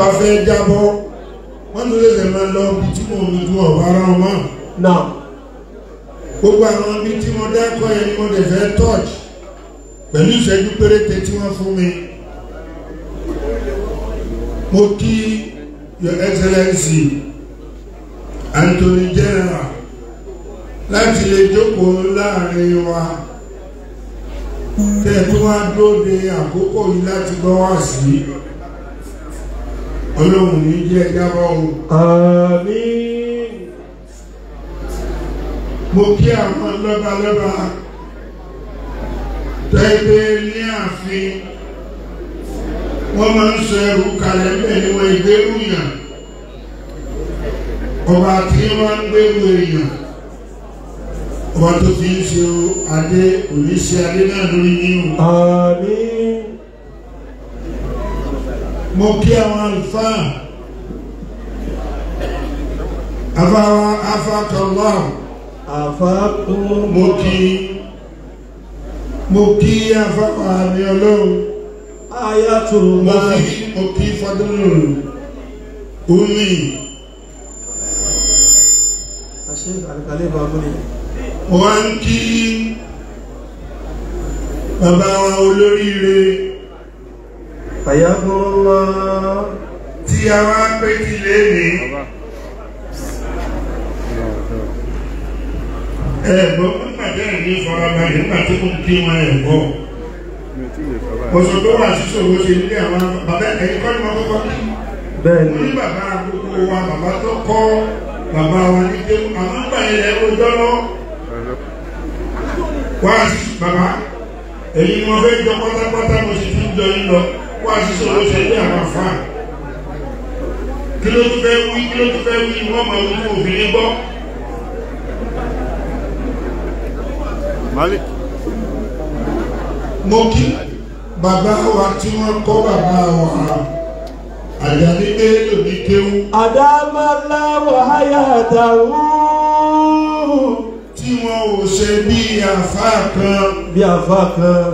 bá fẹ́ jábọ́ wọ́n tún lè tẹ̀lé lọ bí tí mò ń dún ọ̀bá ara wọn mọ́. nà. gbogbo àwọn bí tí mo dákọ̀ yẹn ni mo lè fẹ́ touch pẹ̀lú ìṣẹ́jú péréte tí wọ́n fún mi. mo kí your excellency Anthony General láti lè jókòó láàrin wa tẹ̀ tó wá dóde àkókò yìí láti gbọ́ wá sí i. Ọlọ́run ní jẹ́ jábọ́ ohun. Àmín. Mo kí àwọn lọ́balọ́ba tẹ́gbẹ́ ní ààfin. Wọ́n máa ń sọ ẹrù kalẹ̀ bẹ́ẹ̀ ni wọ́n ìgbérù yàn. Ọba tí wọ́n ń gbérù èèyàn. Ọba tó fi ń ṣe adé, òní ṣe adé náà lórí yín o. Àmín mo kí àwọn àlùfáà afáwa afákọlọ àfáàkú mo kí mo kí afáwa àmì ọlọ́run ayatu mo kí mo kí fadúlùlù omi. àṣẹ àlùkálẹ̀ wọ́n kí bàbá wa olóríire. Ayakunlọ́lá. Tí a wá pé kí lé ní. Ẹ̀gbọ́n nígbà tí ẹ̀ ní farabalẹ̀ nígbà tí mo kí wọn ẹ̀gbọ́. Oṣù tó wà sí ṣòro ṣe nílé àwọn bàbá ẹ̀yìn kọ́ ni wọ́n kọ́kọ́ kí. Bẹ́ẹ̀ni. Ní bàbá àkókò wa, bàbá tó kọ́ bàbá wa ní pé àwọn gbà ilẹ̀ ojọ́ lọ. Wá sí bàbá, èyí ni fẹ́ jọ pátápátá mo sì ti jọ yín lọ pa ṣiṣẹ́ owó ṣe ní àwọn afá kí ló tún fẹ́ wí kí ló tún fẹ́ wí wọ́n máa wí fún òfin ní gbọ́. mo kí bàbá wa tí wọ́n kọ́ bàbá wa àyàní pé lòdì kéwú. àdámọ́lá wàhálà dàrú. tí wọn ò ṣe bí àfa kan. bí àfa kan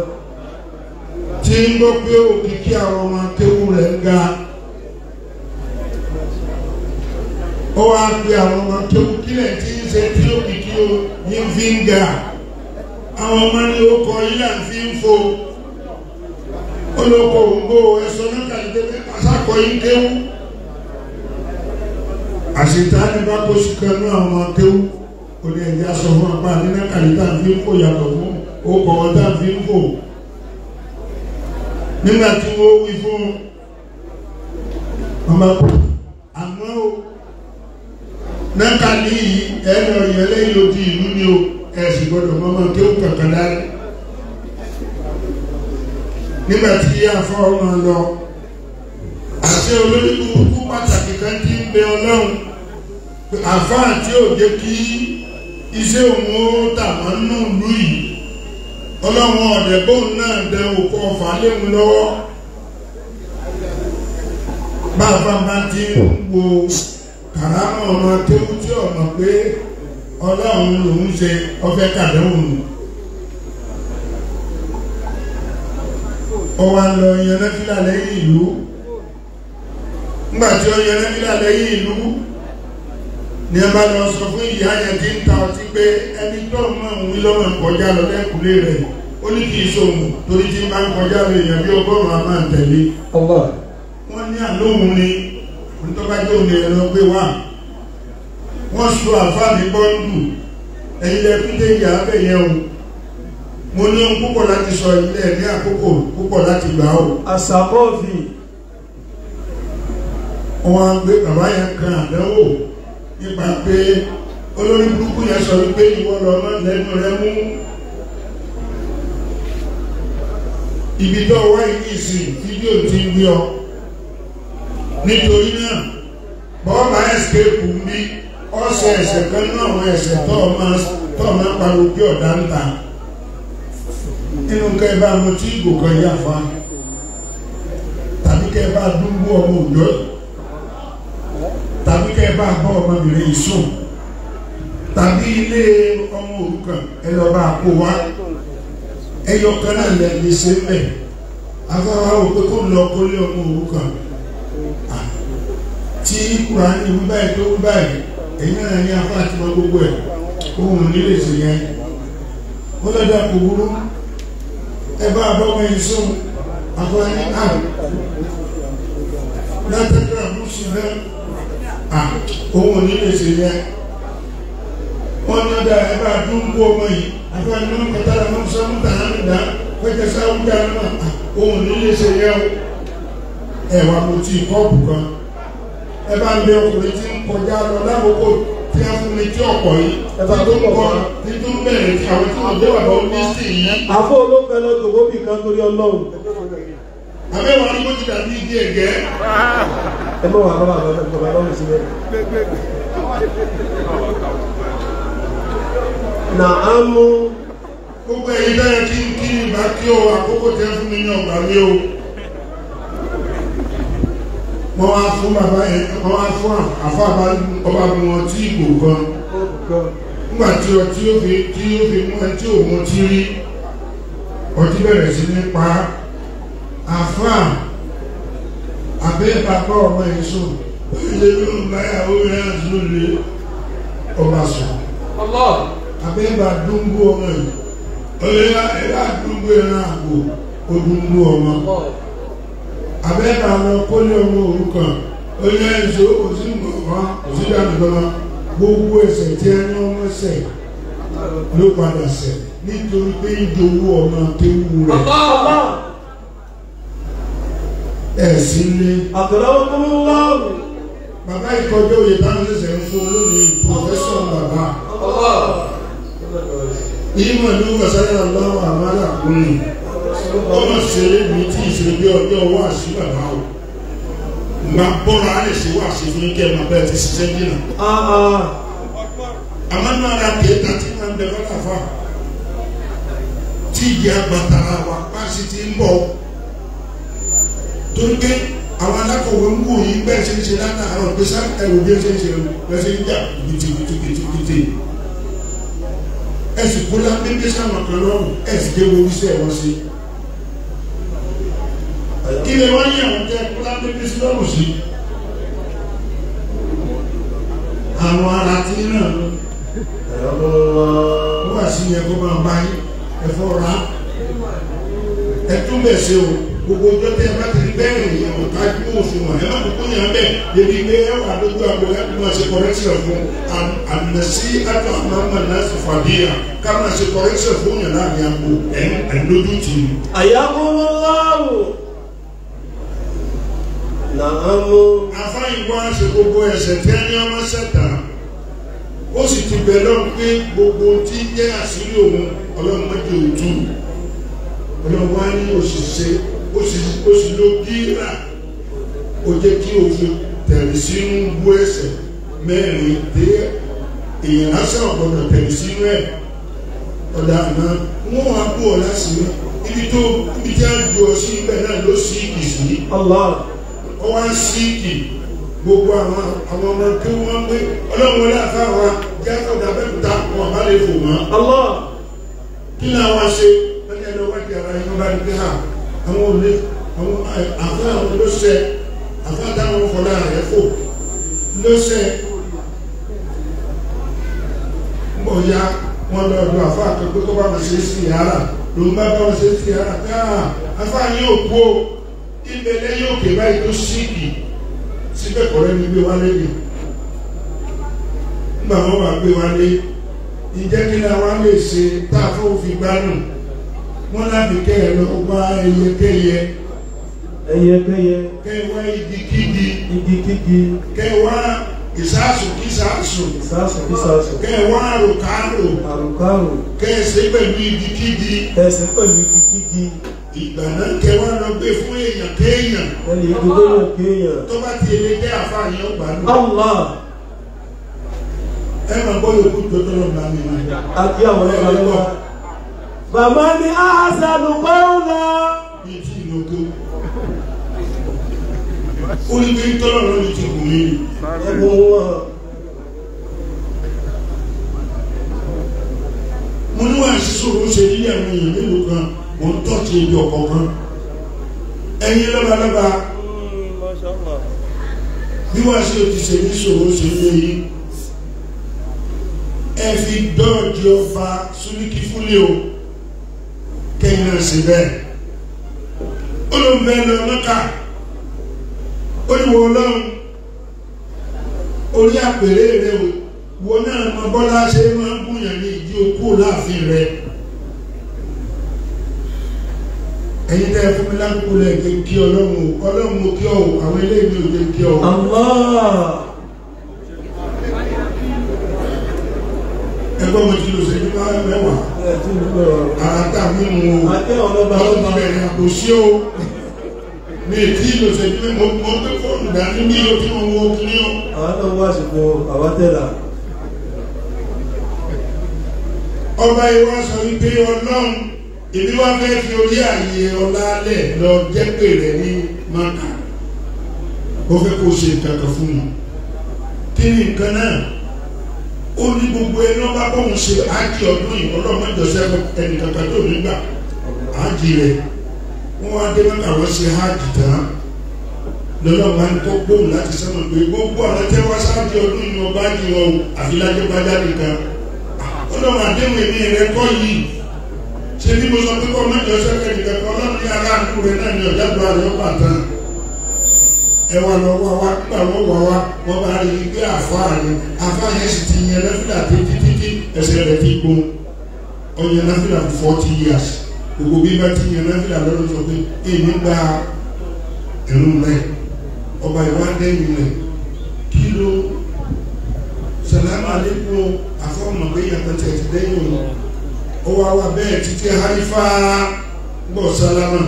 tí ń gbọ́ pé òkìkí àwọn ọmọ akéwù rẹ̀ ń ga ó wá ń pe àwọn ọmọ akéwù kí lẹ̀ tí ń ṣe tí òkìkí yín fi ń ga àwọn ọmọ ní ó kọ ilé àfi ń fo olóko òǹgbò ẹsọ náà kàdé àsàkọ yín kéwù àṣetáni bá kó sùkánú àwọn akéwù olè ẹ̀yà sọ fún apá nínú kàdé tá a fi ń fò yàtọ̀ fún ó kọ̀ a fi ń fò nígbà tí wọ́n wí fún ọmọ kò àmọ́ o nàkàlí yìí ẹ̀rọ ìyẹlẹ́ yìí odi ìlú ni o ẹ̀sìn gbọ́dọ̀ mọ́mọ́ kí ó kankan dáre nígbà tí afọ́ ọmọ lọ àti olórí burúkú pàtàkì kan ti ń bẹ ọlọ́run àfáà tí ò jẹ́ kí iṣẹ́ òun ó tà mọ́ nínú yìí ọlọ́run ọ̀dẹ̀gbọ́n náà dẹ òkú ọ̀fà léwu lọ́wọ́ bàbá bá ti ń wo kàrámọ̀ ọmọ tẹ́wú tí ọ̀nà pé ọlọ́run lòún ṣe ọfẹ́ kàdéhùn nù. ọwọ́ lọ yẹn lẹ́fílà lẹ́yìn ìlú ńgbà tí ó yẹn lẹ́fílà lẹ́yìn ìlú ní ẹ bá lọ sọ fún ìyá yẹn tí ń ta ọtí pé ẹni tó mọ̀ ń wí lọ́mọ̀ kọjá lọ lẹ́kùnlé rẹ̀ ó ní kí ìṣòwò torí tí ń bá ń kọjá lọ èèyàn bí ọgọ́rùn-ún a máa ń tẹ̀lé. wọ́n ní àlóhùn ni onítọ́bájú òní ẹ̀rọ gbé wá wọ́n sọ àfáàmì bọ́ńdù ẹ̀yin lẹ́kùn ìyá abẹ́ yẹn o mo ní ohun púpọ̀ láti sọ ilé ẹ̀ ní àkókò púpọ̀ láti gbà ó. àṣàbọ̀ọ̀fì. wọ́n á gbé bàbá yẹn kan àdánwò nípa pé olórí burúkú yẹn sọ wípé ìwọ lọ lẹ́nu rẹ mú ibi tó wá yìí sí fídíò ti ń gbé ọ nítorí náà bọ́ọ̀mà ẹ̀sìkéèpù ń bí ọ̀sẹ̀ ẹ̀sẹ̀ kan náà àwọn ẹ̀sẹ̀ tó máa tó máa pariwo bí ọ̀dà ń ta nínú kẹ́ bá mu tí ìgò kan yà fa tàbí kẹ́ ẹ bá dúró ọmọ òjò yìí tàbí kẹ́ ẹ bá bọ́ ọmọbìnrin yìí sùn tàbí ilé ọmọ òrukàn ẹ lọ bá kó wá ẹyọ kan náà lẹ ní ṣe mẹ afárá wò pé kó lọ kó lé ọmọ òrukàn tí kùránì wí báyìí tó wí báyìí èyí náà ní afárá ti mọ gbogbo ẹ òun nílé ṣe yẹn ó lọ́dọ̀ kò burú ẹ bá bọ́mọ yìí sùn afárá ní àrùn látàkì àmúṣe náà òun ò ní lè ṣe yẹ wọn ní ọjà ẹ bá dún bú ọmọ yìí àfẹn ní kọtà lọ fún sọmú tà án dá pẹjẹ sáwọn dá náà òun ò ní lè ṣe yẹ o ẹ wà mo ti kọ́ọ̀bù kan ẹ bá ń bẹ ọkùnrin tí ń kọjá lọ lákòókò tí a fún mi tí ọ̀pọ̀ yìí ẹ bá tó pọ̀ kan tí tó ń bẹ̀rẹ̀ tí àwọn tí wọn gbé wà lọ ní sí yìí. àfọ olóńgbẹ lọ tòwó bì kan torí Ọlọ́run. àbẹ́ wà ní mọ́tò dàbí ìdí ẹ̀gẹ́. ẹ mọ̀ bàbá bàbá bàbá lọ́wọ́ sí ọrụ nà o kan. nígbà tí fi mú ti rí ọtí àfa àbí bàbá ọmọ yìí sùn ẹni ló ń bá yàwó rẹ̀ sùn lé ọba sùn. àbí bàbá dúngbò ọmọ yìí ọ̀yà ẹ̀yà dúngbò ẹran àgbò odúngbò ọmọ. àbí bàbá kólé ọmọ òrukàn ọ̀yà èso òsínbọ̀ wá òsínbọ̀ gbogbo ẹsẹ̀ tí ẹni ọmọ ẹsẹ̀ ló padà sẹ̀ nítorí pé ìdòwú ọmọ tó wù rẹ̀ ẹ̀ sí ilé. àtọ̀dá ọkọ o. bàbá ìkọjọ òye táwọn ṣẹ̀ṣẹ̀ ń fún olóyìn pòfẹ́sọ̀ bàbá. ìmọ̀ ní wàsálà lọ́wọ́ àmàlà kùnrin ọmọ ìṣeré mi tí ìṣeré bí ọjọ́ owó àṣì bàbá o máa bọ́ra á lè ṣe wá àṣì fún kí ẹ máa bẹ́ẹ̀ ti ṣiṣẹ́ dínà. àmọ́ náà ra kéèta tí máa ń bẹ fọ́nà fà tí ìyá bàtà wa bá ti ń bọ̀ torí pé àwọn alákọ̀wé ń wò yìí bẹ́ẹ̀ ṣe ń ṣe látàárọ̀ pé sá ẹ̀rù bí ó ṣe ń ṣe bẹ́ẹ̀ ṣe ń jà gbìtì gbìtì gbìtì ẹ̀sìn kó lápé pé sáwọn kan lọ́rùn ẹ̀sìn dé wo iṣẹ́ wọn ṣe. kí ni wọ́n yẹ àwọn jẹ́ kó lápé pé sí lọ́rùn sí. àwọn ara ti ń ràn wọ́n wà sí kó máa bá yín ẹ̀fọ́ ra ẹ̀túnbẹ̀ ṣe o gbogbo ọjọ́ tẹ ẹ bá ti rí bẹ́ẹ̀ ènìyàn ọ̀tá kí ó sùnwọ̀n ẹ má kókó yàn bẹ́ẹ̀ débi pé ẹ wà lójú àgbo láti máa ṣe correction fún àmì àtọ àmàmà náà sì fàdíyà ká máa ṣe correction fún yàn láàrin àgbo ẹ ẹ lójú tì í. àyàkúrú láàrú nàámú. afáyìnbó á ṣe gbogbo ẹsẹ̀ tí a ní ọmọ sẹ́ta ó sì ti bẹ̀ lọ́n pé gbogbo tí jẹ́ àṣírí òun ọlọ́run mọ́jọ òtún ọlọ́run wá ní òṣìṣẹ́ o sì o sì lo gíra o jẹ́ kí o fi tẹ̀lé sínú bú ẹsẹ̀ mẹ́rin dé èèyàn lásán ọ̀gbọ́dọ̀ tẹ̀lé sínú ẹ̀ ọ̀dà àná wọ́n wá bú ọ láti rí ibi tó ibi tí a ń ju ọ sí ibẹ̀ náà ló sí ìsì ọ wá ń sí ìkì gbogbo àwọn àwọn ọmọ tí wọ́n gbé ọlọ́run wọlé àfáwọn jẹ́ ọ̀dà mẹ́ta wọn bá lè fò mọ́ kí ni àwọn ṣe lọ́jọ́ ẹ̀dọ́ wájú ara ẹni wọ́n bá ń gbé hàn àwọn òní àwọn eh, àfa àwọn lọ́sẹ̀ àfa táwọn ọkọ̀lá rẹ̀ fò lọ́sẹ̀ bọ̀yá wọn lọ ọdún àfa àkọ́kọ́ tó bá wọn ṣe sí yàrá ló ń bá bá wọn ṣe sí yàrá káà ah, àfa yóò kú o ibẹ̀ lẹ́yìn òkè báyìí tó síìkì síbẹ̀ kọ̀rẹ́ ni gbé wálé ni nígbà wọn bá gbé wálé ìjẹ́ kí ni àwọn lè ṣe tá a fún òfin gbádùn wọ́n láti kẹ́ ẹ̀ lọ wá ẹyẹkẹ́yẹ. ẹyẹkẹ́yẹ. kẹ́ wá igikígi. igikígi. kẹ́ wá ìsásùn kísásùn. ìsásùn kísásùn. kẹ́ wá àrùkárò. àrùkárò. kẹ́ ẹ ṣe pẹ̀lú igikígi. kẹ́ ẹ ìgbà náà kẹ́ wá lọ gbé fún èèyàn kéèyàn. ẹnì ìdúgbò yàn kéèyàn. tó bá ti èlé dé àfààní ọgbà náà. Allah ẹ máa gbọ́ yòókù tó tọ́lọ̀ gbà mí. a àwọn ọ̀rẹ́ wa bàbá ní àhásánù kọ́ọ̀lá. mi ti lò kó ó ní kí n tọ́lọ̀ lọ́ọ́ ti kù mí ni ẹ̀bùn wọn. mo ní wàá ṣòro ṣe nílé àwọn èèyàn mélòó kan mo ń tọ́jú ibi ọ̀kọ̀ọ̀kan ẹ̀yin lọ́balọ́ba bí wàá ṣe ti ṣe ní ṣòro ṣe ní èyí ẹ fi dọ́ọ̀dì ọba súnìkì fúnlé o kéyìn náà ṣe bẹ́ẹ̀ olùmọ̀ẹ́ lọ mọ́ta olùwọ̀ ọlọ́run orí àpèrè rẹ o wo náà mọ bọ́lá ṣe máa ń gúnyàn ní ìdí okú láàfin rẹ ẹ̀yin tẹ́ fún mi lákòókò lẹ̀ kí n kí ọlọ́run o ọlọ́run mo kí ọ o àwọn eléyìí ò kí ọ o. ẹgbọ́n mi kìlọ̀ ṣẹ́jú mẹ́wàá àràtà mímu o ọdún bẹ̀rẹ̀ o mi tí lò ṣe pé mo mọ pé fóònù dání bí o tí mo wọ kí o. àwọn náà wá àsìkò àwátẹ́là. ọba ìwọ sọ wípé ọlọ́run èmi wá fẹ́ fi orí ààyè ọlá lẹ̀ lọ jẹ́ pé rẹ̀ ní maka ó fẹ́ kó ṣe nǹkan kan fún mi kí ni nǹkan náà ó ní gbogbo ẹni ọba bóun ṣe ájì ọdún ìwọ lọ́mọ ìjọsẹ́ ẹnì kankan tó nígbà ájì rẹ̀ wọ́n wá dé mẹ́ta wọ́n ṣe ájì tán lọ́nà wa ni kó gbóhùn láti sọ́nà pé gbogbo àwọn tẹ́ wá sáájú ọdún ìlú ọba ni wọn o àfi lájọ́ bá jáde kan ọlọ́run àdéhùn èmi rẹ kọ́ yìí ṣé bí mo sọ pé kọ́ mẹ́jọ sẹ́kẹ̀dì kankan ọlọ́run ní aráàlú rẹ náà ní ọ̀jágbá ẹ wá lọ wá wá nígbà wọn wá wá wọn bá rí i pé àfáà ni àfáà yẹn sì ti yẹn lẹ́fílà títí ẹsẹ̀ rẹ̀ fi gbó ọyẹ lẹ́fílà fún forty years gbogbo bí bá ti yẹn lẹ́fílà lọ́dún sọ pé èmi gba ìlú rẹ̀ ọba ìwádẹ́yìn rẹ̀ kí ló sàlámà lẹ́kùn àfọ́ọ̀mọ̀ pé yàtọ̀ tẹ̀ ti dẹ́yìn o ó wá wá títí harifa gbọ́ sálámà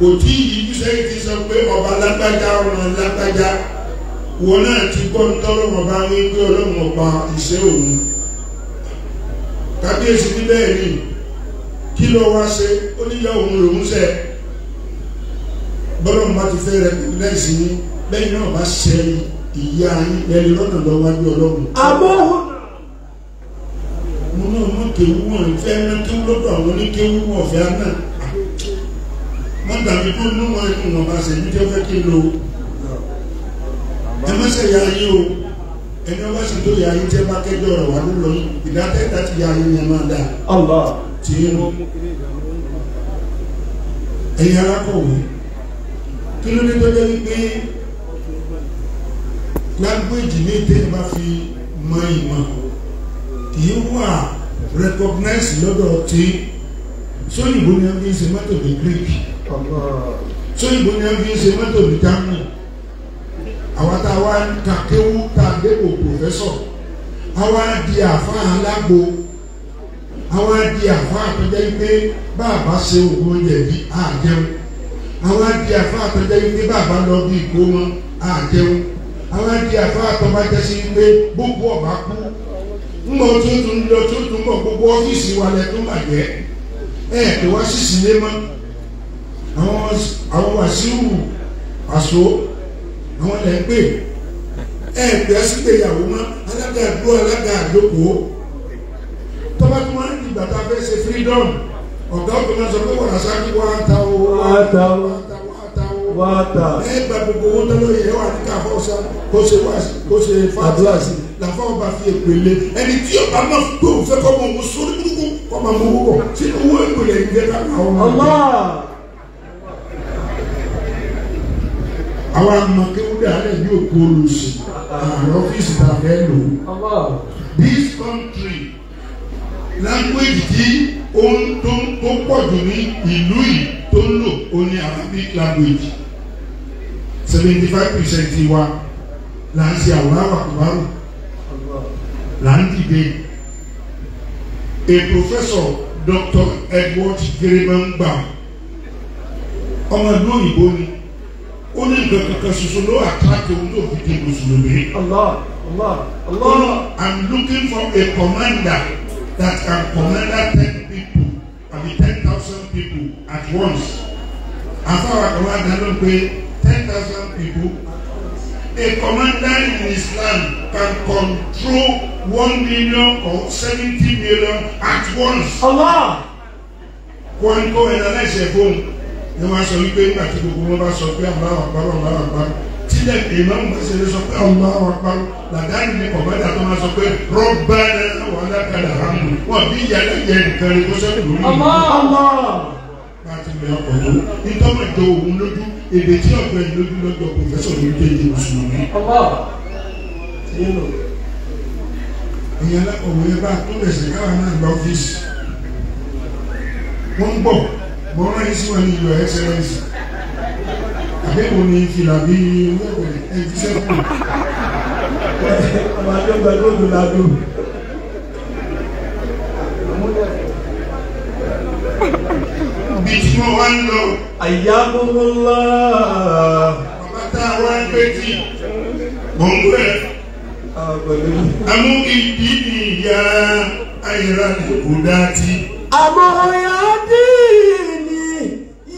kò tí ìyíjú sẹ́yìn ti sọ pé ọba lágbájá ọmọ lágbájá wọn náà ti gbọ́ ntọ́lọ́mọ bá wí pé ọlọ́mọ pa ìṣe òun kábíyèsí ní bẹ́ẹ̀ ni kí ló wá ṣe ó níyà òun lòún ṣe bọ́lọ́mọ bá ti fẹ́ rẹ lẹ́sìn ní bẹ́ẹ̀ náà bá ṣe ìyá yín ẹni lọ́nà lọ́wájú ọlọ́run. àbọ̀wò. mo náà mọ̀ kéwú wọn ìfẹ́ náà kéwú lọ́dọ̀ àwọn oníkéwú wọn ọ̀fẹ́ náà wọ́n dàbí tó ní wọn ẹkùn wọn ṣe ní tó fẹ́ kí n lo ẹ má ṣe ya yín o ẹni wọn ṣe tó ya yín tẹ́ bá kẹjọ rẹ̀ wà ló ìdátẹ́ta ti ya yín yẹn máa dà tí ń lọ ẹ̀yin alákọ̀wé kí ló dé tó dé wípé language ní tẹ́lẹ̀ bá fi mọ ìmọ̀ kì í wà recognize lọ́dọ̀ tí sóyìnbó ni wọ́n fi ń ṣe mọ́tò ní Greek tó ìbò ni wọn fi ń ṣe mọ́tò ní Germany àwọn tá a wá ń ka kéwú tá a dé kò pòfẹ́sọ̀ àwa di àfa alágbo àwa di àfa àtọ́jà yìí pé bàbá ṣe òògùn oúnjẹ bí àjẹun àwa di àfa àtọ́jà yìí pé bàbá lọ bí ìkó wọn àjẹun àwa di àfa àtọ́ba jẹ́sí pé gbogbo ọ̀bá kú ńmọ tuntun lọ tuntun mọ gbogbo ọ́fíìsì wa lẹ́tọ́ bàjẹ́ ẹ̀ pé wá sísìlé mọ́ àwọn àwọn wàṣíù àṣọ àwọn lẹ́ ń pè ẹ pẹ́ sílẹ̀ ìyàwó mọ́ alága àdúrà alága àdókòó tọ́ba tí wọ́n ń fẹ́ ṣe freedom ọ̀gá ọ̀gbìn náà sọ pé wọ́n aṣá ní wọ́n ata wọ́n ata wọ́n ata ẹ gba gbogbo owó tó lóye ẹ wà ní ká fọ́ kó ṣe wá kó ṣe fàdúrà sí làfọ́ ọba fi èpèlè ẹni tí ọba náà gbóhùn fẹ́ kọ́ mọ̀ ọ́ sórí burúkú kọ́ mọ̀ ọ́ mọ̀ ọ́ sí owó èpèlè ìgbẹ́ àwọn amakéwúdà rẹ̀ ní òkú olùsì àrùn ọ́fíìsì tá a lò. this country language tí ohun tó pọ̀ jù ní ìlú yìí tó ń lò ó ní Arabic language seventy five percent wa là ń ṣe àwòrán àwàkùbárò là ń dìde a professor Dr. Edward Geremangba ọmọ ìlú òyìnbó ni ó ní nǹkan kankan ṣoṣo ló àtàkì ohun tó fi di mùsùlùmí. Allah, Allah, Allah. I'm looking for a commander that can command ten people àbí ten thousand people at once. àfáwà kan wá dáná pé ten thousand people. A commander in Islam can control one million or seventy million at once. Allah. ẹ̀dá lẹ́sẹ̀ fóun ni wọ́n sọ wípé nígbà tí gbogbo wọn bá sọ pé Allahu Akbar Allahu Akbar tílẹ̀ ìmáàmù bá ṣe lè sọ pé Allahu Akbar làdáni ní kọ̀mẹ́dà tó máa sọ pé Rabbana wa lakal hamdu wọ́n bí ìyálẹ̀ yẹ nìkan ni kó sẹ́kù lórí ìlú. láti bẹ ọkọ̀ tó nítorí ìjọ òun lójú èdè tí ọ̀gbẹ́ lójú lọ́jọ́ pòfẹ́sọ̀ ló dé ìdí mùsùlùmí. ìyẹn lọ́kọ̀wé mo rán yín sí wọn ní your excellence àbẹ̀wò ni fìlà bí wẹ́wẹ́ ẹ̀jú sẹ́kù. ọmọ adégbà lóòdù ládùn. ibi tí mo wá ń lọ. àyà gbogbo ńlá. bàbá tá a wá ń pé tí mò ń pẹ́. àmú ìdí ìyá ayélujára kò dá tí. àmọ́ ọ̀yà díì.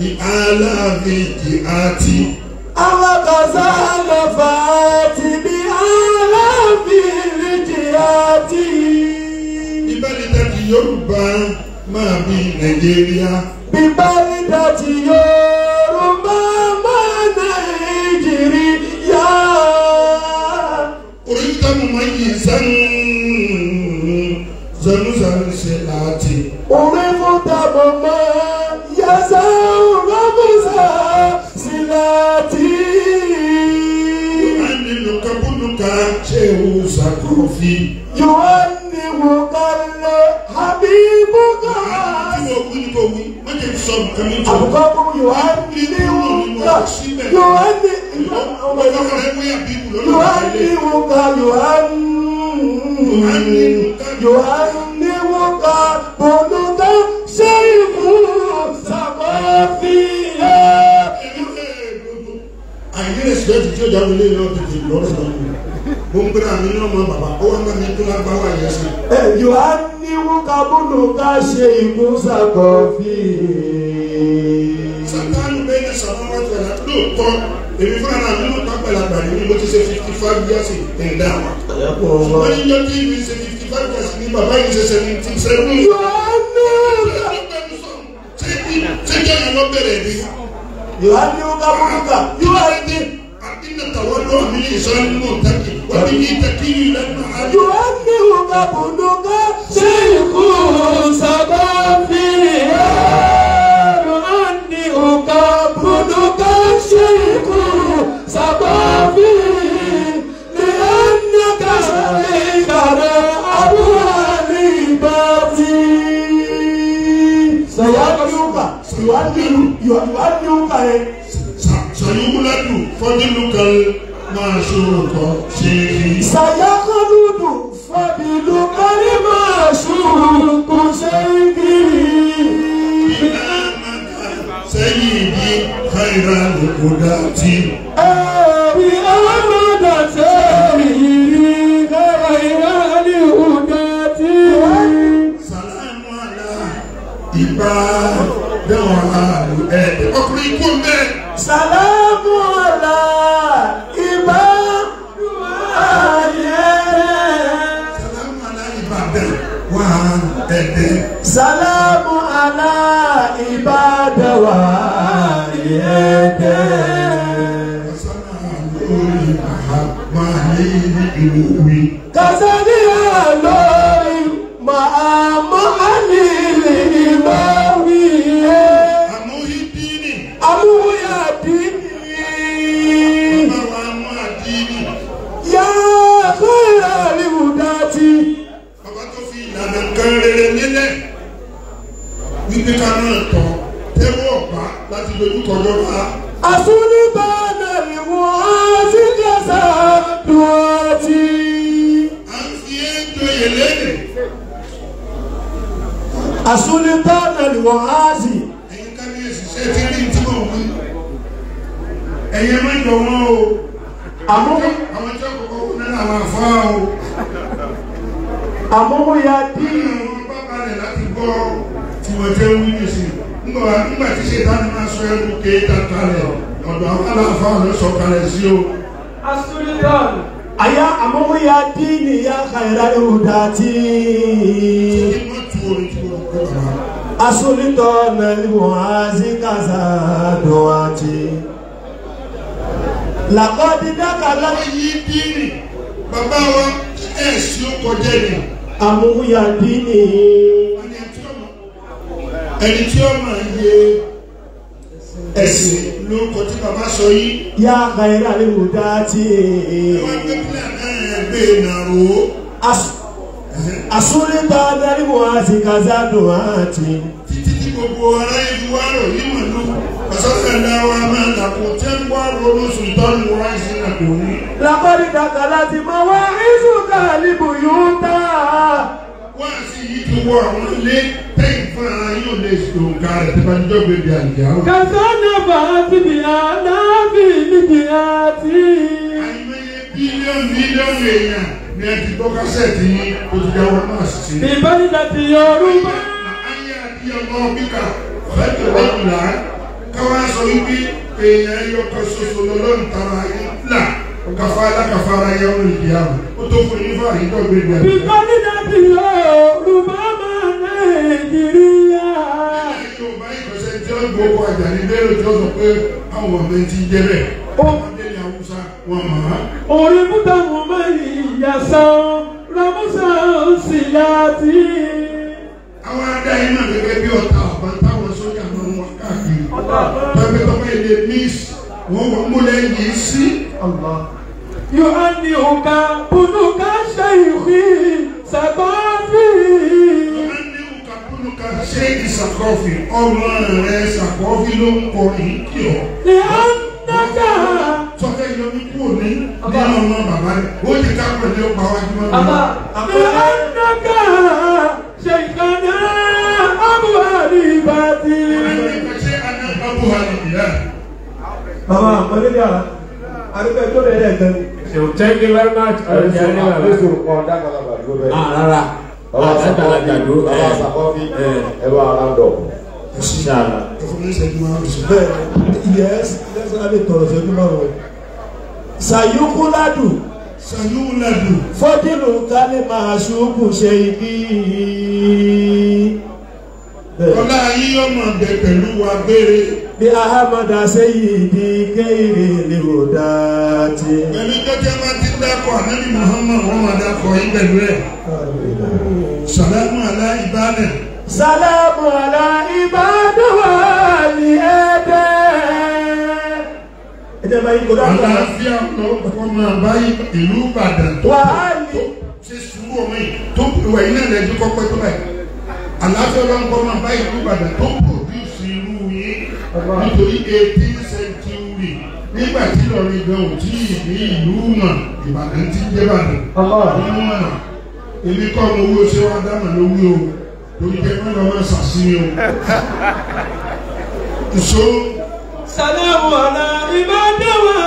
bi alafi di ati. alakasa alafa ati bi alafi di ati. bíbélì ti yorùbá máa bí nàìjíríà. bíbélì ti yorùbá máa nàìjíríà. oríta mo máa yí sanu sanu sanu ṣe láti. orí fún tàbọ̀ تنشئ سقفي يهنئك الحبيب àbùkọ́ kún yòhánìlì wùkà yòhánìlì wùkà yòhánìlì wùkà bọ̀dọ̀dá sẹ́yìnbù sàkọ́fìyà. àyè ẹ̀sìn ẹ̀ ti tí ó jáwé lé lọ́dún tí lọ́dún náà mo ń gbéra mi ní ọmọ bàbá ó wá náà mi tó lágbá wà yẹn sí. ẹ̀yọ́ á ní wúkà ká ṣe ìmúṣàkọ̀ fi. sátánù bẹ́ẹ̀ ní sàmúwá tó yà lóòótọ́ èmi fúnra náà nínú pápálàgbà ni mo ti ṣe fifty five years in dá wa. wọ́n ní yọjú ìlú ṣe fifty five years ní bàbá yìí ṣe seventy seven. ṣé kí ṣé kí ẹ̀yin lọ bẹ̀rẹ̀ ni. yóò á ní wúkà ká yóò ní. التورع ميزان مرتكب وبه تكيل المعالي يؤمن ابنك شيخ سبا فيها يؤمنك ابنك شيخ سبا فيه لأنك شيخ أبو حنيفة سيؤمنك سيؤمنك سيؤمنك سيؤمنك fọdílùkan máa ṣòro kan ṣe é. sàyákọ́lùdù fàbílù kárí máa ṣòro kan ṣe é kiri. sẹ́yìn bí káyìrá ló kó dá tí. ẹ̀rí ọlọ́dà tẹ̀lé yìí káyìrá ní ọ̀dà tí. sàlámù àlá ìbá bẹ́ẹ̀ wọ́n ẹ̀ ọkùnrin kú bẹ́ẹ̀. Salamu ala ìbá àyẹ̀. sàlámù ọ̀la ìbá bẹ́ẹ̀ wà á ẹ̀dẹ́. sàlámù ọ̀la ìbá bẹ́ẹ̀ wà Bọ̀háàzì. ẹ̀yin kábíyèsí ṣe ti rí tí mò ń wí ẹ̀yin má jọ wọn o àmọ́ àwọn tí ọkọ̀ kọ́kọ́ náà làwọn afá o. àmọ́ mo ya dín. àwọn bàbá rẹ̀ láti gbọ́ tiwọn tẹ́ wí nìsín nígbà tí ṣètàn máa sọ ẹrú ké tata rẹ̀ ọ̀dọ̀ àwọn aláfa rẹ̀ sọ̀kalẹ̀ sí o. asúlíọ̀n. àyà àmọ́mọ́ ya dín ní ya kàìrà ìhùdà tí. ṣé kí wọ́n tu orin tí wọ́n kọ́ ọ̀rọ̀ asolitɔna limuhazi kasa doati lakɔdidakala yi diini baba wa ɛsi e o kɔjɛ ni. amuya diini. ẹni tí ó mọ̀ iye ẹ̀sìn ló kọjú bàbá sọ yìí. yá àgbà yẹn lálewo dá tí. wọ́n gbé kílẹ̀ náà ẹ̀ gbé ìnàró àsúnlé tá a darí wọn àti kazádùn àti. títí tí gbogbo ara ìlú wa rò ní màlúù ọ̀sọ́sẹ̀dá wa máa dàpọ̀ tẹ́ ń wá ronú sùtọ́nù wa ìṣẹ̀lẹ̀ àdùnní. làkọ́ni kàkà láti mọ wá ìṣúká níbo yóò tà á. wá sí wọ àwọn ilé tẹ́yìn fún ara yóò lè ṣòǹkà rẹ̀ tí wọ́n jọ bèbè àjà. kàtàkì bàá ti bì á náà bì níbi àti. àìmọye bílíọ̀nù bílíọ̀nù èèyàn ní ẹ ti gbọ́ kásẹ̀tì yín o ti jẹ́ wọn náà sí. ìbẹ́ni láti yọ ọdún. ayé àti ọmọ kíkà ọ̀fẹ́ tó wà nílà káwá sọ wípé èèyàn ẹyọ kan ṣoṣo lọ́lọ́run tara ayé là ọ̀gáfà alákàfàrà yẹ ọ̀rọ̀ ìdí àwọn ó tó fún yín fún àyíkọ́ gbẹgbẹ. ìbẹ́ni láti yọ ọdún mama nàìjíríà. ìyá yorùbá ìgbọ̀nsẹ̀ tí wọ́n gbowó àjà ní bẹ́ẹ̀rù tí wọ́n sọ pé àwọn ọ̀mẹ́ ti bẹ́ẹ̀. Musa wọn mọ̀ án. orí múta wọn mọ ìyàsán ramusa sì láti. àwọn adá yìí náà gẹ́gẹ́ bí ọ̀tá ọ̀bọ̀n táwọn sójà máa ń wá káàkiri. tàbí tọ́pọ̀ èdè miss wọ́n wọ́n múlẹ̀ yìí sí. yóò á ní òkà bùnúkà ṣe ìwé sàbáfì. yóò á ní ṣe ìsàkọ́fì ọmọ rẹ̀ sàkọ́fì ló ń kọrin kí ọ dáadáa. Sọ́kẹ́ yọ ní kú òní nínú ọmọ bàbá rẹ̀. Ó ti ká pẹ̀lú ọgbà wájú mọ́. Bàbá bàbá dáadáa ṣe ìkànnà Abuhari Bàtí. Ṣé àná Abuhari ìyá? Bàbá Mọ̀lẹ́dí àrà, àdúgbò ẹjọ́ rẹ̀ lẹ́ẹ̀kan. Thank you very much. Àbẹ̀sù ọ̀dà kan lábàá dúró bẹ́ẹ̀. Àràrà. Ah, bàbá ah, àgbàlagbà dúró bẹ́ẹ̀. Bàbá àgbàlagbà dúró bẹ́ẹ̀. Ẹ wá aráńdọ̀. Inshallah. Yes, lẹ́sọ̀ alẹ́ tọ̀rọ̀ ṣẹ́jú márùn-ún. Sàyúkúládù. Sàyúkúládù. Fọ́dílù kálẹ̀ máa ṣókù ṣe ibi. Ọlá yín ọmọ bẹ pẹ̀lú wa gbére. Bí Ahamada ṣe yìí di kéèrè lè wò dáàtì. Pẹ̀lú jọ́jọ́ máa ti dákọ̀ ànábì Muhammad wọ́n máa dákọ̀ yín pẹ̀lú ẹ̀. Sàlámù alá ìbálẹ̀. سلام على عباد والإيد àlàáfíà ọkọ máa bá ìlú Ìbàdàn tó ṣe sùúrù ọmọ yìí tó ìwà iná rẹ̀ ti kọ́kọ́ tó báyìí àlàáfíà ọkọ máa bá ìlú Ìbàdàn tó pòdùsì irú yìí nítorí eighteen century nígbà tí lọ́ọ̀rì gan ò tí ì ní ìlú mọ̀ Ìbàdàn ti jẹ́ Ìbàdàn ìlú mọ̀ èmi kọ́ ọmọ owó ṣé wàá dáná olùkẹ́ má lọ máa ṣàṣìyẹ o. Nso. Sàlámù àlá ìbádọ́wà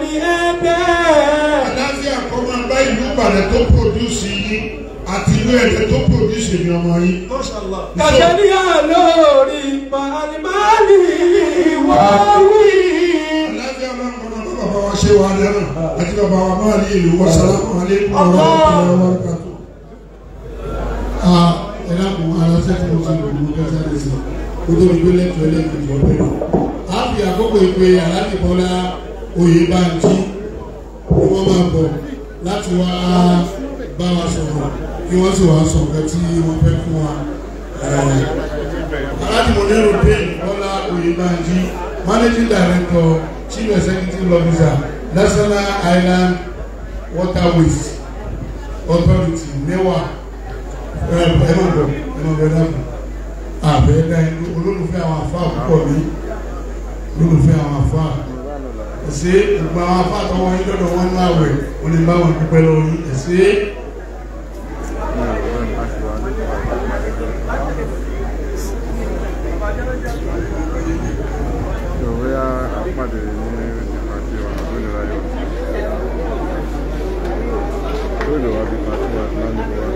ní ẹ̀dẹ́. Àlàáfíà kọ́ máa bá ìlú Ìbàdàn tó pòdúsì yín àti inú ẹ̀dẹ́ tó pòdúsì ọmọ yín. Kàṣẹ́ ní àlọ́ wa ṣe wà dákun ara sẹ́kùn mo ti lù ú kẹsẹ́ lè sè kó tó ní gbélé tó lè fi jọ bẹ́ẹ̀. a fi àkókò ìpè aláàbí bọ́lá oyè bá ń jí kí wọ́n máa bọ̀ láti wá bá wa sọ̀rọ̀ kí wọ́n sì wá sọ̀rọ̀ kẹ́ tí wọ́n fẹ́ fún wa. aláàbí mo lérò bẹ́ẹ̀ bọ́lá oyè bá ń jí managing director chief executive officer national island waterways authority NEWA ẹ ẹ máa lọ ẹ máa lọ dáàbò àbẹ dá inú olólùfẹ́ àwọn afá púpọ̀ mi olólùfẹ́ àwọn afá ẹsẹ ìgbà àwọn afá tó wọn yín lọ́dọ̀ wọn náà wẹ̀ wọn lè bá wọn dúpẹ́ lọ́wọ́ yín ẹsẹ. pàdé ní àti ọ̀nà tó nira yọ. Ó lè wá bí pàṣẹ àti láti wá.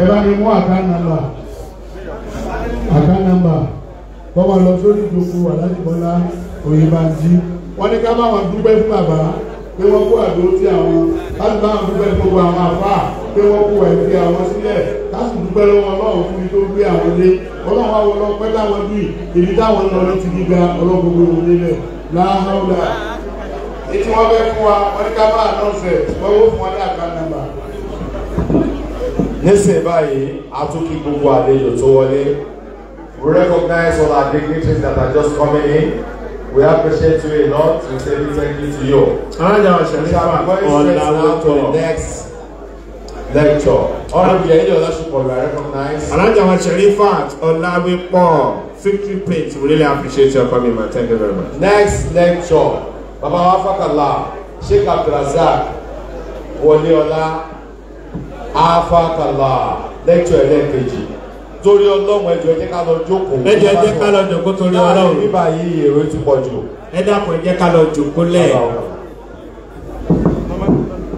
ẹ bá mi mú àká nàmbà àká nàmbà bọ́wọ́ lọ sórí ìjókòó aláàjì Bọ́lá Oyèbánjí wọ́n ní ká bá wọn dúpẹ́ fún bàbá pé wọ́n kó àdó tí àwọn láti bá wọn dúpẹ́ gbogbo àwọn àfáà pé wọ́n kó ẹ̀fí àwọn sílẹ̀ láti dúpẹ́ lọ́wọ́ ọlọ́run fún mi tó gbé àwọn lé ọlọ́run àwọn ọlọ́pẹ́ táwọn dùn èyí táwọn lọ ní ti gíga ọlọ́gbogbo wọn lélẹ̀ láhàúlà ètí wọ́n fẹ́ fún wa wọ́n ní ká bá àdánṣẹ̀ wọ́n yóò fún wọn ní àká nàmbà nísìnyí báyìí a tún kí gbogbo àlejò tó wọlé we recognize all our dignitaries that are just coming in we appreciate you a lot we say we thank you to you. ọ̀nàjà ọ̀sẹ̀ ní ọ̀làwọ̀tọ̀ lecture ọ̀nàjà ilé ọ̀làṣùpọ̀ we are recognized. ọ̀nàjà ọ̀sẹ̀ ní fat ọ̀làwẹ̀pọ̀ victory plate we really appreciate your family man thank you very much. next lecture baba wa fakala sheikh abdulrasaq wọléọlá afakala lẹ́kítọ̀ ẹlẹ́ẹ̀kejì torí ọlọ́run ẹjọ́ ẹ jẹ́ ká lọ jókòó. ẹ jẹ́ ẹ jẹ́ ká lọ jókòó torí ọlọ́run. bíbá yìí èrò ti pọ̀ jù. ẹ dàpọ̀ ẹ jẹ́ ká lọ jókòó lẹ̀.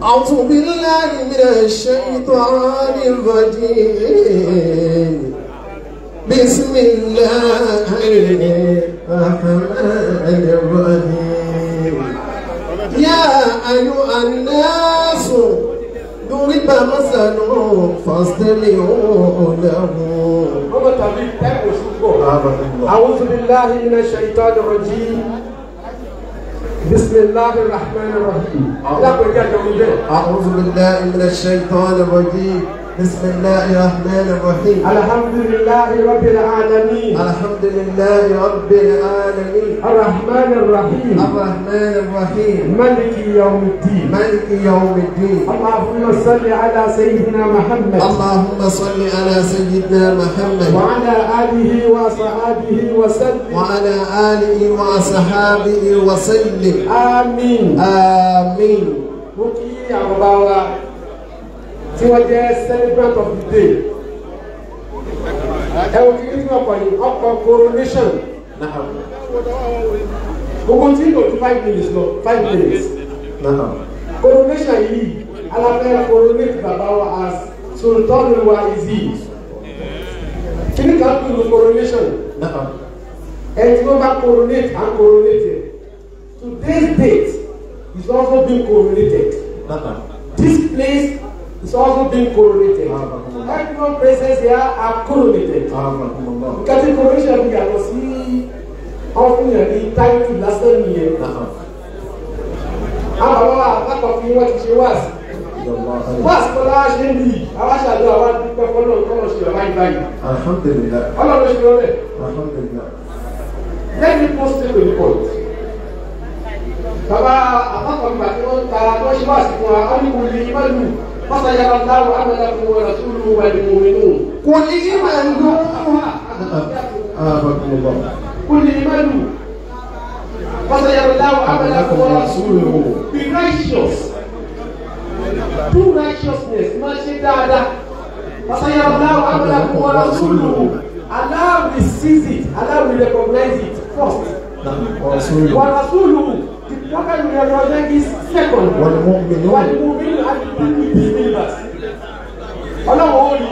أعوذ بالله من الشيطان الرجيم بسم الله الرحمن الرحيم يا أيها الناس ضرب مثل فاستمعوا له أعوذ بالله من الشيطان الرجيم بسم الله الرحمن الرحيم أعوذ بالله من الشيطان الرجيم بسم الله الرحمن الرحيم الحمد لله رب العالمين الحمد لله رب العالمين الرحمن الرحيم الرحمن الرحيم ملك يوم الدين ملك يوم الدين اللهم صل على سيدنا محمد اللهم صل على سيدنا محمد وعلى آله وصحابه وسلم وعلى آله وصحبه وسلم آمين آمين مكي يا tí wọ́n jẹ́ celebrant of the day ẹ̀wọ̀n kìíní ní ọkọ̀ yìí ọkọ̀ coronation náà gbogbo tí yóò tún five minutes lọ five minutes náà coronation yìí alábẹ́ coronate bàbá wa as sultan wa izi kìíní kan kú ní coronation náà ẹ̀ tí wọ́n bá coronate and coronate today's date is also being coronated. This place It's also being correlated. Everyone places here are correlated. Catching correlation, we are seeing often in time to last year. Àwọn àpapọ̀ fi wọ́n ti ṣe wáàsì. Wáàsì kọ́lá ṣe ń yìí, àwọn aṣáájú àwọn dúpẹ́ fọ́nà kọ́nà ṣe ọ̀la ìgbà yìí. Ọlọ́run ló ṣe lọ́lẹ̀. Let me post it to the point. Bàbá àpapọ̀ ìgbà tí wọ́n ta lọ́ṣíwáàsì fún wa, wọ́n ní kò lè má lù. فسيرى الله امنه ورسوله والمؤمنون قل ايمانكم اعافاكم الله قل ايمانكم فسيرى الله امنكم ورسوله be righteous do righteousness má ṣe dáadáa فسيرى الله امنكم ورسوله Allah will seize it Allah will recognize it first ورسوله What can you project is second. Wọ́n ni wọ́n gbé lọ́wọ́. Wọ́n ni wọ́n gbé lọ́wọ́. Ọlọ́run ó rí.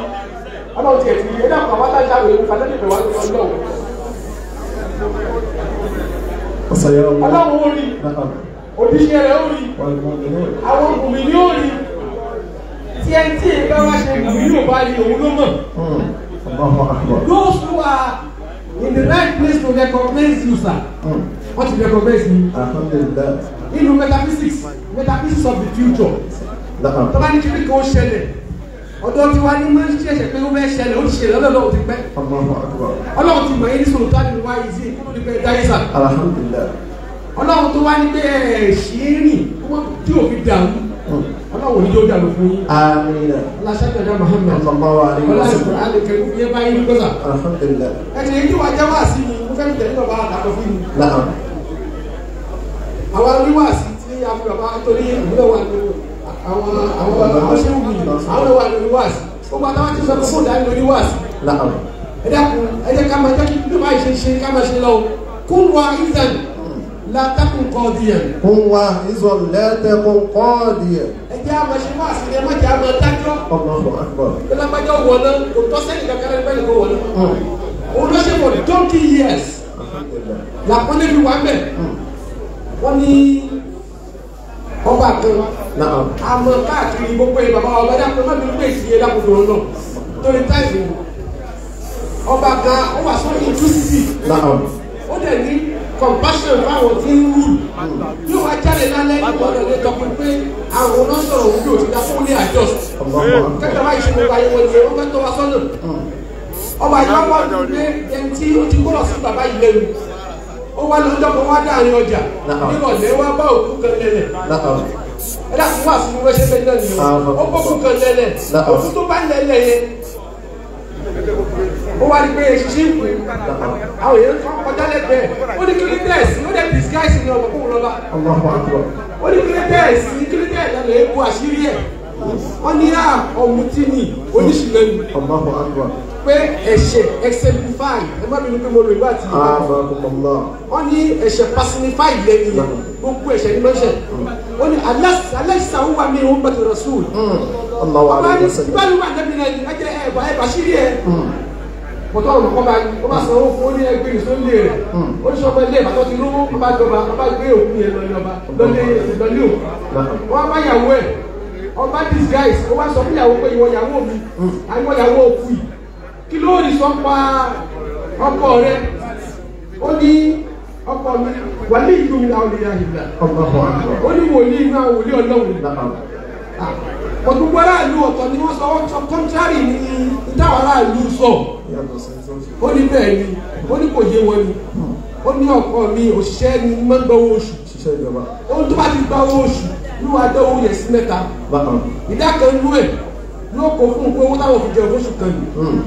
Ọlọ́run ti ẹ̀sìn yìí. Ẹ̀dá kan wá tájà wẹ̀ ẹ̀ka lẹ́nu ìbẹ̀wá ló ń lọ́wọ́. Ọlọ́run ó rí. Òdíṣẹ́ rẹ̀ ó Àwọn òbí ni ó Tí ẹ tí ẹ bá wá ṣe ìgbìmọ̀ bá rí òun ló mọ̀. Those who are in the right place to recognize you, sir. Mm wọ́n ti recognize mi. alhamdulilayi. nínú metaphysics metaphysics of the future. tọ́ba ní kíni kan ó ṣẹlẹ̀ ọ̀dọ́ tí wàá ní máa ń ṣẹ̀ṣẹ̀ pé ó fẹ́ ṣẹlẹ̀ ó ti ṣẹlẹ̀ ọlọ́run ti pẹ́. ọlọ́run ti mọ̀ ẹni sọ̀rọ̀ tó àdìrí wá yìí sí ìkúrò ní pẹ́ dárísà. alhamdulilayi. ọlọ́run tó wá ní pé ẹ̀ ṣì ń rìn tí òfin dàrú hmm. ọlọ́wọ́ ní yóò dàrú fún yín. amiina. alasani ọjọ́ muhammed. ọlọ́wọ́ àlejò. ọlọ́wọ́ àlejò kẹ́kọ̀ọ́ yẹn bá yín gbọ́dọ̀. alhamdulilayi. ẹ ti ní kí wàá jẹ́ wá sí mi fẹ́ tẹ̀lé bàbá àdàpọ̀ fún mi. àwọn oníwàásí tí a fi bàbá torí ìbúlẹ̀ wà nínú àwọn àwọn àwọn ṣé wù yìí àwọn wà nínú wàásí ó bá táwọn ti sọ pé fóònù àìní oníwàásí. ẹ dẹ́kun ẹ jẹ́ ká máa jẹ́ kí bíbá ìṣe ṣe ká máa ṣe lọ kún wa ìzàn látàkùn kọ́ di yẹn. kún wa ìzàn lẹ́tẹ̀kùn kọ́ di yẹn. ẹ jẹ́ àmọ́ ṣe wá sí ẹ má jẹ́ àmọ́ dájọ́. ọmọ ọmọ akọ. ìlànà ìjọ wọ̀ náà kò tọ́ sẹ́yìn kankan ẹgbẹ́ ìgbọ̀ wọ̀ náà òun ló ṣe for twenty years làpọ́nlé fi wà mẹ́ wọ́n ní ọba kan àmọ́ káàkiri gbogbo yìí bàbá ọba dàpọ̀ má mi gbé ìdílé lákòókò náà torí táìpù ọba kan ó wà sọ ìtúsísì ó dẹ̀ ní compassion fáwọn tí ń rú yóò wá jáde lálẹ́ nípa ọ̀dọ̀ lè tọpin pé àwọn náà sọ̀rọ̀ òun yóò ti dá fún ní adjust. kẹ́kẹ́ wáyé ṣe gbogbo ayé wọn ni wọ́n fẹ́ tó wá sọ́nà. Hmm ọmọ àyè wọn wá gbé ẹni tí ó ti gbọ́dọ̀ sí bàbá yìí lẹ́nu ó wá lọ́jọ́ kan wá dáàrin ọjà nígbọ̀lẹ́ wá bá òkú kan lẹ́lẹ̀ ẹ dàkú wà fún wọ́n ṣe fẹ́ẹ́ lẹ́nu ó bọ́ òkú kan lẹ́lẹ̀ òkú tó bá lẹ́lẹ̀ yẹn ó wá rí pé ṣíṣí é àwọn èèyàn kọjá lẹ́gbẹ̀ẹ́ ó ní o tẹ̀sí ó dẹ̀ disguise ní ọmọ kóun lọ́ba ó ní kílí tẹ̀sí kílí tẹ̀sí lè bu àṣírí ẹ̀ wọ́n ní ah, ọ̀mùtí ni oníṣìlẹ̀ ni pé ẹ̀ṣẹ̀ exemplify ẹ má bínú pé mo lò ìgbà tí mo lò wọ́n ní ẹ̀ṣẹ̀ personify lẹ́nu yẹn gbogbo ẹ̀ṣẹ̀ ní lọ́ṣẹ̀ wọ́n ní aláìsàn ó wà mí òun bẹ̀rẹ̀ rasul hmm. ọba ní ìbáraẹni wà lẹ́bi náà ẹ jẹ ẹ bá ẹ bá ṣírí ẹ pọtọ hmm. ọ̀rọ̀ kọ́ bá kọ́ bá sanwó fún ní ẹgbẹ́ ìsọ́lé rẹ̀ hmm. ó ní sọ́kọ́ ilé ìbátan ti lówó kọ́ bá jọba kọ́ gbé òkú yẹn lọ́lé ọba lọ́lé lọ́lé yàwó ẹ̀ ọba disguise ó wá sọ fún yàwó pé ìwọ yàwó mi àwọn yàwó òkú yìí kí ló rí sọ́pa ọkọ rẹ ó ní ọkọ mi wàlí ìlú mi làwọn olùyà ìlà ó ní wòlíì inú àwọn wòlíì ọlọ́run ọdún gbọ́dọ̀ àlú ọ̀tọ̀ ni wọ́n sọ wọ́n sọ kọ́ńtárì ní ìdáwọ̀ aráàlú sọ ó ní bẹ́ẹ̀ ni ó ní kò yé wọn ni ó ní ọkọ mi òṣìṣẹ́ ni mọ́gbọ́wọ́ oṣù ó tó bá ti gbọ́wọ́ oṣù ní wàá dánwó yẹn sí mẹ́ta ìdá kan nú ẹ̀ yóò kó fún un pé owó táwọn òfin jẹ oṣù kan yìí hmm.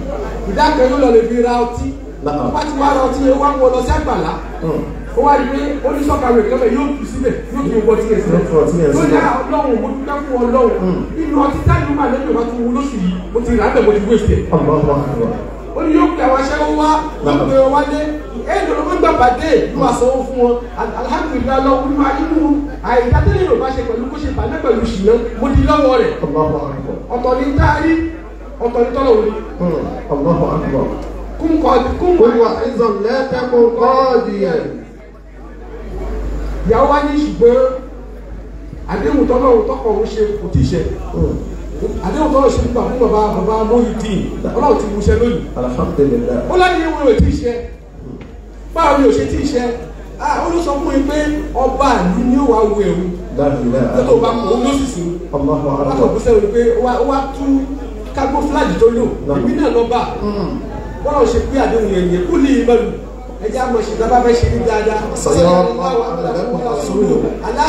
ìdá kan yóò lọ lè fi ra ọtí bá ti wá ra ọtí yẹn wá ń wọ lọ sí àgbàlá hmm. ó wá rí pé oníṣọ́kàwé kẹfẹ́ yóò kú síbẹ̀ yóò kí owó tí ẹ̀sìn tó yá ọlọ́run mo dúpẹ́ fún ọlọ́run nínú hmm. ọtí táyé wà lẹ́yìn ọba tó wú lóṣù yìí mo ti rà á bẹ̀ mo ti wé sí ó ní yóò pe àwọn aṣẹ́wó wá yóò pe wọn wálé èèyàn ló ń gbà pàdé ló wà sanwó fún wọn alhamdulilayi lọ wúlò inú àìdátẹ́lẹ̀ yóò bá ṣe pẹ̀lú kó ṣe pàdé pẹ̀lú ṣìnà mo di lọ́wọ́ rẹ̀ ọ̀tọ̀ ní táàrí ọ̀tọ̀ ní tọ́lọ̀ òní. kúńkọ́ kúńkọ́ ìwà ìzọ̀ lẹ́tẹ̀kọ̀ kọ́ọ̀dì yẹn. ìyàwó wa ní ṣùgbọ́n àdéhùn tọ́lọ́run tọkọ̀ òun ṣe kò tí ì àdéhùn tó ṣe gbà fún bàbá bàbá Muyideen ọlọ́run ti mú iṣẹ́ lónìí. alhamdulilayi. ó lẹ́nu ìwé rẹ̀ tí ì ṣe báwo ni ò ṣe tí ì ṣe ó ló sọ fún mi pé ọba àlú ni ó wàá wo ẹ̀rù tó bá kó ó lóṣìṣì látọ̀ kó sẹ́wọ̀n pé wá tú kágbó fúlájì tó lò èmi náà lọ bá bọ́lá ò ṣe pé àdéhùn yẹn yẹn kú ní ìbẹ̀rù ẹjẹ́ àmọ̀ ṣe dábàá fẹ́ ṣe ní dáadáa. sọ̀rọ̀ ọ̀la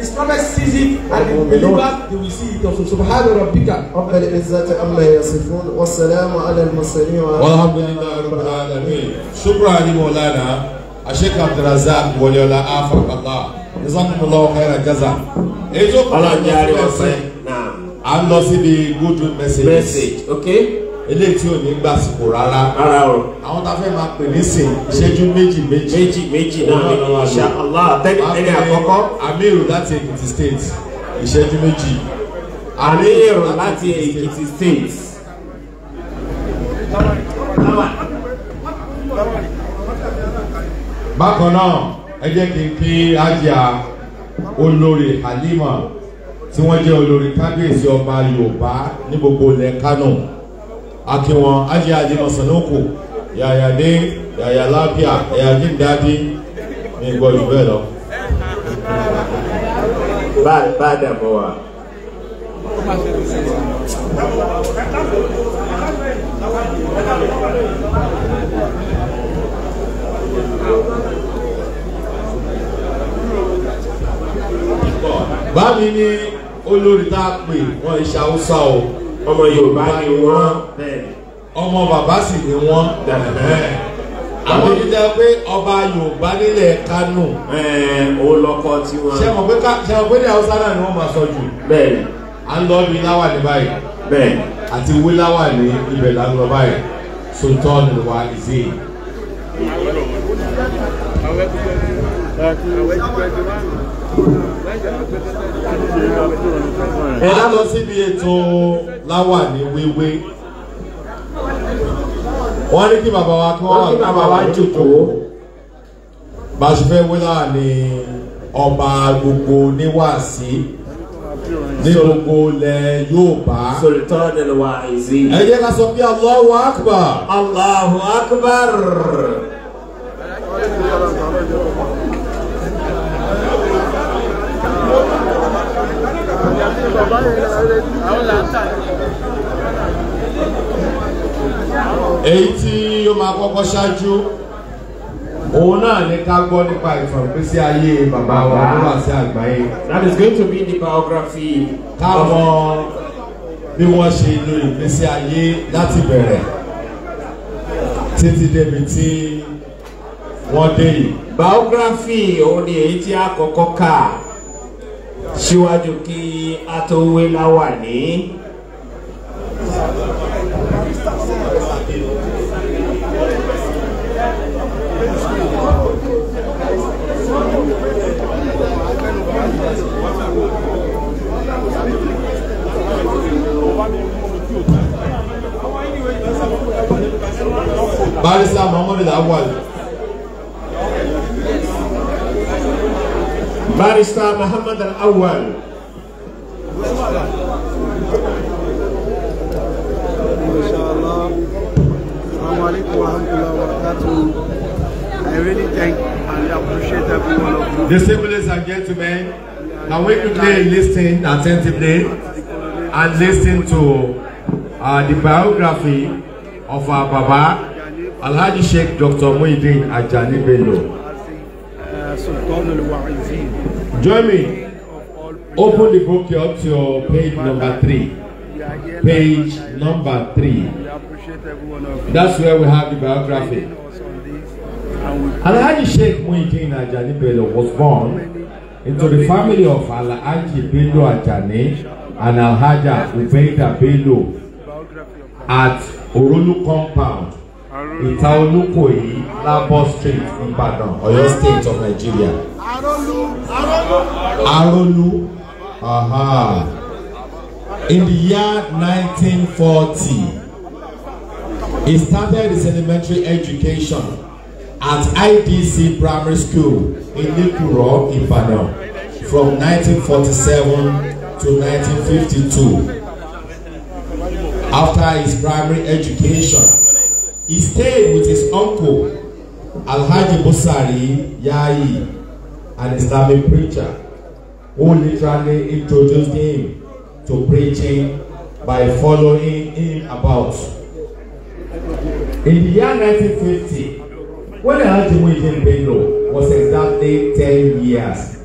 Islamic sees it and the believers they will see it also. Subhana rabbika. Rabbil izzati amma yasifun wa salamu ala al-mursalin wa alhamdulillahi rabbil alamin. Shukran ni Maulana. Sheikh Abdulrazak Wọliola Afarabala. Jazakumullahu khairan jaza. Èyí tó kọ́ ọ̀la ní àríwá sẹ́yìn. À ń good message. Message, okay eléyìí tí ò ní gbà sìkò rárá. rárá o. àwọn tá a fẹ́ máa pè ní sìn ìṣẹ́jú méjì méjì. méjì méjì náà ni insha Allah tẹ́lẹ̀ àkọ́kọ́. amiru láti Èkìtì state ìṣẹ́jú méjì. amiru láti Èkìtì state. bákan náà ẹ jẹ́ kí n kí ájá olórí Halima tí wọ́n jẹ́ olórí kábíyèsí ọba Yorùbá ní gbogbo ilẹ̀ Kánò akinwọn ajiyaji masanoku yayade yaya lafiya yayajin daɗi ní gbọ́dọ̀ bẹ́ẹ̀ lọ. bá a dà bọ̀ wá. báàmì ni olórí tá a pè wọn ìṣàwùsà o ọmọ yorùbá ni wọ́n ọmọ bàbá sì ni wọ́n àwọn yìí jẹ́ pé ọba yorùbá nílẹ̀ kánò. òun lọkọ tiwọn. ṣé mo pé ká ṣé mo pé ní haúsá náà ni wọ́n máa sọ jù. bẹ́ẹ̀ni. à ń lọ bí láwà ní báyìí. bẹ́ẹ̀ni. àti wíláwà ní ibẹ̀ là ń lọ báyìí. sultan wa ìzé. ẹ lọ síbi ètò láwà ní wíwé wọ́n ní kí bàbá wa kí wọ́n wà kí bàbá wa jòkóó bá a ṣe fẹ́ wé láwà ní ọba gbogbo níwàásí ní gbogbo ilẹ̀ Yorùbá. Sultanul Wa'izin. ẹ jẹ́ ká sọ pé Allahu Akbar. Allahu Akbar. èyí tí ó máa kọ́kọ́ ṣáájú òun náà ní ká gbọ́ nípa ìfọ̀npẹ́sí ayé bàbá wa tó wà sí àgbáyé. that is going to be the biography. káàmọ bí wọ́n ṣe lo ìgbésí ayé láti bẹ̀rẹ̀ títí débi tí wọ́n dé yìí. biography òun ni èyí tí a kọ́kọ́ kà síwájú kí a tó wé láwàní. Barrister Muhammadu Lawal. Barista Muhammad Al Awal. I really thank and appreciate every one of you. The Disciples to me. now we quickly listen attentively and listen to uh, the biography of our Baba, Alhaji Sheikh Dr. Muhyiddin Ajani Bello. Uh, Join me. Open the book up to page number three. Page number three. That's where we have the biography. Alhaji Sheikh Muhyiddin Ajani Bello was born into the family of Alhaji Bello Ajani and Alhaja Ubeida Bello at Orulu compound Itaolukoyi, Labo Street, Ibadan, Oyo State of Nigeria. Arolu. Aha. In the year 1940, he started his elementary education at IDC Primary School in Nikuro, Ibadan, from 1947 to 1952. After his primary education, he stayed with his uncle, Alhaji Busari Yayi an Islamic preacher who literally introduced him to preaching by following him about. In the year 1950, when Alhaji Muhyiddin Bello was exactly 10 years.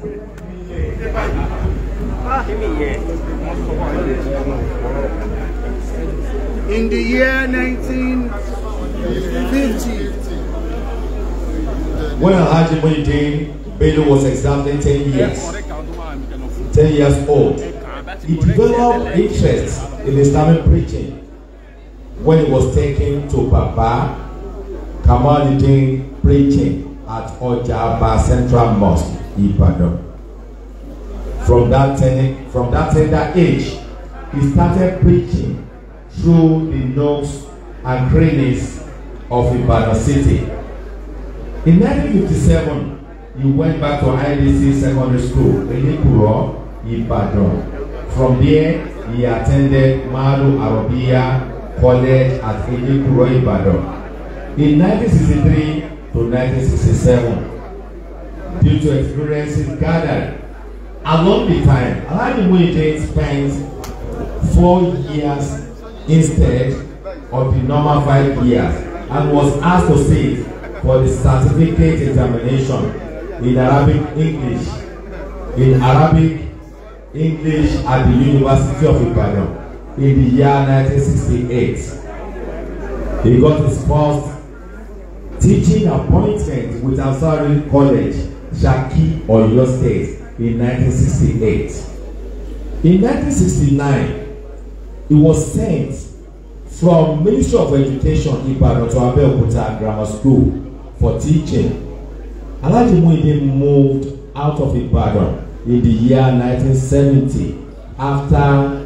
In the year 1950, when Alhaji Muhyiddin Bello was exactly 10 years, 10 years old. He developed interest in Islamic preaching when he was taken to Baba Kamaluddin preaching at Ojaba Central Mosque, Ibadan. From that, ten, from that tender age, he started preaching through the nooks and crannies of Ibadan city. In 1957, he went back to IDC Secondary School, Elikuro, Ibadan. From there, he attended Maru Arabiya College at Elikuro, Ibadan. In 1963 to 1967, due to experiences gathered along the time, Alhaji Muhyiddin spent four years instead of the normal five years and was asked to sit for the certificate examination in Arabic English in Arabic English at the University of Ibadan in the year 1968. He got his first teaching appointment with Ansari College, Shaki, Oyo State in 1968. In 1969, he was sent from Ministry of Education Ibadan to Abeokuta Grammar School for teaching Alhaji Muhyiddin moved out of Ibadan in the year 1970 after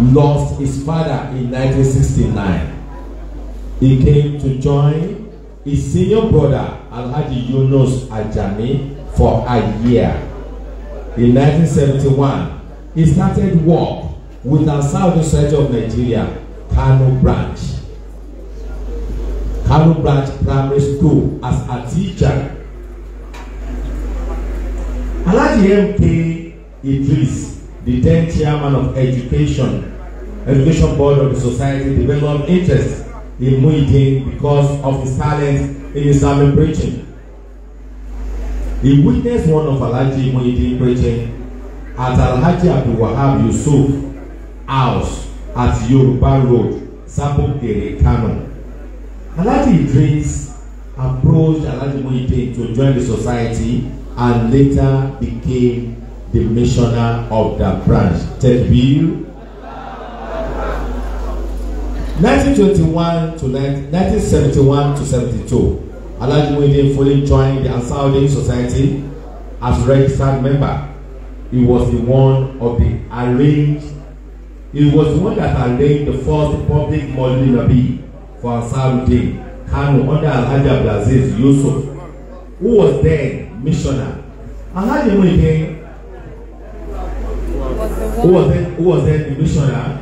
lost his father in 1969. He came to join his senior brother Alhaji Yunus Ajami for a year. In 1971, he started work with the Southern Center of Nigeria, Kano branch. Carlo Branch Primary School as a teacher. Alaji M.K. Idris, the then chairman of Education, Education Board of the Society, developed interest in Muhyiddin because of his talent in his sermon preaching. He witnessed one of Alaji Muhyiddin preaching at Alhaji Abdul Wahab Yusuf house at Yoruba Road, Sapukere Kano. Alhaji Idris approached Alhaji Muhyiddin to join the society and later became the missioner of that branch Tedbir. 1921 to 1971 to 72 Alhaji Muhyiddin fully joined the Ansaruddin Society as registered member. He was the one of the arranged he was the one that arranged the first public Maulid Nabi Fasaludin Kano under Alhaji Abdulaziz Yusuf, who was then missionary. Alhaji Muhyiddin, who was then who was then the missionary.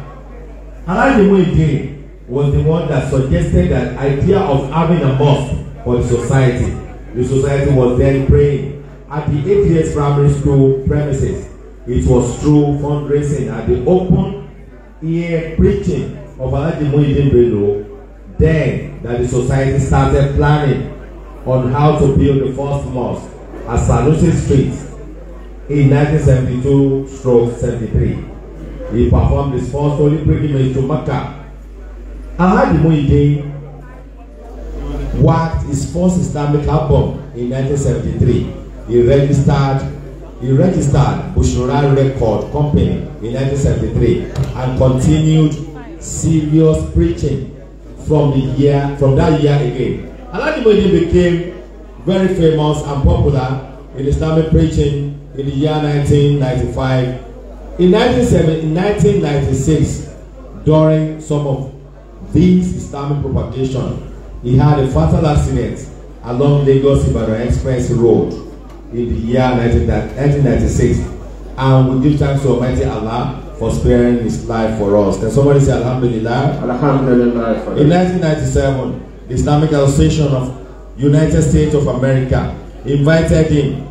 Alhaji Muhyiddin was the one that suggested that idea of having a mosque for the society. The society was then praying at the ATS primary school premises. It was through fundraising at the open air preaching of Alhaji Muhyiddin Bello then that the society started planning on how to build the first mosque at Sanusi Street in 1972 stroke 73. He performed his first holy pilgrimage to Mecca. Alhaji Muhyiddin worked his first Islamic album in 1973. He registered he registered Bushra Record Company in 1973 and continued serious preaching from the year from that year again. Alhaji Muhyiddin became very famous and popular in Islamic preaching in the year 1995. In 1970, in 1996, during some of these Islamic propagation, he had a fatal accident along Lagos-Ibadan Express Road in the year 1996. And we give thanks to Almighty Allah for sparing his life for us. Can somebody say Alhamdulillah? Alhamdulillah. In 1997, the Islamic Association of United States of America invited him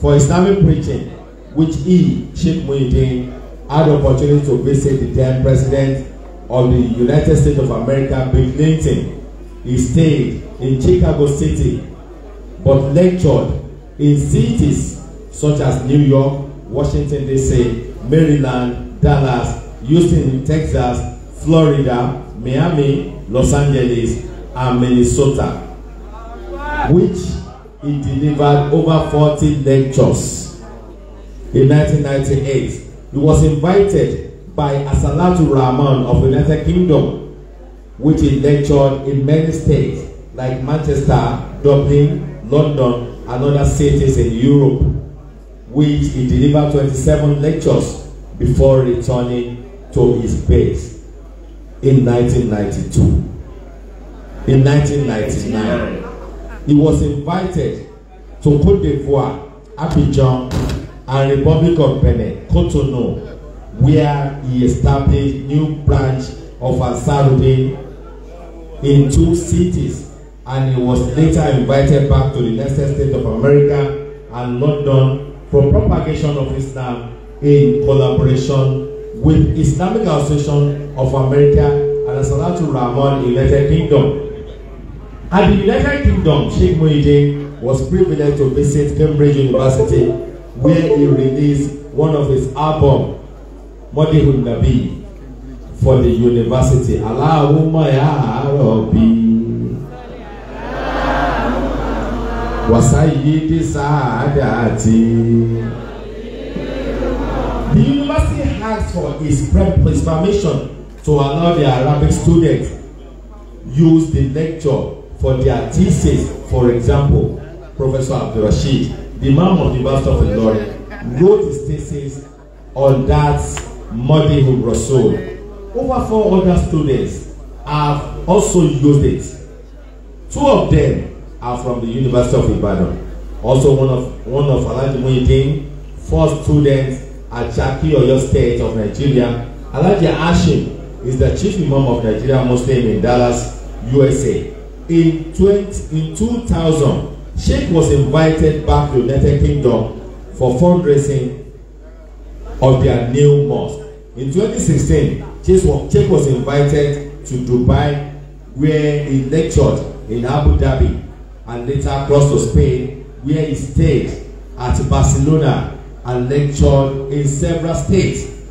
for Islamic preaching, which he, Sheikh Muhyiddin, had the opportunity to visit the then president of the United States of America, Bill Clinton. He stayed in Chicago City, but lectured in cities such as New York, Washington, D.C., Maryland, Dallas, Houston, Texas, Florida, Miami, Los Angeles, and Minnesota, which he delivered over 40 lectures in 1998. He was invited by Asalatu Rahman of the United Kingdom, which he lectured in many states like Manchester, Dublin, London, and other cities in Europe which he delivered twenty-seven lectures before returning to his base in 1992. In 1999, he was invited to Côte d'Ivoire, Abidjan, and Republic of Benin, Cotonou, where he established new branch of Ansarudin in two cities, and he was later invited back to the United States of America and London for propagation of Islam in collaboration with Islamic Association of America and Salatul Rahman United Kingdom. At the United Kingdom, Sheikh Muhyiddin was privileged to visit Cambridge University where he released one of his albums, Madihun Nabi, for the university. Allahumma ya Rabbi. وسيد سعادتي The university asks for his permission to allow the Arabic students use the lecture for their thesis. For example, Professor Abdulrasheed, the man of the University of the Lord, wrote his thesis on that in Brussels. Over four other students have also used it. Two of them are from the University of Ibadan. Also one of one of Alhaji Muhyiddin first students at Shaki Oyo State of Nigeria. Alhaji Ashim is the chief imam of Nigeria Muslim in Dallas, USA. In 20, in 2000, Sheikh was invited back to United Kingdom for fundraising of their new mosque. In 2016, Sheikh Sheikh was invited to Dubai where he lectured in Abu Dhabi and later crossed to Spain, where he stayed at Barcelona and lectured in several states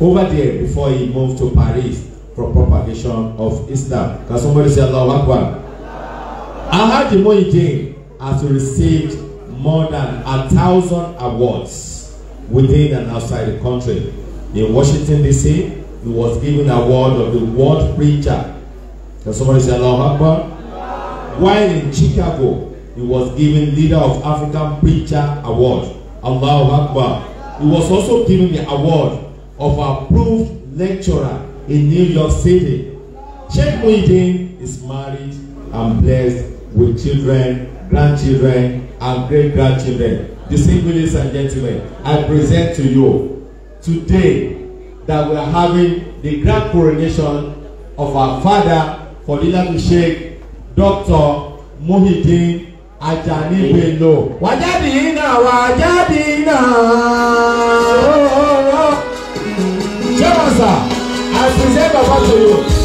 over there before he moved to Paris for propagation of Islam. Can somebody say Allah Akbar? Alhaji Muhyiddin has received more than a thousand awards within and outside the country. In Washington DC, he was given award of the World Preacher. Can somebody say Allah Akbar? while in Chicago, he was given Leader of African Preacher Award. Allahu Akbar. He was also given the award of approved lecturer in New York City. Sheikh Muhyiddin is married and blessed with children, grandchildren, and great-grandchildren. Distinguished ladies and gentlemen, I present to you today that we are having the grand coronation of our father, Fadilatul Sheikh Doctor Muhyiddin Ajani Bello. Wàjáde na, náà na. yìí Ṣé wọ́n sà? I present bàbá to you.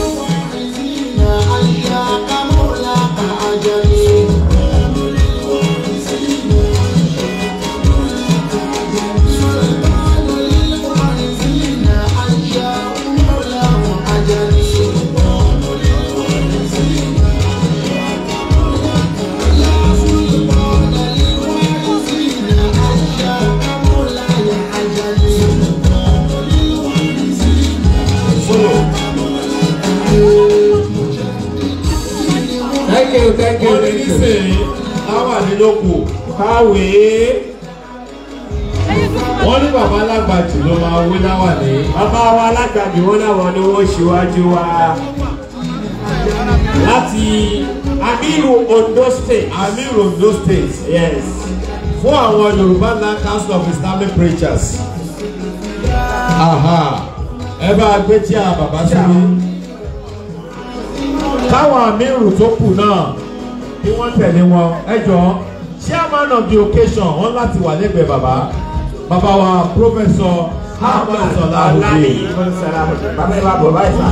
thank you. Orí nísìnyí, táwà nílòkù, káwé. Wọ́n ní bàbá alágbàjù ló máa wí láwà ní. Bàbá wa alágbàjù wọn láwọn ni wọ́n ṣíwájú wa. Láti Amiru Ondo State. Amiru Ondo State. Yes. Fún àwọn Yorùbá Land Council of Islamic Preachers. Aha. Ẹ bá a gbé tí a bàbá sórí. Káwọn Amiru tó kù náà kí wọ́n tẹ̀lé wọn ẹ chairman of the occasion wọn láti wà lẹ́gbẹ̀ẹ́ bàbá bàbá wa professor Ahmed Sọlá Òde. bàbá ìbá bọ̀ báyìí sá.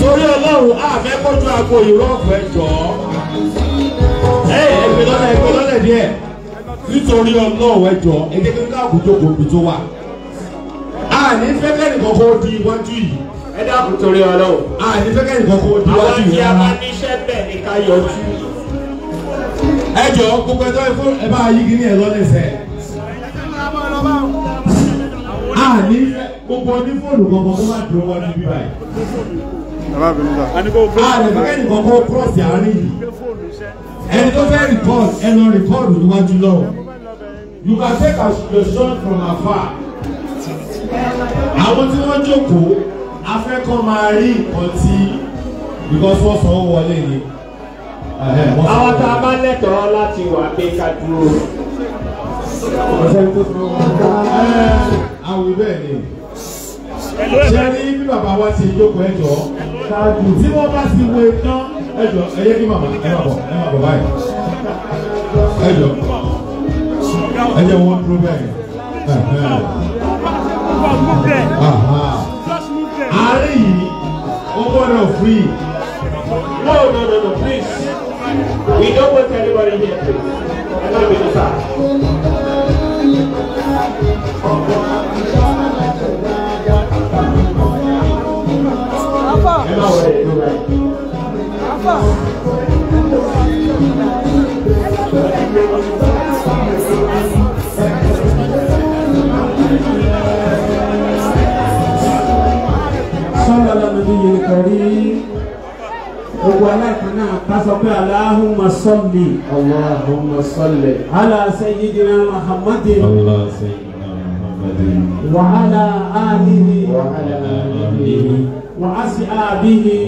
torí ọlọ́run àfẹ́ kọjú àgbo Europe ẹ jọ̀ọ́ ẹ ẹgbẹ́ lọ́lẹ̀ ẹgbẹ́ lọ́lẹ̀ díẹ̀ nítorí ọlọ́run ẹ jọ̀ọ́ ẹgbẹ́ kí n ká àkójọ kò bí tó wà. a ní fẹ́kẹ́ nìkan kó di iwájú yìí ẹ dákun torí ọlọ́run. àní fẹ́kẹ́ nìkan kó di wájú yẹn. àwọn tí a bẹ̀ ká yọjú. ẹ jọ gbogbo ẹjọ́ ìfọ ẹ bá yí kí ní ẹ lọ́lẹ́sẹ̀. àní gbogbo ní fóònù kankan kó má dúró wájú bíbá yìí. àní fẹ́kẹ́ nìkan kó kúrọ̀sì àárín yìí. ẹni tó fẹ́ rìpọ́ọ̀tù ẹ lọ rìpọ́ọ̀tù níwájú lọ́wọ́. You can take a son from afar. àwọn tí wọ́n jókòó afẹ́kọ́ máa rí nǹkan tí because wọ́n sanwó wọlé ni. àwọn tá a bá lẹ́tọ̀ọ́ láti wà pé ká dúró. àwọn bẹ́ẹ̀ ni ṣe ní bí bàbá wa ṣe jókòó ẹjọ́ tí wọ́n bá ti wo itan ẹjọ́ ẹ yé kí màmá ẹ má bọ̀ ẹ má bọ̀ báyìí ẹjọ́ ẹjọ́ wọn dúró bẹ́ẹ̀ àárín yìí ó gbọ́dọ̀ free. no no no no please we don't want anybody here please Come no be the star. gbogbo aláìkan náà ká sọ pé aláhùnmá sọ́ọ̀lì. aláhùnmá sọ́ọ̀lì. ala sayyidina muhammadin. ala sayyidina muhammadin. wa ala alihi. wa ala alihi. wa ashabihi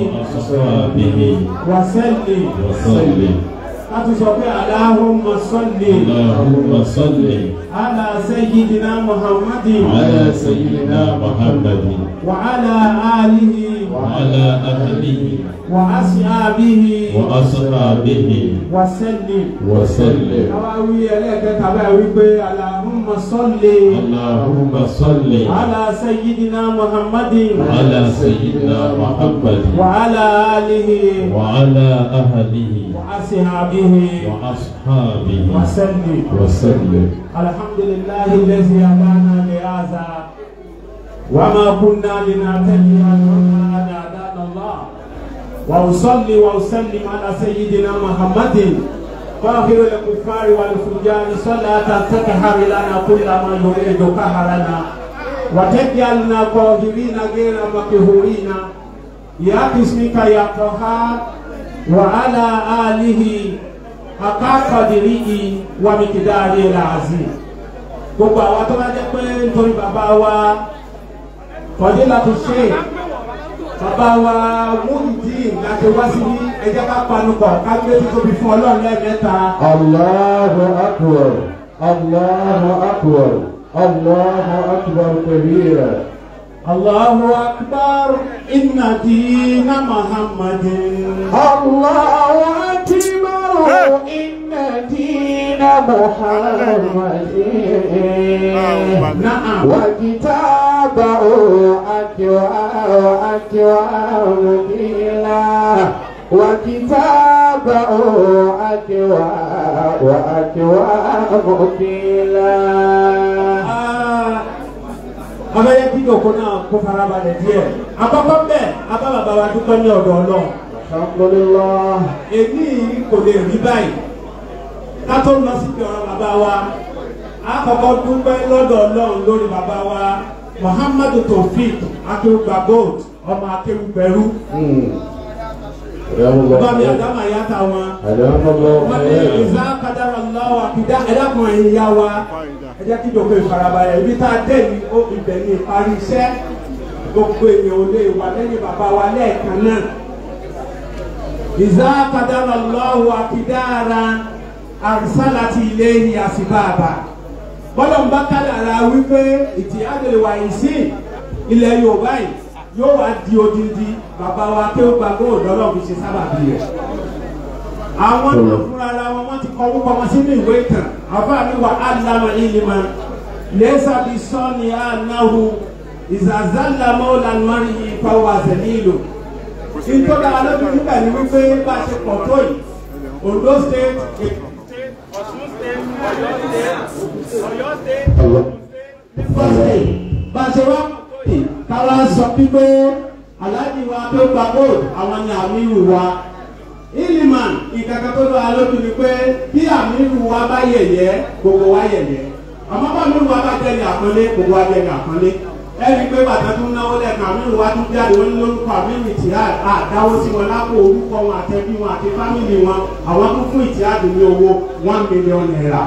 láti sọ pé Allahumma salli Allahumma salli ala sayyidina Muhammadin ala sayyidina Muhammadin wa ala alihi wa ala ahlihi wa ashabihi wa ashabihi wa sallim wa sallim. àwọn awi ẹlẹ́kẹ̀ẹ́ta bá wí pé Allahumma. اللهم صل اللهم صل على سيدنا محمد على سيدنا محمد وعلى آله وعلى أهله وأصحابه وأصحابه وسلم وسلم الحمد لله الذي هدانا لهذا وما كنا لنعتدي أن هدانا الله وأصلي وأسلم على سيدنا محمد واغفر للكفار والفجار صلاة تطهر لنا كل ما يريد قهرنا وتجعلنا ظاهرين غير مقهورين يا اسمك يا قهار وعلى آله حق قدره ومقداره العظيم gbogbo àwọn tó bá jẹ́ pé nítorí bàbá wa Fadilatu Sheikh bàbá wa Muideen láti wá síbí ẹ jẹ́ ká panupọ̀ ká gbé títóbi fún ọlọ́run lẹ́ẹ̀mẹ́ta. Allahu akbar Allahu akbar Allahu akbar kabira. الله أكبر إن دين محمد الله أكبر إن دين محمد نعم وكتابه أكوى أكوى مدينة وكتابه أكواب وأكواب قيلا abẹ́yẹ ah, kí yòókù náà kó farabalẹ̀ díẹ̀ àkọ́kọ́ bẹ́ẹ̀ abábàbà wa dúpẹ́ ní ọ̀dọ̀ náà. Alhamdulillah. èmi kò lè rí báyìí ká tó lọ síbi ọ̀rọ̀ bàbá wa àkọ́kọ́ dúpẹ́ lọ́dọ̀ náà lórí bàbá wa Muhammadu Tofik akéwùgbà gold ọmọ akéwùgbẹ̀rú. Hmm ọba adama ya ta wọn wọn ní ìzá kadàrà lọ́wọ́ àkìdá ẹ̀dá kan ẹ̀yìn ya wa ẹ̀dá kí dòkó ìfarabalẹ̀ ibi tá a dé ní ó ibẹ̀ ní ìparí iṣẹ́ gbogbo èèyàn ò lè wà lẹ́yìn bàbá wa lẹ́ẹ̀kan náà ìzá bọ́lọ̀ ń bá kádàrà wípé ìtì àdèlè wà ilẹ̀ Yorùbá yìí yóò wá di odindi bàbá wa pé ó gba góòlù ọlọ́run fi ṣe sábàbí rẹ̀ àwọn náà fúnra ara wọn wọ́n ti kọ orúkọ wọn sínú ìwé ìtàn àbá mi wà á lámà ìlímà lẹ́sà bí sọ́ni ànáhu ìzàzálàmọ́ lànàmárì yìí pàwọ́ àṣẹ nílò nítorí alójú nígbà ní wípé bá a ṣe pọ̀ tó yìí Ondo state Èkó state Ọ̀ṣun state Ọ̀yọ́ state Ọ̀yọ́ state Ọ̀ṣun state Lagos state bá a ṣe wá pọ̀ tó yìí táwa sọ pípé aláàjì wa tó gba gold àwọn ni àmírù wa ìlìmọ̀ nǹkan kan tó lọ́ra lójú ni pé bí àmírù wa bá yẹ̀yẹ́ gbogbo wa yẹ̀yẹ́ àmọ́ bá mi wa bá jẹ́ ní àpọ́nlé gbogbo wa jẹ́ ní àpọ́nlé ẹni pé bàtà tó náwó lẹ́ẹ̀kan àmírù wa tún jáde wọn lórúkọ àmírù ìtìhàd àdáwó sí wọn lápò orúkọ wọn àtẹbí wọn àti fámìlì wọn àwọn tó fún ìtìhàd ní owó one million naira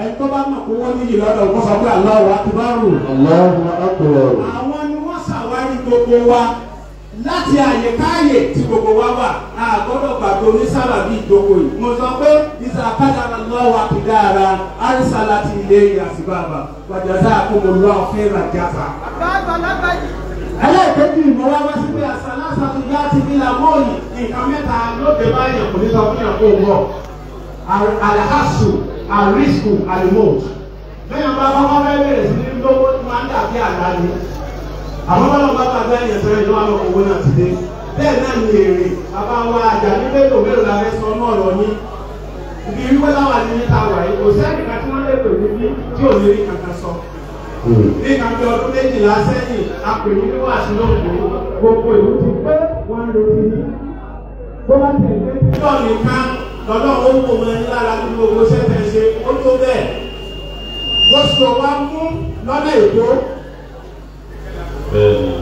ẹni tó bá mọ̀ kó wọ́n níyì lọ́dọ̀ kó sọ pé aláwọ̀ wa aláwọ̀ akíbárù. àwọn gbogbo wa láti àyèkáyè tí gbogbo wa wà a gbọ́dọ̀ gbàgbọ́ onísàlàbí ìjókòó yìí mo sọ pé ìsàkàtàkà lọ́wọ́ àkìdára àrísàlàtì ilé ìyàsíbàbà wàjàdá àkómọlúwà ọ̀fẹ́ ìràjàfà. ẹlẹ́ẹ̀kejì ìmọ̀ wá wá sí pé àṣà lásàtú yá ti fi làwọ̀ yìí nǹkan mẹ́ta lóde báyìí kò ní sọ fún yàn kó wọ̀ àlàásù àrísù àlùmọ́ọ̀tù bẹ́ẹ̀ bá wá wá fẹ́ bẹ̀rẹ̀ sí ní lówó máa ń dàbí àlá àmọ́ bọ́lá bá ta bẹ́ẹ̀ yẹn sọ́yìn lọ́wọ́ àwọn owó náà ti dé bẹ́ẹ̀ náà ní èrè bàbá wa àjà ní mélòó mélòó la fẹ́ sọ náà lọ ní ibi wípé láwọn àdìyí ta wà yìí kò sẹ́ni kan tí wọ́n lè pè mí bí tí ò ní rí kankan sọ. Hmm. ní kàbí ọdún méjìlá sẹ́yìn a pè mí ní wàásù lóògùn gbogbo ìlú ti pé wọ́n ń retí ní. bó bá tẹ̀lé. lọ́ọ̀ nìkan lọ́dọ̀ ó wò mọ́ ẹni lára ní gbogbo sẹ́tẹ̀ ṣe ó tó bẹ́ẹ̀. bó lábìrin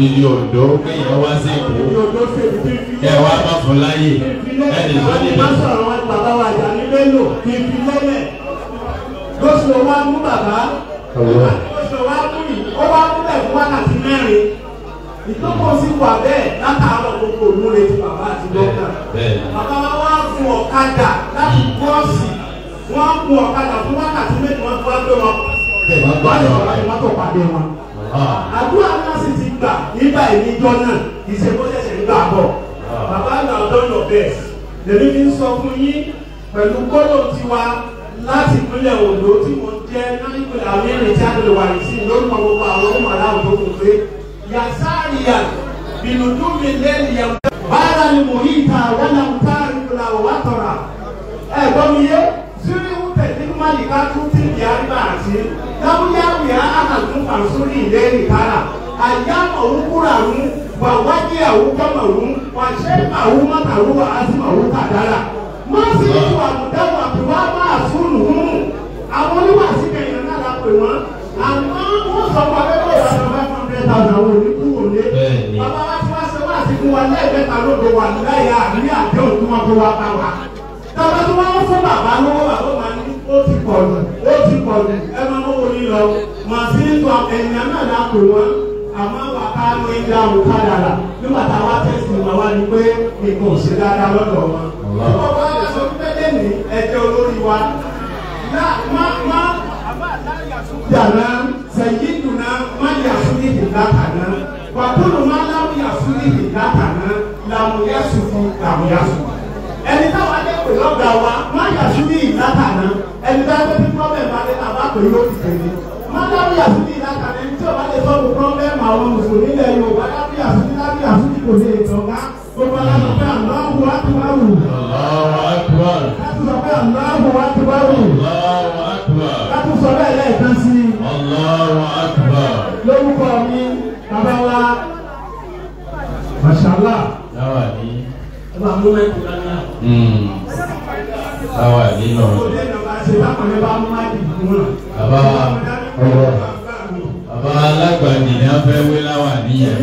ní Ondo kéèyàn wá sí Èkó ẹ wá má fún láyè ẹ lè sọ níbẹ̀. má sọ̀rọ̀ bàbá wa jà ní bello kì lẹ́lẹ̀ lóṣù wa mú bàbá lóṣù wa mú yìí ó wá mú bẹ̀ fún wákàtí mẹ́rin. ìtọ́kọ̀ sí wà bẹ́ẹ̀ látàárọ̀ gbogbo òmùlẹ̀ ti bàbá àti dọ́kítà bàbá wa wá fún ọ̀kadà láti gọ́ọ̀sì wọ́n á fún ọ̀kadà fún wákàtí méjì wọn fún abẹ́ wọn wọ́n á yọ̀ ọ́ látọ̀ pàdé wọn. Ah. àdúrà náà sì ti gbà nígbà ìníjọ́ náà ìṣèkọ́sẹ̀sẹ̀ nígbà bọ̀ ah. bàbá náà dọ́nà bẹ́ẹ̀ lèmi fi ń sọ fún yín pẹ̀lú gbọ́dọ̀ tiwa láti ìpínlẹ̀ Ondo tí mo jẹ́ náà ìpínlẹ̀ àwọn ẹ̀rìn tí a lè wà yìí sí lórúkọ gbogbo àwọn ọmọ aláwọ̀ tó kù pé yasariya binudumi lẹ́nu yẹn. bára ni mo yí ta wọnà ta ìgbìlà wà tọ̀ra. ẹ eh, gbọ́ mi yé sírí ń tẹ̀lé mali ká tún ti di àríwá àti lábúyá wíyá àkàtún fàṣúrì ilé ìtara àyàmọ̀ òkúra ń wà wájú àwùjọ́mọ̀ ń wà ṣé màwú mọ́tàlú wà á sì màwú kàdára. má sì ń wà mùdáwà bí wàá máa fún nù. àwọn oníwàásí kẹyìn náà la pè wọ́n àmọ́ wọ́n sọ wà lẹ́kọ̀ọ́ thousand àwọn oníkú wòlé bàbá wa ti wá ṣe wá sí fún wa lẹ́ẹ̀mẹ́ta lóde wà láyà àbílẹ̀ àbí òtún wọn tó wá bá wa tàbá tó wá wọ́n fún bàbá lọ́wọ́ bàbá wa ní ó ti pọ̀ lù ó ti pọ̀ lù ẹ máa mọ́ wọlé lọ màá sí nípa ènìyàn náà la pè wọ́n àmọ́ bàbá ló ń dá òun padà rà nígbà táwa tẹ̀sí ìmọ̀ wa ni pé nǹkan ò ṣe dáadáa lọ́dọ̀ wọn. ọba wa sọ pé lẹ́nu ẹ̀jẹ̀ olórí wa má má yàrá sẹ́yìn látàná wàkúrò máa láwùyà fún níbi látàná làwùyà sùfù làwùyà sùfù ẹni táwọn adẹ́pẹ̀ lọ́gàá wa má yà fún níbi látàná ẹni táwọn adẹ́pẹ̀ pọ́bẹ̀ bá ta tàbá pé yóò fi tẹ̀lé má láwùyà fún níbi látàná ẹni tí ọba lè sọ́ọ̀bù pọ́bẹ́mù àwọn mùsùlùmí lẹ̀ Yorùbá láwùyà fún níbi láwùyà fún níbi kò lè tọ́ka gbogbo aláṣọ pé àlọ́hùn wá ti wá wù. láti sọ pé àlọ́hùn wá ti wá wù. láti sọ bẹ́ẹ̀ lẹ́ẹ̀kan sí Allahu Akbar. lórúkọ mi babalá mashala. dáwà ní. ẹ máa mú mẹ́tò dáadáa. dáwà ní lọ́rọ̀. bàbá bàbá alágbàdì ni a fẹ́ wé láwà níyẹn.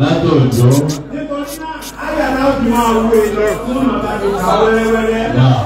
látòjó. nítorí náà ayé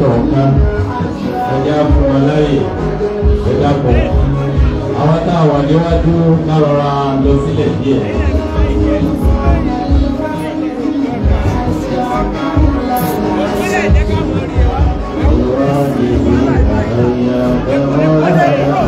kọ̀ọ̀kan ẹja fún wọn láyè àwọn tá a wà níwájú ká rọra lọ sílẹ̀ díẹ̀. Thank you.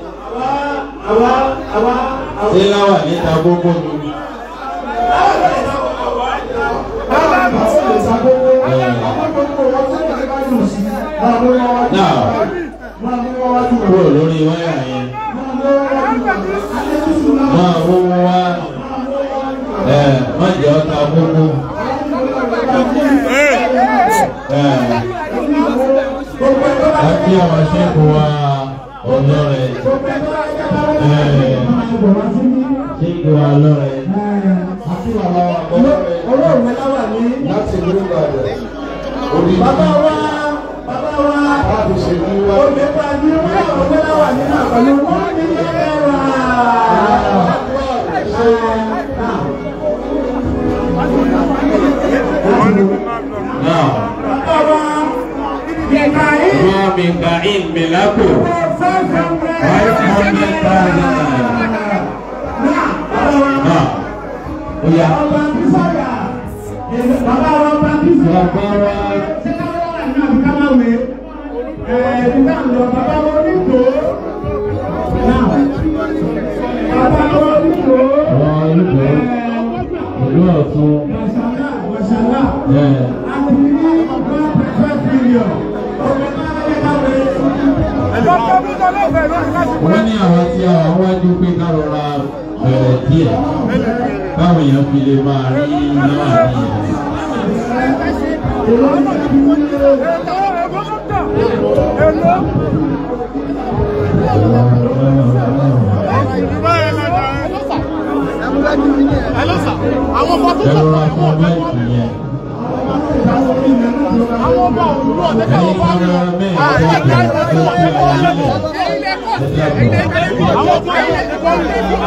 wà níta gbogbo mi. náà kúrò lórí wáyà yẹn máa wọ́wọ́ wá ẹ̀ má jẹ́ ọ̀tá gbogbo. Aqui é o Chico, a Honore. É. Ìbàdàn. Bàbá wa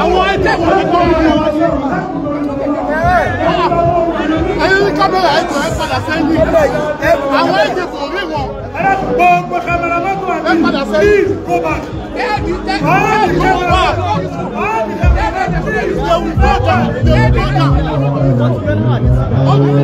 àwọn ẹ̀jẹ̀ wọn ní kọ́ni ní wọn. ẹ̀yin ní kámẹ́rà ẹ̀jọ̀ ẹ̀ padà sẹ́yìn àwọn ẹ̀jẹ̀ kò rí wọn. gbogbo kámẹ́rà mọ́tò àti padà sẹ́yìn go back. ẹ̀ẹ́dì tẹ́ ẹ̀ẹ́dì go back. ẹ̀ẹ́dì tẹ́ ẹ̀ẹ́dì go back. ẹ̀ẹ́dì tẹ́ ẹ̀ẹ́dì go back.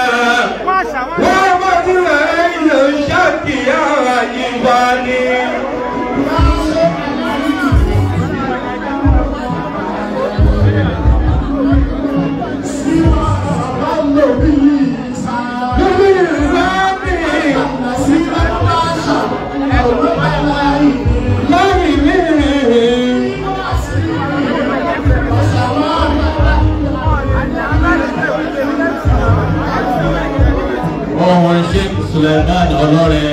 Suleiman ọlọ́rẹ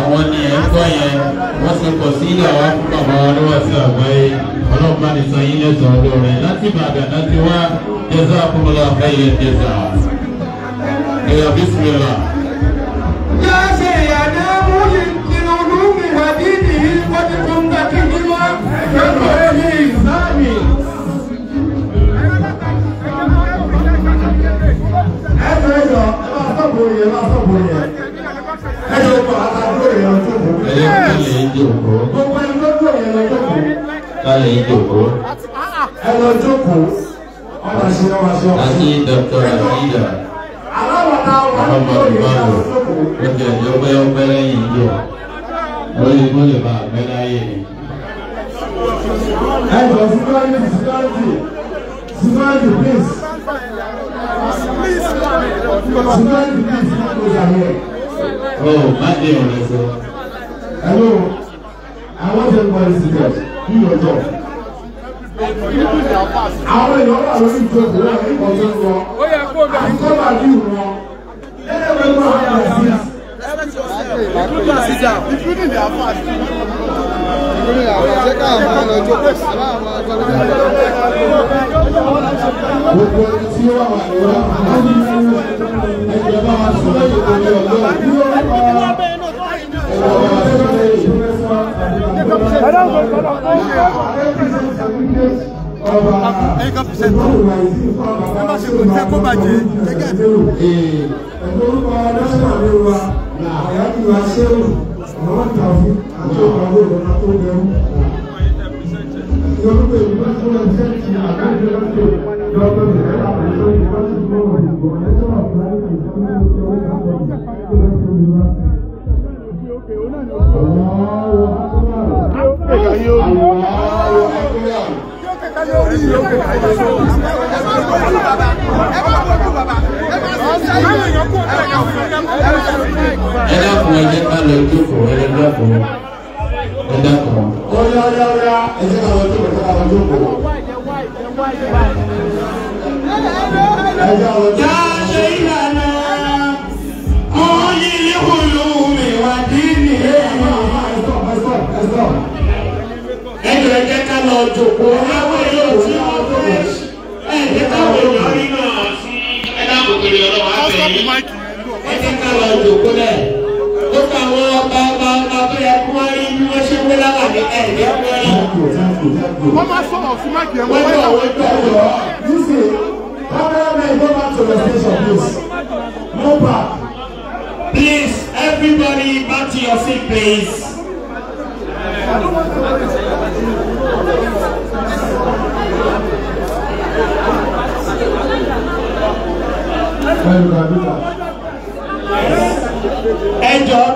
àwọn ni ẹ̀ yẹn wọ́n ti pọ̀ sí ilé àwọn fún bàbá wa lọ́wọ́ sí àgbáyé ọlọ́pàá ní san yín lẹ́sọ̀ ọlọ́rẹ láti Ìbàdàn láti wá jẹ́sà àkúnmọ́lá àbáyé jẹ́sà ẹ̀yà bísímìlà. yáṣẹ ìyàdá múlì nínú ló kọ́ o oh, my dear. ọ̀rẹ́ sọ. hello i want everybody to sit down do your job. àwọn èèyàn wà lórí ìjọba ìwé ẹ̀kọ́ tó ń lọ àti tó bá dì wọn ẹ̀rẹ́ mi máa ń bọ̀ sí. Including their fast. Including their fast. Ṣé káà máa lọ jókòó sí? Àbá àwọn gbogbo ẹni tí ó wà wà lọ́wọ́ ẹgbẹ́ bá wa sọ lẹ́yìn orí ọgbọ́n ẹgbẹ́ bá wa sọ lẹ́yìn. Ẹ̀ka pìsẹ̀ntì, ẹ má ṣe kò tẹ́ kó bàjẹ́ gẹ́gẹ́ bí. Ẹ̀gbọ́n orúkọ Adásínà ló wa, àyájú wa ṣéwù, àwọn ìtàfún àti ọ̀pọ̀ àwọn ìrọ̀lá tó bẹ̀rù. Yorùbá Yorùbá tí wọ́n ṣe ti àgbájọ lọ́sẹ̀ lọ́dọ̀ ìrẹ́ àpòjọ Yorùbá tí wọ́n wọ̀ ìbò ẹjọ́ àgbáyé ìṣúná tó ń bọ̀ tó ń sọ Yorùbá. Ẹ dákun ẹ jẹ́ ká lọ jókòó ẹ dákun ẹ dẹ́kun. ó yá yá yá ẹ jẹ́ ká lọ ká lọ jókòó. ẹ jẹ́ lọ jókòó. yá ká wọ́n fẹ́ ẹ ẹ jẹ́ ká lọ jókòó náà gbogbo àwọn ọba ọba ọba tó yẹ kí wọ́n rí bí wọ́n ṣe wé lára ní ẹ̀ẹ́dẹ́ wọ́n rí. wọ́n máa sọ ọ̀sùn má jẹ́ wọ́n yà wọ́n jọ wọ́. you see cameraman go back to the station please no back. please everybody back to your seat please. I don't want to... Thank you, ẹ jọ.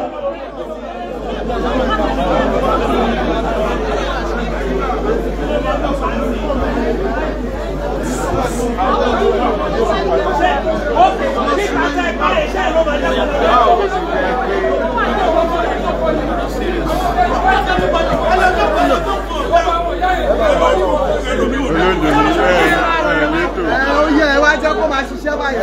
Serious. máa jẹ́ kó máa ṣiṣẹ́ báyìí.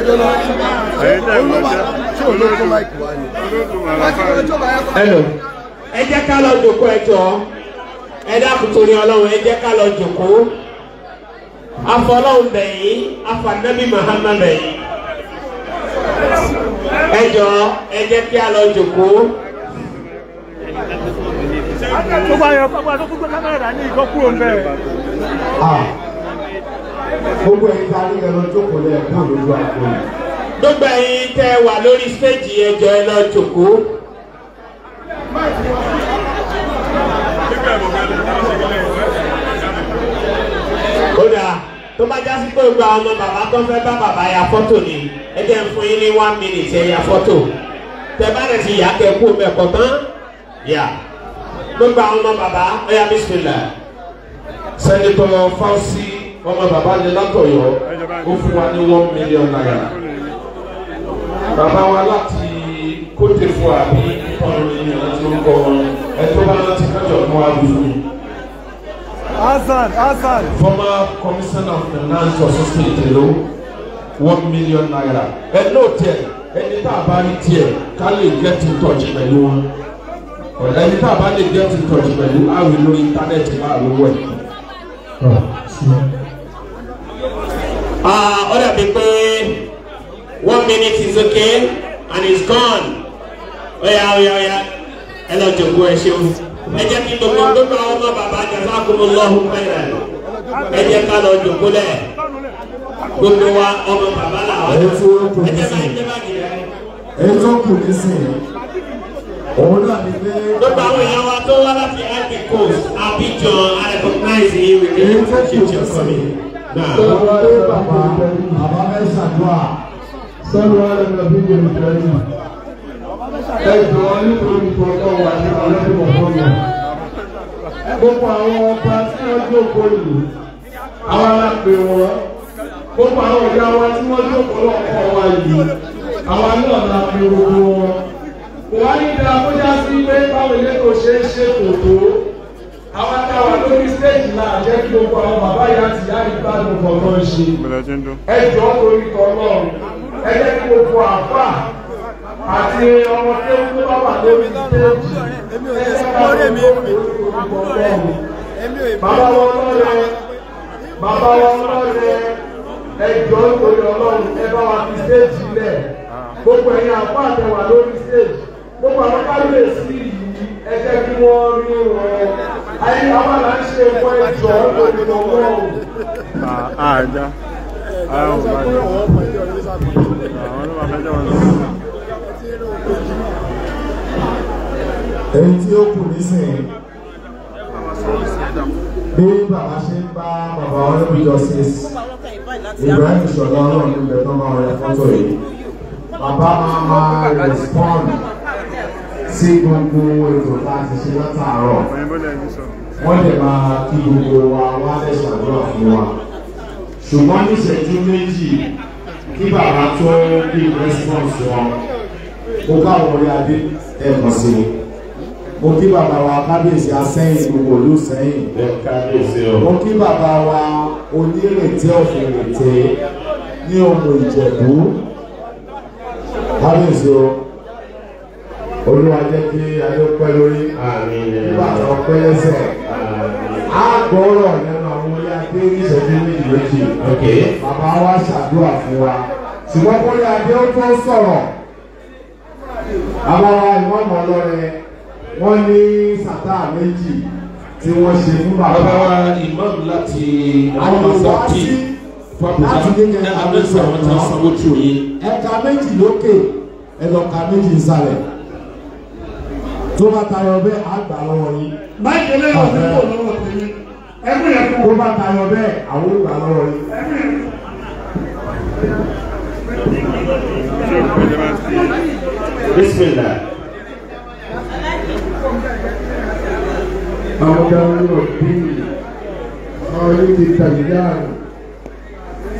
Hello. ẹ jẹ́ ká lọ jòkó ẹ jọ ẹ dákun torí ọlọ́run ẹ jẹ́ ká lọ jòkó afọlọ́run bẹ̀yìn afọ̀nẹ́bí Muhammad bẹ̀yìn ẹ jọ ẹ jẹ́ kí a lọ jòkó tó bá yọ kó bá tó kó gbé kámẹ́rà ní ìkọ́kúrò ń bẹ̀rẹ̀. Ah gbogbo ẹ̀yin ta ni ẹ lọ jókòó lẹ kó lójú àpò yìí. gbogbo ẹ̀yin tẹ wà lórí stéèjì ẹjọ ẹ lọ jókòó. kódà tó bá jásí pé gba ọmọ bàbá tó fẹ́ bá bàbá ya fọ́tò ni ẹ jẹ́ ń fún yín ní one minute ẹ ya fọ́tò tẹ bá rẹ̀ ti yà kẹ́ kú mẹ́kọ̀ tán yà gbogbo àwọn ọmọ bàbá ọ̀yà bísí la sẹ́ni tó fọ́ sí ọmọ bàbá ni látọ̀yọ́ ó fún wa ní one million naira bàbá wa láti kóde fún wa bí ọ̀rọ̀ ènìyàn láti orúkọ wọn ẹ̀tọ́ bá láti kájọ fún wa lù mí. Hasan Hasan. former commissioner of finance of state Èló one million naira ẹ̀ náà tiẹ̀ ẹni tá a bá rí tiẹ̀ ká lè get in touch pẹ̀lú wọn ẹni tá a bá lè get in touch pẹ̀lú àwìn lórí íńtánẹ́ẹ̀tì máa lówó ẹ̀. Ah, ó dàbí pé one minute is okay and it's gone ọ̀yà ọ̀yà ọ̀yà ẹ lọ jòkó ẹ ṣeun ẹ jẹ́ kí gbogbo gbogbo àwọn ọmọ bàbá jazakumullahu khairan ẹ jẹ́ ká lọ jòkó lẹ̀ gbogbo wa ọmọ bàbá làwọn ẹ jẹ́ bá ẹ jẹ́ bá jẹ́ ètò kù nísìnyí òun náà ní pé. gbogbo àwọn èèyàn wa tó wá láti ẹ́ẹ̀kì coast Abidjan I recognize you with the relationship for me sọ́dọ̀ alẹ́ bàbá bàbá bẹ́ẹ̀ ṣàdúrà sọ́dọ̀ alẹ́ nàbí yẹn ìjọ yìí ẹ̀jọ̀ nítorí ìfọ̀ ọkọ̀ wà ní ọlọ́dún ọ̀fọ́ yẹn. gbogbo àwọn ọba tí wọ́n jókòó yìí àwọn alápè wọn gbogbo àwọn ọ̀gá wa tí wọ́n jókòó lọ́kọ̀ wa yìí àwọn náà la fi gbogbo wọn. wọ́n á ní ìdá kó já sí pé báwo ilé kò ṣeé ṣe kò tó àwọn akáwà lórí stage náà jẹ́ kí gbogbo àwọn bàbá yà ti yá nípa gbogbo ọ̀rọ̀ ṣe ẹ jọ lórí ọlọ́run ẹ jẹ́ kí gbogbo àfà àti ọmọ tí ó kú bá wà lórí stage ẹ jẹ́ ká gbogbo orúkọ ọlọ́run bàbá wọn lọ́rẹ̀ bàbá wọn lọ́rẹ̀ ẹ jọ lórí ọlọ́run ẹ bá wa fi stage lẹ̀ gbogbo ẹ̀yin àfà àtẹwà lórí stage gbogbo àwọn kábíyèsí yìí yìí ẹ jẹ́ kí wọ́n rí wọn ayé àwọn là ń ṣe ẹ̀kọ́ ẹ̀jọ̀ lórí ọwọ́ o. àjà ara wọn bá dé àwọn ló máa fẹjọ́ wọn lọ. èyí tí ó kù nísìnyí bí bàbá ṣe ń bá bàbá olóbi I Ibrahim Ìṣọ̀lá ọlọ́run níbẹ̀ tó máa rẹ fọ́tò yìí bàbá máa máa respond sí gbogbo ètò tá a ti ṣe látàárọ̀ wọ́n lè máa kí gbogbo wa wá lẹ́sàdúrà fún wa ṣùgbọ́n níṣẹ́jú méjì kí bàbá tó bí response wọn mo bá wọlé adé ẹ̀ mọ̀ sí i mo kí bàbá wa kábíyèsí asẹ́yìn gbogbo ìlú sẹ́yìn mo kí bàbá wa onírètí ọ̀fìnrètí ní ọmọ ìjẹ̀bú kábíyèsí o olúwa jẹ́ kí adópẹ́ lórí nígbà tó pẹ́ lẹ́sẹ̀ àgbọ̀ ọ̀rọ̀ lẹ́nu àwọn ilé adé ní méjì méjì bàbá wa ṣàdúrà fún wa ṣùgbọ́n kó lè adé ó tó sọ̀rọ̀ bàbá wa ìmọ̀ọ́mọ̀ lọ́rẹ̀ wọ́n ní sàtà méjì tí wọ́n ṣe fún bàbá. bàbá wa ìmọ̀ọ́mù láti àwọn sàtì láti kékeré àbẹ́sẹ̀ àwọn ẹ̀ka méjì lókè ẹ̀lọ́ka méjì nsàlẹ̀ tó bá tayọ bẹ́ẹ̀ á gbà lọ́wọ́ yín. báyìí lè yọ sí kò lọ́wọ́ tèmi ẹkún yẹn fún. tó bá tayọ bẹ́ẹ̀ àwọn ò lọ́wọ́ yín. bisimilá. àwọn ọ̀gá bí àwọn ti tàbí dáàbò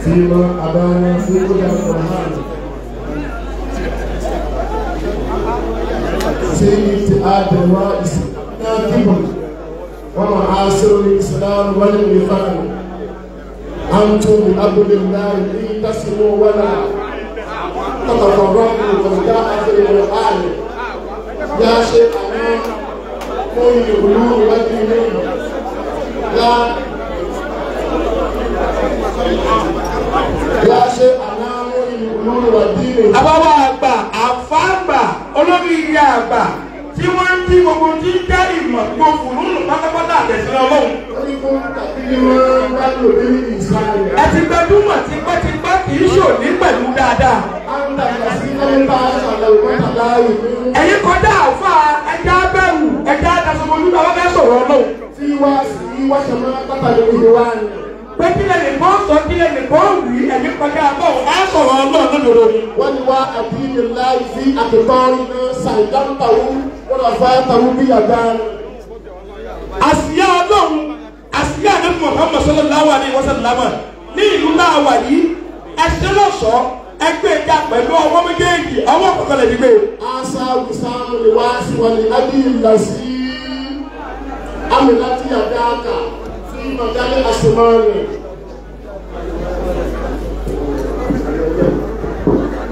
tí wọ́n abáná sí kó dà pọ̀ التي ابتعاد الوائس ناكب ومعاصر الإسلام والنفاق أنتم بأبد الله إن تصلوا ولا تتفرقوا قد جاء في القرآن يا شيخنا كن القلوب والدين لا يا شيخنا كن القلوب والدين أبا أبا أفهم olórí ilé àgbà tí wọ́n ń tí gbogbo tí ń dá ìmọ̀ gbogbo lónìí pátápátá àtẹ̀sílẹ̀ ọlọ́run. ẹ̀sìn gbẹdúmọ̀ tipẹ́tipẹ́ kì í ṣòní pẹ̀lú dáadáa. ẹ̀yin kọjá àfa ẹja bẹ̀rù ẹja dasọ̀mọ́lú làwọn fẹ́ sọ̀rọ̀ ọlọ́run. tí wàá sí wàá sọ̀rọ̀ pátá lórí wa ni pé kílẹ̀ nìkan sọ kílẹ̀ nìkan wí ẹ̀mí kọjá bọ̀ á sọ̀rọ̀ ọlọ́run lódodo ni. wọ́n ní wá àdínní láì sí àtẹ̀tọ́rù náà ṣàìdáǹtàwù wọ́n lọ fẹ́ tàwù bí yàgá. àṣìyá ọlọ́run àṣìyá àdéhùn Muhammad sallallahu alaihi wasallam ní ìlú náà wà yìí ẹ̀ṣẹ́ lọ́sọ̀ọ́ ẹgbẹ́ ìjà pẹ̀lú ọwọ́ méjèèjì ọwọ́ kọ̀ọ̀kan lè dìgbé. asa wisamu ni wá sí wọn ni abiy lasi amina ti yàgá kà. مجال الشمال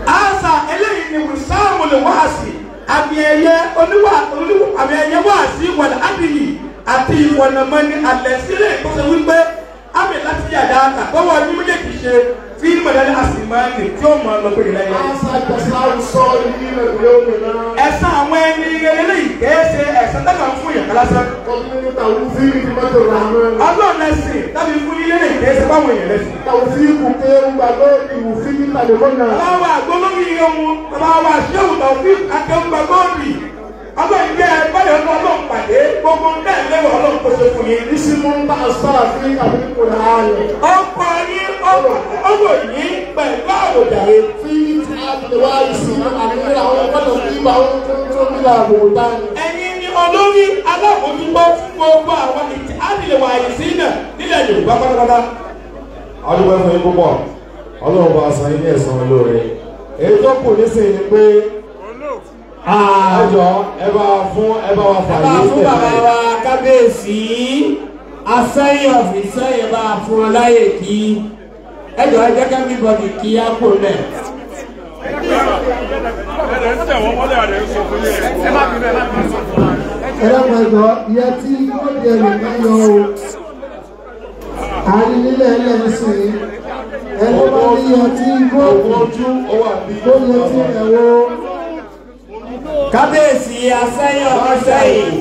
asa eléyìí ni wùsàmù lè wáàsì àmì ẹ̀yẹ oníwà àmì ẹ̀yẹ wáàsì wọ̀nà ádìyí àti ìwọ̀nàmọ́ni àlẹ́sílẹ̀ tó ṣe wípé àmì láti yà dáadáa bọ́wọ́ ọdún méjèèjì ṣe tí mọ̀lẹ́lẹ́ àsìmáàlì tí ó mọ̀ ọ́ lọ́pẹ́ ìlẹ́ yẹn. ẹ̀sán àwọn ẹni eré ìkẹ́sẹ̀ ẹ̀sán dákà ń fún yàn kálásá. ọlọ́run ẹ̀sìn tábí fún ilé lè kẹ́sẹ̀ báwọn èèyàn lẹ́sìn. tàwùfíìkù pé ń gbàgbọ́ ìwùfíìkù tàbí kọ́nà. báwa àgbọ́lómi ohun báwa àṣẹ́wò tàwùfíìkù akẹ́ ń gbàgbọ́ rì ọlọ́ọ̀gbẹ́ ẹgbẹ́yọ̀ ní ọlọ́ọ̀ pàdé gbogbo bẹ́ẹ̀ lẹ́wọ̀ ọlọ́ọ̀ kò ṣe fún yín. bísí mú bá a sọ̀rọ̀ sí àbí kò rà á lọ. ọkọ yín ọwọ́ ọwọ́ yín pẹ̀lú àwòdà yìí. fi ti àtẹwá ìsìn àbílẹ̀ àwọn ọgbọ́dọ̀ kí bá wọn tó tó bí àwòdà ni. ẹ̀yin ni olórí alábòójútó fún gbogbo àwọn ìtì àdìlẹ̀wà ìsìn náà nílẹ̀ Yorùbá pátápátá. ọdún àjọ ẹ bá wa fún ẹ bá wa fà yín tẹ̀lé. ẹ bá fún bàbá wa kábíyèsí asẹ́yìn ọ̀fìn ìsẹ́yìn bá fún ọ láyè kí ẹ jọ ẹ jẹ́ kí everybody kí á kó lẹ̀. ẹ dákun ẹjọ ìyá tí ó di ẹrù mi yọ o àárín nílẹ̀ ẹlẹ́ nísìnyí ẹni bá ní ìyá tí ó kó ojú ó wà bí ó yẹ tí ẹ̀wọ́ kábíyèsí asẹ́yìn ọmọṣẹ́yìn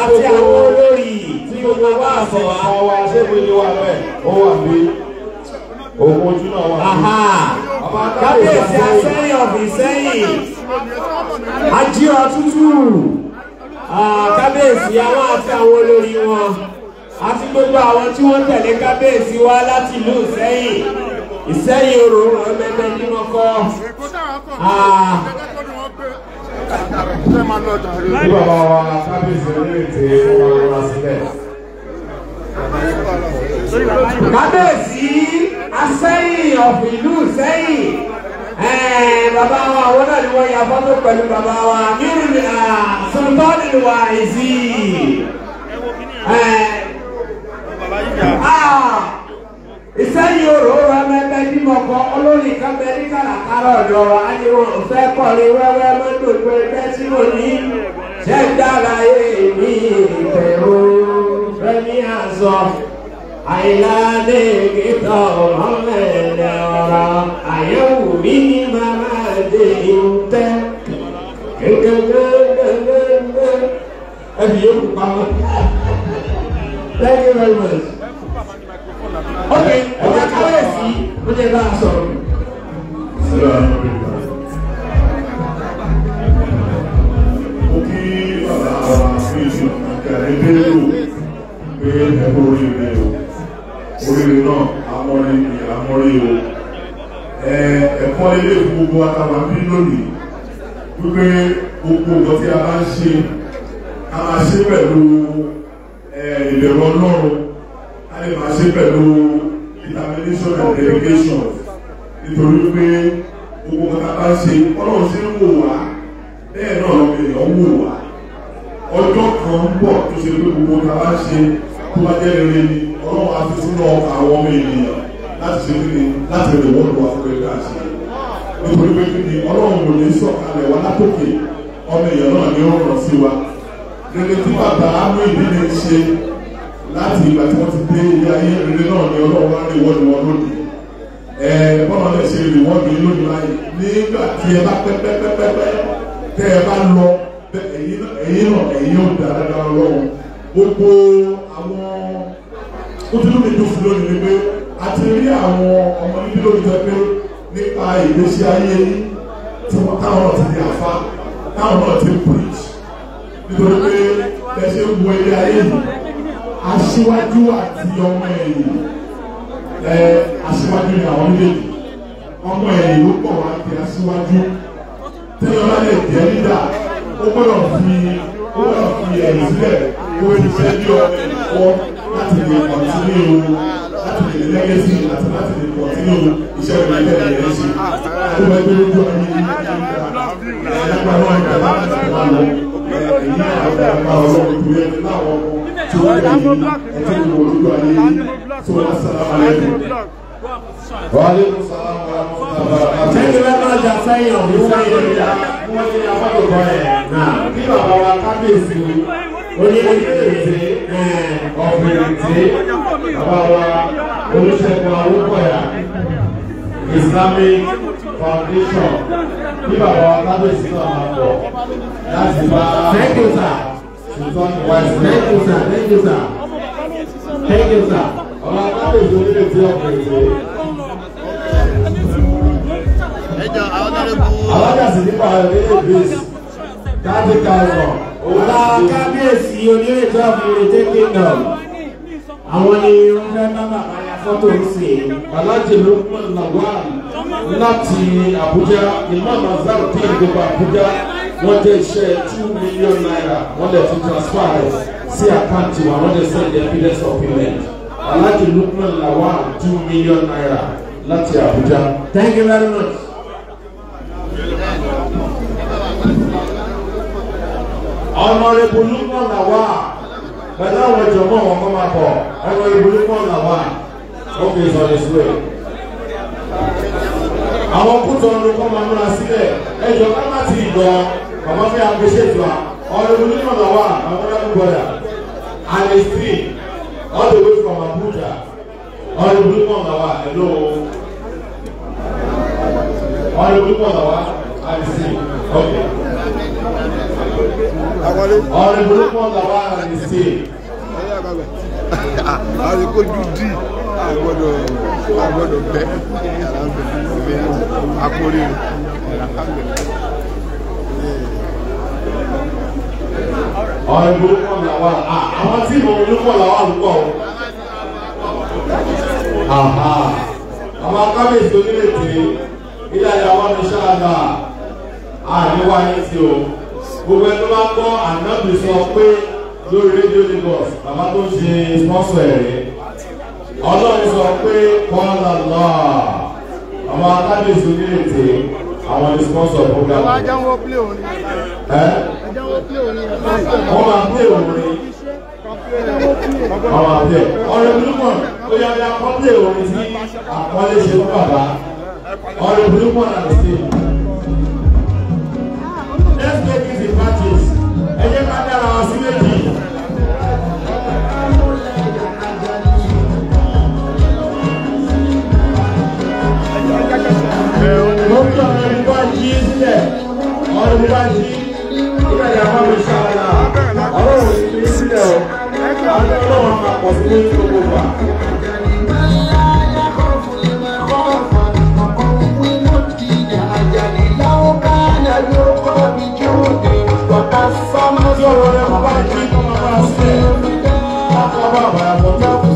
àti àwọn olórí tí gbogbo wa sọ wá. ọwọ́ aṣẹ́gun wa bẹ́ẹ̀ ó wà bí òun ojú náà wà bí. kábíyèsí asẹ́yìn ọ̀bìsẹ́yìn ají ọtútù ah, kábíyèsí àwọn àti àwọn olórí wọn àti gbogbo àwọn tí wọ́n tẹ̀lé kábíyèsí wa láti ìlú Ìṣẹ́yìn Ìṣẹ́yìn orò rẹ̀ mẹ́mẹ́ nínú kọ́. Ah, ṣé máa lọ ọjà rẹ. bí bàbá wa kábíyèsí orílẹ̀ wa sílẹ̀. kábíyèsí asẹ́yìn ọ̀fìn ìlú sẹ́yìn bàbá wa àwọn náà ni wọ́n ya fọ́tò pẹ̀lú bàbá wa nínú Sultan ìlú wa èsì. ọ̀dọ̀ adéwọ̀n fẹ́ kọ́lé wẹ́wẹ́ mọ́tò gbé bẹ́tí mo ní jẹ́ńdàlàyé mi ìbẹ̀rù fẹ́mi àzọ àìláde kìtọ̀ ọ̀mẹ́lẹ̀ ọ̀rọ̀ àyẹ̀wò mi ní màmá dé ìtẹ́ gẹ́gẹ́gẹ́gẹ́gẹ́ ẹbí yóò kú pamọ́. Thank you very much. Okay, ọ̀gá káwé sí, ó jẹ́ bá a sọ̀rọ̀ mo kí bàbá wa fi kẹrìndé lò pé ẹkọ oríire o oríire náà amọ́rí ni amọ́rí o ẹ̀kọ́ ilé gbogbo àtàwọn bí lónìí wípé gbogbo nǹkan tí a bá ń ṣe a máa ṣe pẹ̀lú ìbẹ̀rù ọlọ́run a lè máa ṣe pẹ̀lú determination and dedication. nítorí pé gbogbo kàkà bá ṣe ọlọ́run sí ń wò wá bẹ́ẹ̀ náà kan ń bọ̀ tó ṣe pé gbogbo bá ṣe tó bá jẹ́ rere ni ọlọ́run á fi sínú àwọn ọmọ ènìyàn láti ṣe kí ni láti rẹ̀ wọ́n nítorí pé kí ni ọlọ́run ní sọ̀kalẹ̀ wá látòkè ọmọ èèyàn náà sí wa rere tí bàbá ṣe láti ìgbà tí wọ́n ẹ bọ́lá lè ṣe lè wọ́n dùn lónìí láyé nígbà tí ẹ bá pẹ́pẹ́pẹ́pẹ́ tẹ́ ẹ bá lọ ẹ̀yìn náà ẹ̀yìn ò dára dára lọ́wọ́ gbogbo àwọn ó tún lómi dùn fún lónìí wípé a ti rí àwọn ọmọ níbi lórí jẹ pé nípa ìgbésí ayé tí wọ́n táwọn náà ti di àfa táwọn náà ti preach nítorí pé ẹ ṣe ń wo ilé ayé yìí aṣíwájú àti ọmọ ẹ̀yìn ẹ aṣíwájú ni àwọn méjèèjì ọmọ ẹ̀yìn ló pọ̀ wá di aṣíwájú tẹ́lẹ̀ bá lè jẹ́ lídà ó gbọ́dọ̀ fi ó gbọ́dọ̀ fi ẹ̀yìn sílẹ̀ kó fi ṣe bí ọmọ ẹ̀kọ́ láti lè kọ̀tínú láti lè lẹ́gẹ́sì àti láti lè kọ̀tínú iṣẹ́ ìrìnàjò ẹ̀yẹ ṣe. àti wọ́n gbé ojú ọmọ ẹ̀yìn nígbà ẹ̀yà pàrọ̀ ẹ̀yà láti wà lọ ẹni náà ọ̀dà máa ọlọ́run ìgbé ẹni náà wọ́n foundation bí bàbá kábíyèsí náà máa pọ̀ láti bá ṣètòsà ṣùgbọ́n wáṣí ṣètòsà ṣètòsà ṣètòsà ọba kábíyèsí onílé tí ọkọ̀ ìwé. àwọn dàsí nípa ìrẹ́lẹ̀ bíi kábí káwọn ọba kábíyèsí onílé tí ọkọ̀ ìwé tẹ́kínọ̀m àwọn ni wọ́n fẹ́ bá bàbá fọ́tò ń sè aláàjì ló làwọn láti Abuja. Imam Azhar tí ìjọba Àbújá wọ́n jẹ́ iṣẹ́ two million naira wọ́n lè fi transfer rẹ̀ sí àkáǹtì wa wọ́n lè send the evidence of payment aláàjì Lukman Lawal two million naira láti Abuja. Thank you very much. Honorable Lukman Lawal pẹ̀lú àwọn ìjọba wọn kọ́ máa bọ̀ Honorable Lukman Lawal. Okay, it's on its way. Àwọn kútọ̀ ọ̀run kan máa múra sílẹ̀. Ẹ jọ ká má ti gbọ́ ọmọ fẹ́ appreciate wa. Ọ̀run ní ọ̀nà wa, àwọn ọ̀dọ́ gbọ́dà. And it's three, all the way from Abuja. Ọ̀run ní ọ̀nà wa, hello. Ọ̀run ní ọ̀nà wa, I see. Okay. Ọ̀run ní ọ̀nà wa, I see àríkó dúdì àgbọ̀dọ̀ àgbọ̀dọ̀ bẹ́ àkórí ọ̀rọ̀ ìgbòho pọ̀ làwọn àwọn tí ìmọ̀ ìlú pọ̀ làwọn àlùkò àwọn akábíyèsí onílé tèé ilé ìyàwó ní ṣáàdà àríwá yìí tí o gbogbo ẹni tó bá gbọ́ ànábì sọ pé lórí rédíò Lagos màmá tó ń ṣe sponsor ẹ̀rẹ́ ọlọ́run sọ pé kọ́ńlá lọ́à àwọn akábíyèsí onílẹ̀-èdè àwọn ní sponsor program. wọ́n ajá wọn plé òní. ẹ́ ajá wọn plé òní. wọ́n máa plé òní. àwọn àbẹ̀ ọ̀rẹ́ olúmọ̀ ó yá yá kọ́ plé òní sí àkọlé ṣe fún bàbá ọ̀rẹ́ olúmọ̀ náà ṣe. let's make it a practice ẹ jẹ́ ká dára wa sí méjì. ojú ọ̀nà ẹni tó jí sílẹ̀ ọ̀nà ẹni tó jí nígbà tí a máa fi ṣàlàyé ọ̀rọ̀ òun ti fi sílẹ̀ o àwọn ọlọ́wọ́ máa pọ̀ sí ní gbogbo wa. Thank you.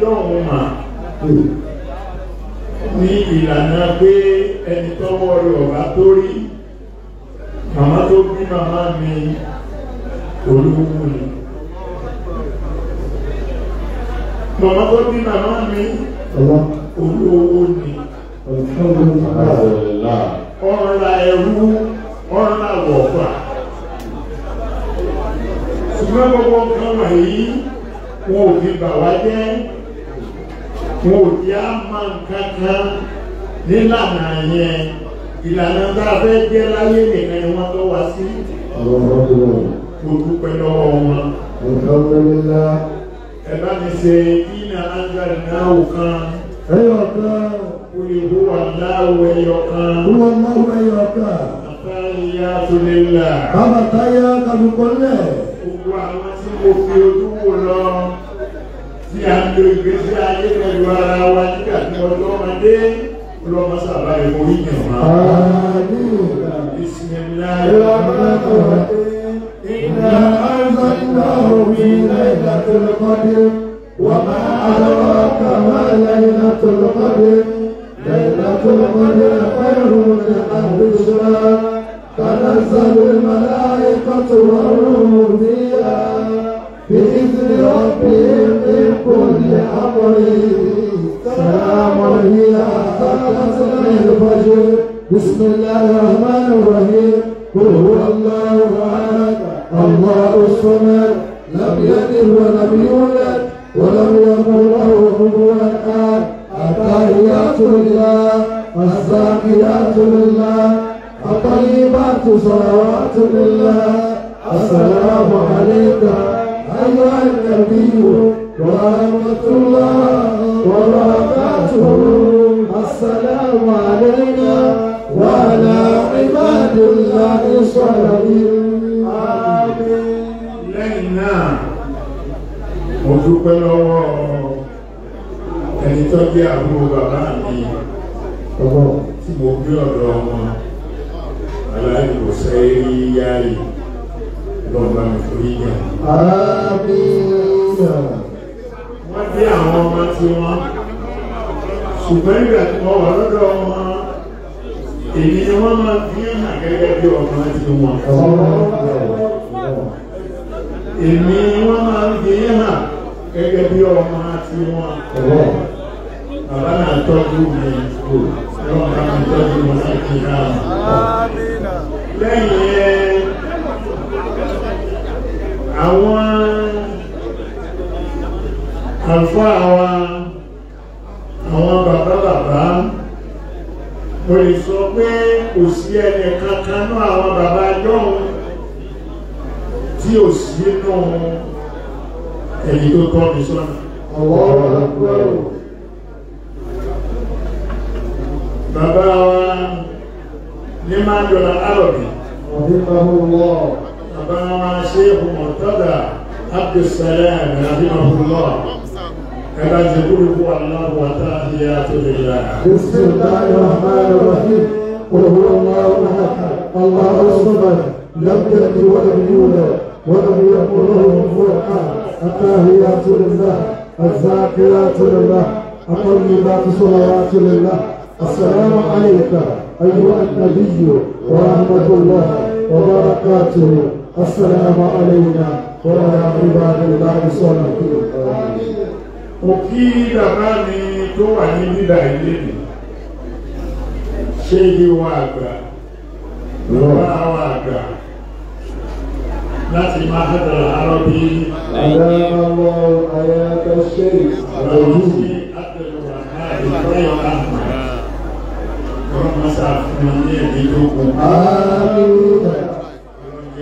dọ́hùn mà tó ní ìlànà pé ẹni tọ́wọ́ rẹ̀ ọ̀gá tó rí màmá tó bí màmá mi olówó ni màmá tó bí màmá mi olówó ni ọ̀rọ̀ ẹ̀rú ọ̀rọ̀ wọ̀fà ṣùgbọ́n gbogbo kan wọ̀nyí wọn ò fi bà wá jẹ́ wọn ò jẹ́ nílànà yẹn ìlànà tá a fẹ́ jẹ́ láyé nìkan ni wọ́n tó wá sí. mo dúpẹ́ lọ́wọ́ wọn. ẹ bá mi ṣe iná ángel náà kan. ẹyọ kan. olùkó wà láwọ ẹyọ kan. wọ́n láwọ ẹyọ kan. àtàyà tó lè là. bàbá táyà kàdùkọ́ lẹ̀. gbogbo àwọn tí mo fi ojú wò lọ tí a ń lo ìgbésí ayé pẹ̀lú ara wa nígbà tí ọlọ́mọdé ọlọ́mọsà bá ẹ̀kọ́ yíyan wa. bisimilayi iná ọ̀sán iná omi lẹ́yìn àti olùkọ́dé wọ́n máa àlọ́ kàmá lẹ́yìn àti olùkọ́dé lẹ́yìn àti olùkọ́dé ẹ̀fẹ́rù ní àdúrà بإذن ربهم من كل أمر سلام هي حتى تسمع الفجر بسم الله الرحمن الرحيم قل هو الله أحد الله الصمد لم يلد ولم يولد ولم يكن له كفوا أحد التحيات لله الزاكيات لله الطيبات صلوات لله السلام عليك أيها النبي ورحمة الله وبركاته السلام علينا وعلى عباد الله الصالحين آمين lẹ́yìn náà mo dúpẹ́ lọ́wọ́ ẹni tó jẹ́ àbúrò bàbá mi tí mo gbé ọ̀dọ̀ ọmọ aláìwòsàn eré yáyìí lọ́gbà nítorí yẹn. Àmín. Wọ́n dé àwọn ọmọ tí wọ́n. Ṣùgbọ́n ìgbà tí wọ́n wà lọ́dọ̀ wọn, èyí ni wọ́n máa fi ń hàn gẹ́gẹ́ bí ọmọ tí wọ́n. Èmi wọ́n máa ń fi ń hàn gẹ́gẹ́ bí ọmọ tí wọ́n. Bàbá náà tọ́jú mi kò lọ́kàn tọ́jú mi sí ìlànà. Lẹ́yìn ẹ̀ àwọn àlùfáà wa àwọn bàbá bàbá mo lè sọ pé kò sí ẹni kankan náà àwọn bàbá jọ́hún tí ò sí nù ẹni tó tọ́ mi sọ́nà. ọ̀wọ́ ọ̀gbọ́n. bàbá wa ní máa ń jọra alọ̀bì. ọ̀dẹ́gbàmọ́ wọ́ọ̀. فقام شيخ مرتضى عبد السلام رحمه الله كما تقول هو الله وتحيات لله بسم الله الرحمن الرحيم قل هو الله احد الله الصمد لم يلد ولم يولد ولم يكن له كفوا احد التحيات لله الذاكرات لله الطيبات صلوات لله السلام عليك ايها النبي ورحمه الله وبركاته السلام علينا وعلى عباد الله الصالحين mo kí bàbá mi tó wà ní bíbá ilé mi ṣé ilé wa àgbà bàbá wa àgbà láti máa hàtàrà àárọ̀ bí àyàwó àyàkà ṣe àbẹ̀yí Ibrahim Ahmed ọlọ́mọsá fún mi ní ẹ̀mí tó kù.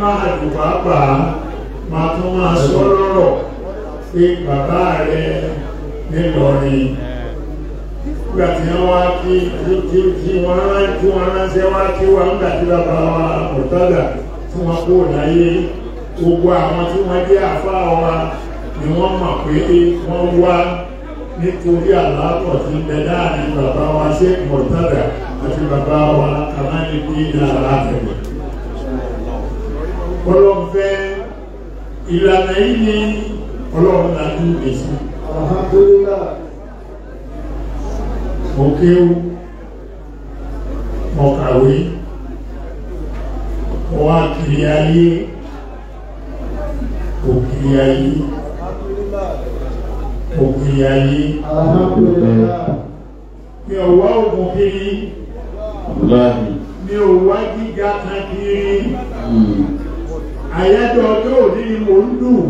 máa dùn pàápàá máa tún máa sọ lọ́rọ̀ pé bàbá rẹ nílọrin nígbà tí wọ́n wá kí tí wọ́n rántí wọ́n ránṣẹ́ wá kí wọ́n nígbà tí bàbá wa ọ̀tọ́dà tí wọ́n kó láyé gbogbo àwọn tí wọ́n jẹ́ àfáà wa ni wọ́n mọ̀ pé wọ́n wá nítorí àlàáfọ̀ tí bẹ láàrin bàbá wa ṣe mọ̀tàdà àti bàbá wa kàmáyé bí ìlà àlàáfẹ̀ kọlọ́fẹ́ ìlànà yìí ni ọlọ́run láti lè sí òkéwú ọ̀kàwé wọ́n kiri ayé òkiri ayé òkiri ayé mi ò wá òkun kiri mi ò wá gíga kan kiri hmm àyájọ́ ọjọ́ òní ni mò ń dùn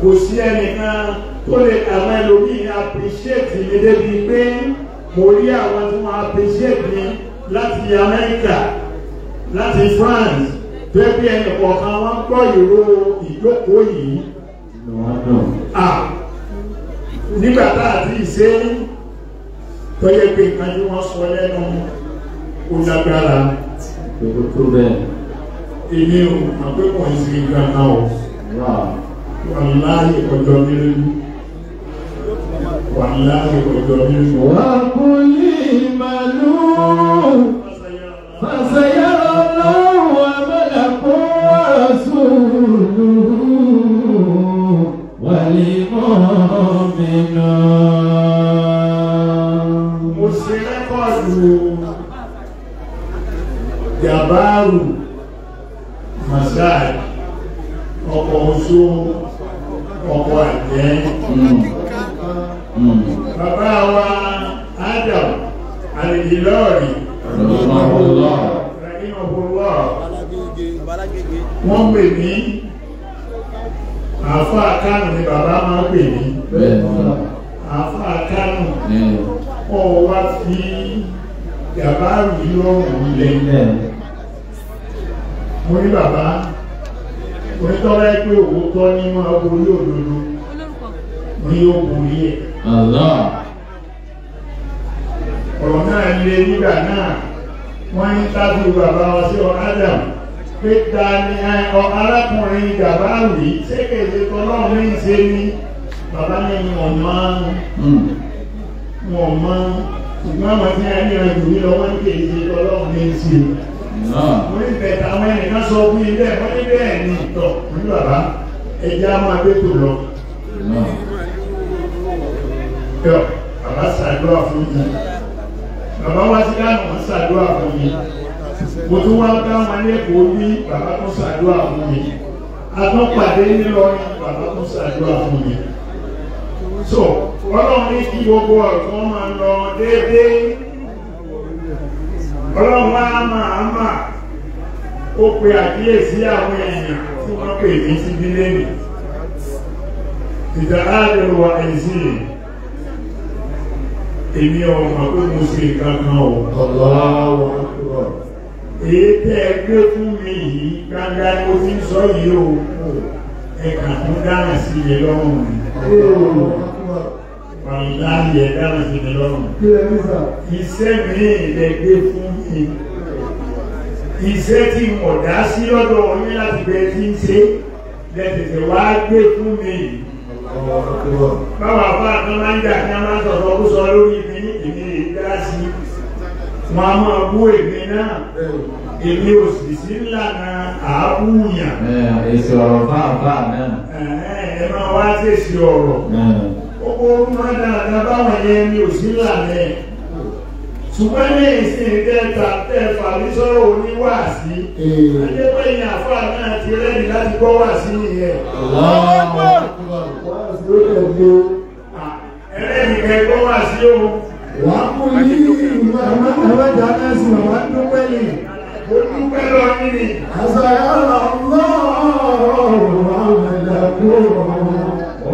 kò sí ẹnìkan tó lè àwọn ẹlòmíì appreciate mi débi pé mo rí àwọn tí wọ́n appreciate mi láti Amẹ́ríkà láti France tó bí ẹnì kọ̀ọ̀kan wọn gbọ́ ìró ìjókòó yìí nígbà tá a ti ṣe é tó yẹ pé nǹkan tí wọ́n sọ lẹ́nu kò lágbára kò tó bẹ́ẹ̀. èmi ò mọ̀ pé wọ́n ń sin gánà o wọ́n láàyè ọjọ́ nílùú wọ́n láàyè ọjọ́ nílùú. wà á kú ní àbáàrù masaj ọkọ̀ oṣù ọkọ̀ àjẹ́ hmm. Hmm. bàbá wa Adam alìdìlọ́ọ̀rì wọ́n pè ní àfá kánù ni bàbá máa pè ní àfá kánù ọwọ́ hmm. wá fi gàbárù yóò rú lẹ́yìn mo ní bàbá onítọ́lá ẹ pé òótọ́ ní máa borí òdodo ní yóò borí ẹ̀. ọ̀rọ̀ náà le nígbà náà wọ́n ń tábí bàbá wa sí ọ Adam pé ta ni ọ arákùnrin gàbá rí sékèké tọ́lọ́run ní ìṣe ni bàbá ní wọn máa wọn máa ṣùgbọ́n àwọn tí wọ́n ń yànjú ní ọwọ́ ní kèéjì tọ́lọ́run ní ìṣe mo ah. ní bẹ̀tà àwọn ẹnìkan sọ fún ilé ẹ̀ wọ́n ní bẹ́ẹ̀ ni ìtọ̀ ní bàbá ẹja máa gbé tó lọ. yọ ah. bàbá ṣàdúrà fún mi bàbá wá sí Kánò wọn ṣàdúrà fún mi mo tún wá bá wọn lẹ́kọ̀ọ́ bí bàbá tó ṣàdúrà fún mi atọ́pàdé ńlọrin bàbá tó ṣàdúrà fún mi. so ọlọ́run ní kí gbogbo ọ̀gbọ́n máa lọ déédéé ọlọ́run á máa máa ó pe àkíyèsí àwọn èèyàn tí wọ́n pè ní síbí lẹ́yìn ìdá àdéhùn wa ẹ̀sìn yìí èmi ọmọ pé mo ṣe kankan o. ọlọ́wọ́ èyí tẹ́ ẹ gbé fún mi yìí gbangba ni mo ti ń sọ yìí o ẹ̀ka tó dára sí i lọ́rùn mi wàlúùdá yẹ dáhùn sí mi lọ́rùn. iṣẹ́ mi lè gbé fún mi iṣẹ́ tí mo dá sí lọ́dọ̀ yín láti bẹ tí ń ṣe lẹ́tẹ̀tẹ̀ wá gbé fún mi. báwa bá kan máa ń jà kí a máa sọ̀rọ̀ ó sọ lórí mi èmi lè dá sí wọn a máa bú èmi náà èmi ò sì sí ńlànà àábùyàn. èsì ọ̀rọ̀ bá a bá a náà. ẹ máa wá tẹ̀sí ọ̀rọ̀ gbogbo orúmọ dáadáa báwọn yẹn ni ò sí lànà ẹ̀ ṣùgbọ́n ní ìsìn tẹ́ta tẹ́fà ní sọ́rọ̀ oníwàásí ajẹ́pẹ́ ìyìn àfà náà ti rẹ́ni láti gbọ́ wàásí nìyẹn ẹlẹ́ni kẹgbọ́ wàásí o wà á kú ní ìmọ̀lẹ́dà mẹ́sì wà á dúpẹ́ lè ó dúpẹ́ lọ nínú àṣà yàrá ọlọ́ọ̀rọ̀ àwọn ẹ̀dà kúrò ọ̀rọ̀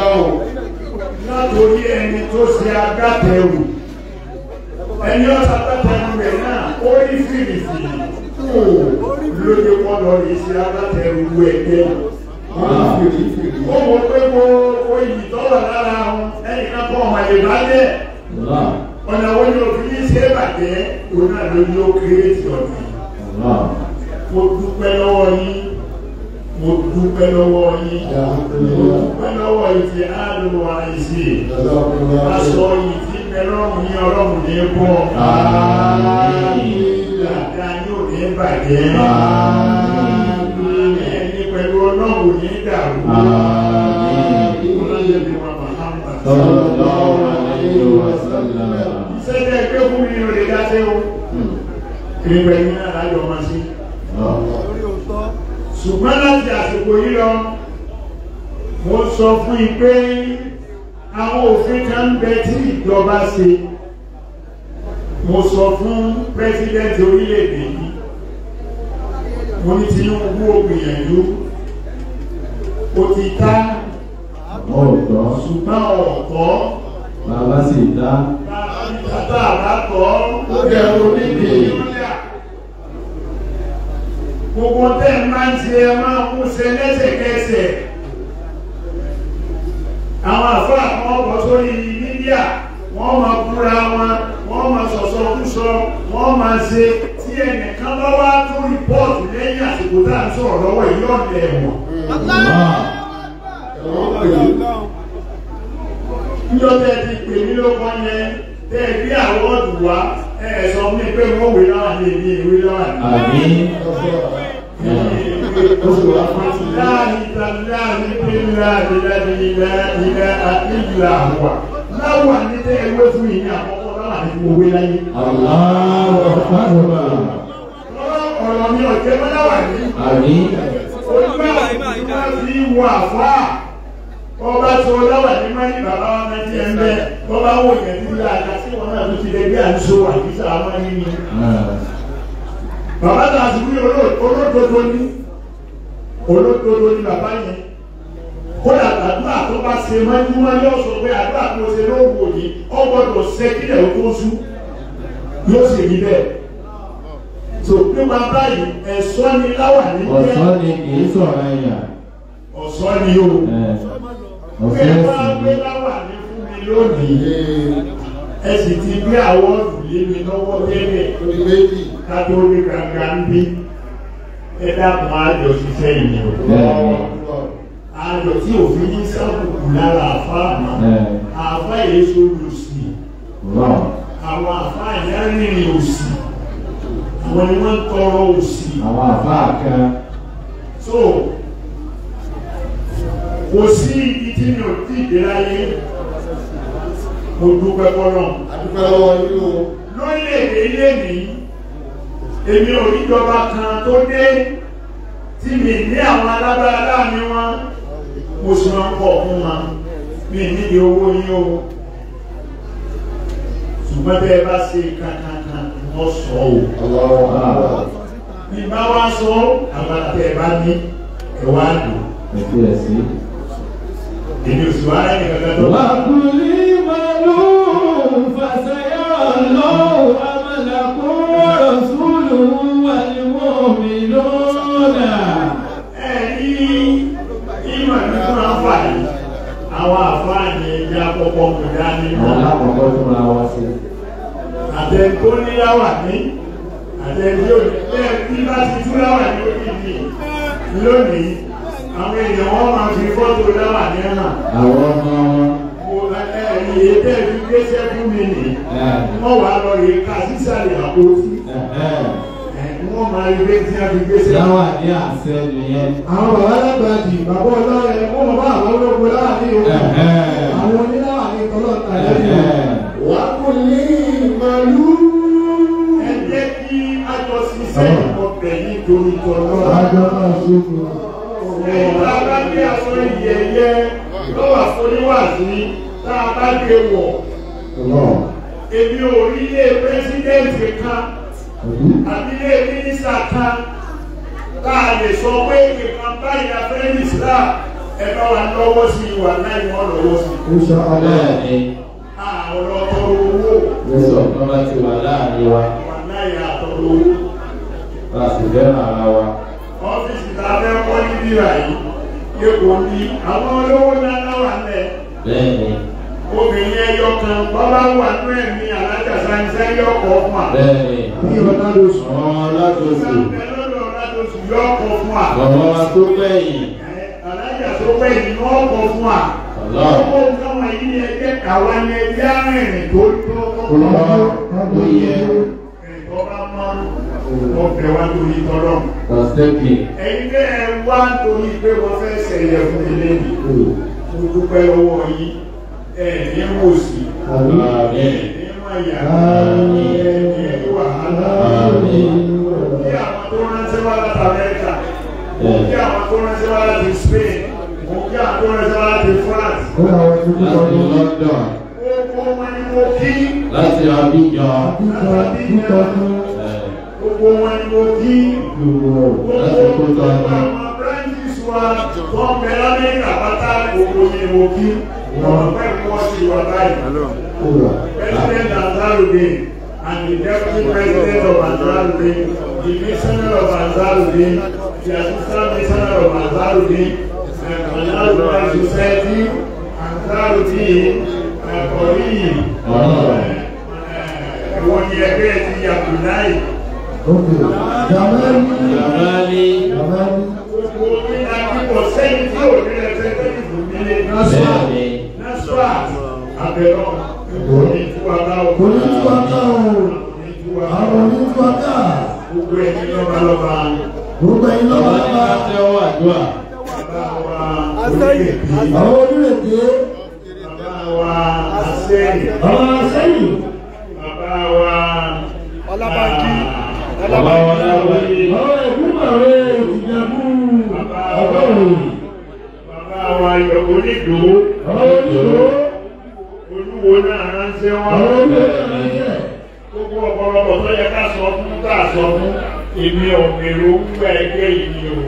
O, látòrí ẹni tó ṣe agbátẹrù ẹni ọ̀sà agbátẹrù rẹ̀ náà ó rí fìrìfìrì kù lóye wọn rí ṣe agbátẹrù ẹgbẹ́ wọn mọ pé kó kó ìyí tọ́lọ̀ lára wọn ẹnì kan kọ́ ọmọ lè bá ọ̀nà wo ni òfin ṣe bàjẹ́ òun náà ló ní ó kéré sí ọ̀dùn. mo dúpẹ́ lọ́wọ́ yín mo dúpẹ́ lọ́wọ́ yín mo dúpẹ́ lọ́wọ́ ìtì àlùwà àìsí aṣọ ìtì ẹlọ́run ní ọlọ́run ní bọ́ ààrẹ yóò ní bàjẹ́ ẹni pẹ̀lú ọlọ́run ní dàrú ìṣẹ́lẹ̀ pé fún mi ò lè dáṣẹ́ o ìrìnbẹ̀yìn hmm. náà láyọ̀ máa sí ṣùgbọ́n láti àsìkò yìí lọ mo sọ fún yín pé àwọn òfin kan ń bẹ tí ìjọba ṣe mo sọ fún pẹ́sidẹ́ntì orílẹ̀-èdè yìí mo ní Tinubu ó gbìyànjú ti ta ọ̀tọ̀ ṣùgbọ́n ọ̀tọ̀ bàbá sì ta bàbá sì bàbá kọ́ ó jẹ́ gbogbo tẹ́ ẹ máa ń ṣe ẹ máa kú ṣe lẹ́sẹ̀kẹsẹ̀ àwọn àfáà kan ọkọ̀ sórí mídíà wọ́n máa kúra wọn wọ́n máa sọ̀sọ̀ kúsọ wọ́n máa ṣe tí ẹnìkan bá wá tó rìpọ́ọ̀tù lẹ́yìn àsìkò tá à ń sọ̀rọ̀ lọ́wọ́ yìí ọ̀dẹ̀ ẹ̀wọ̀n. Ìjọba ẹ ti pè mí lóko yẹn tẹ́ ẹ gbé àwọn ọ̀dùn wá ẹ ẹ sọ fún mi pé wọ́n wé lára mi èmi ìwé lára mi. àmín láàrin láàrin pé láàrin láàrin ilẹ̀ ilẹ̀ ìlà wà láwà ní tẹ́ ẹ wé fún yìí ní àkọ́kọ́ láwà ní mo wé láyé. ọ̀rọ̀ mi ọ̀jẹ̀ mọ́láwà ní. àmín. ojú àwọn ìgbà tí wà fáà wọ́n bá sọ láwà ní mọ́ni bàbá wa máa ti ẹ̀ bẹ́ẹ̀ wọ́n bá wò yẹn nílò àga tí wọ́n náà ló ti lè gbé àdúgbò àdúgbò àwọn ẹni ni. bàbá náà sì wí olódodo ní olódodo ní bàbá yẹn kódà àdúrà tó bá ṣe mọ́júmọ́ yóò sọ pé àdúrà tó ṣe ló wò yìí ọ gbọ́dọ̀ ṣe kílẹ̀ ó tó sú yóò sì rí bẹ́ẹ̀ tó nípa báyìí ẹ̀sọ́ ni láwà ní. ọ̀sọ́ ni kì í sọ̀rọ̀ ẹ̀yà. ọ̀sọ́ ni o pé bá gbé láwà ní fún mi lónìí ẹ sì ti gbé àwọn ìlé mi lọ́wọ́ tẹ́lẹ̀ ká tó rí gbangba ń bí ẹ dákun àjọ ṣiṣẹ́ ìyẹn àjọ tí òfin ní sábùkù lára àfa àmọ́ àfa èso lùsì àwọn àfa ìyárìnrìn òsì àwọn ni wọ́n tọrọ òsì àwọn àfa kan so kò sí ibi tí mi ò tí ì dé láyé lọ́wọ́ yìí lórílẹ̀‐èdè ilé mi èmi ò ní ìjọba kan tó dé tí mi ní àwọn alágbára láàmì wọn mo sì máa ń pọ̀ fún wọn mi níbi owó yín o ṣùgbọ́n bẹ́ẹ̀ bá ṣe kankankan wọ́n sọ o. Ìbá sọ àwọn àtẹ̀ bá ní ẹ̀wá dùn èmi ò sì wá ẹni kankan tó. wà á kú ní màlú fàṣẹyà lọ amàlàkú rọ̀ṣúlù wàlíwọ̀ mi lọ́nà. ẹ ní ìmọ̀ nípa àfààní àwọn àfààní ẹja àkọ́kọ́ kò dání. alákọ̀ọ́kọ́ tó máa wá lónìí àwọn èèyàn wọn máa fi fọ́tò dáwà ní ẹ̀nà. àwọn ọmọ wọn. mo ẹ ẹ iye tẹ́ fi gbéṣẹ́ fún mi nì. wọ́n wàá lọ rè ká sísàlẹ̀ àpótí. wọ́n máa rí pé tí a fi gbéṣẹ́. dáwà ní àṣẹ nìyẹn. àwọn bàbá lágbàá di bàbá ọlọ́rẹ̀ wọ́n bàbá àwọn ológun láwà ní òkú. àwọn oníláwà ní tọ́lọ́ta lẹ́yìn. wàá kò ní ìmọ̀lú. ẹ jẹ́ kí a jọ ṣiṣẹ́ ìkọ̀bẹ̀ nítorí tọ́lọ́ òòrùn bá bí aṣọ iyì ẹyẹ lọ́wọ́ àfoníwàsí tá a bá lè wọ̀. èmi ò rí ilé pírẹsidẹ́ǹtì kan àbí ilé mínísítà kan tá a lè sọ pé nǹkan báyìí afẹ́ ní Islam ẹ bá wa lọ́wọ́ sí i wà náà ìwọ́n lọ́wọ́ sí i. Insha Allah. àwọn ọlọ́tọ̀rọ̀ owó. Jésù ọ̀kan bá ti wà láàrin wa. wà náà yà àtọ̀rọ̀ owó. Bá a sì fẹ́ràn ara wa ọ́fíìsì tá a fẹ́ kọ́ níbí yóò bí àwọn olówó dáná wà lẹ̀. obìnrin ẹyọ kan bọ́lá wà nú ẹ̀mí alájà sáyẹnsẹ́ yọkọ̀ fún wa. bẹ́ẹ̀ni. bí ọ̀nàdọ̀sù. ọ̀nàdọ̀sù. ọ̀nàdọ̀sù yọkọ̀ fún wa. bàbá tó gbẹ̀yìn. alájà tó gbẹ̀yìn ni wọ́n kọ̀ fún wa. ọ̀pọ̀ nǹkan wọ̀nyí ni ẹgbẹ́ àwọn ẹni ẹgbẹ́ arìnrìn tó tó kọ̀ fún wa. ọ̀nà mo bẹ̀ wá torí tọ́lọ́. ẹ̀yin tẹ́ ẹ wá torí pé wọ́n fẹ́ sẹ̀yẹ fún mi mo dúpẹ́ lọ́wọ́ yín ẹ̀ ní wò sí ẹ̀ ní má yà ẹ̀ ní wàhálà kí àwọn tó ránṣẹ́ wá láti Amẹ́ríkà kí àwọn tó ránṣẹ́ wá láti Spain kí àwọn tó ránṣẹ́ wá láti France. ó yà wọ́n ti kọ́ ní London. ó kọ́ wọn ni mo kí. láti Abidjan. Abidjan gbogbo wọn ni mo bí gbogbo gbogbo àwọn wa wọn bẹ lábẹ́ ìràpátá gbogbo ni mo bí wọn pẹ́ wọ́n sí wa báyìí president Ansarudeen and the deputy president of Ansarudeen the missioner of Ansarudeen the assistant missioner of Ansarudeen the society Ansarudeen ẹ̀kọ́ yìí eh, eh, ẹ̀wọ̀n ni ẹgbẹ́ ti Abdullahi ok jamali jamali jamali. akíkọ̀ sẹ́yìn tí ò ní ẹsẹ̀ tẹ́lifù mi lé násùà násùà abẹ́rọ̀ onítúwàtà o. onítúwàtà o àwọn onítúwàtà. gbogbo ẹni lọ́ba lọ́ba. gbogbo ẹni lọ́ba lọ́ba. ṣé ọ wà dùn à. bàbá wa olùrèké. àwọn olùrèké. bàbá wa asẹ́yìn. bàbá asẹ́yìn. bàbá wa. ọlábàájí. Bàbá wa ní àwọn yìí. Bàbá ẹ̀kún bàrẹ̀ ìjẹ̀bú. Bàbá òyìn. Bàbá wa yọ onídòó. Bàbá onídòó. Olúwo náà ránṣẹ́ wá. Bàbá olúwo náà ránṣẹ́. Gbogbo ọ̀pọ̀lọpọ̀ tó yẹ ká sọ fún ká sọ fún. Èmi ọ̀gbẹ̀rù gbẹ ẹgbẹ́ yìí ni o.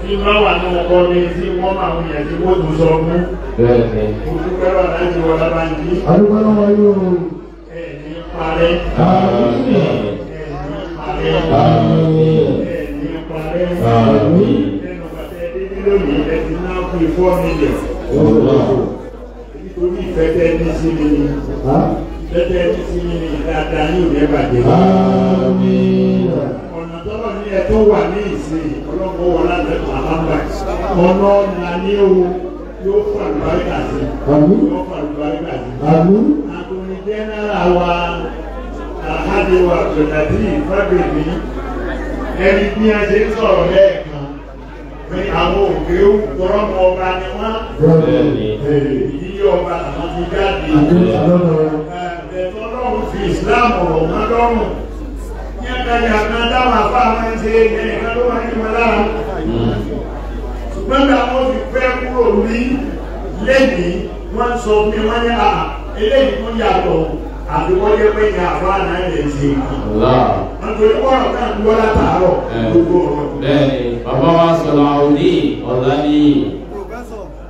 Tí bá wà ní ọkọ mi tí wọ́n máa ń yẹ̀ tí wọ́n tó sọ fún. Bẹ́ẹ̀ni. Mo dúpẹ́ wà láti wọ Lábánjí. Adúgbò náà wáyé o. Ẹ̀ ní parẹ́. Àmín àmín ẹ̀mí parẹ́ àmín ẹnu bàtà ẹdí lónìí ẹdí náà kú ifọ́ nílẹ̀ nítorí ìfẹ́ tẹ́ ẹdí sí mi ni ìfẹ́ tẹ́ ẹdí sí mi ni dáadáa yóò ní ẹ̀bàjẹ́ àmín ọ̀nà tọ́lọ̀ ní ẹ tó wà ní ìsìn ọlọ́gbọ́n wọn láti ẹ̀kọ́ àlámbà ọ̀nà ọ̀nà ní ewu yóò fà lùbáríkà sí yóò fà lùbáríkà sí àmín àtòrìn jẹ́nẹ́rà wa àhádéwà àtọ̀dàdí ìfábèmí ẹni bí a ṣe ń sọ̀rọ̀ lẹ́ẹ̀kan pé àwọn òkè ó gbọ́rọ̀ mọ ọba ni wọ́n ìdílé ọba àwọn ti jáde ẹ̀ẹ́dẹ̀tọ́lọ́run fi ìsìláàmù ọ̀rọ̀ wọn lọ́rùn ní ẹ̀kẹ́lẹ̀ àgbọn dáwọn afá máa ń ṣe ẹ̀ẹ́dẹ̀kan ló wà ní wọn lára ṣùgbọ́n bí àwọn fi pẹ́ kúrò ní lẹ́nìí wọ́n sọ fún mi wọ́n ní à eléyìí tó yàtọ̀ àbí wọ́n yẹ pé ní àbá náà lè ṣe ìkí. nítorí pọ́ọ̀rọ̀ náà ń gbọ́ látàárọ̀ gbogbo ọ̀rọ̀. bẹ́ẹ̀ni bàbá wa sọ̀rọ̀ òní ọ̀la ní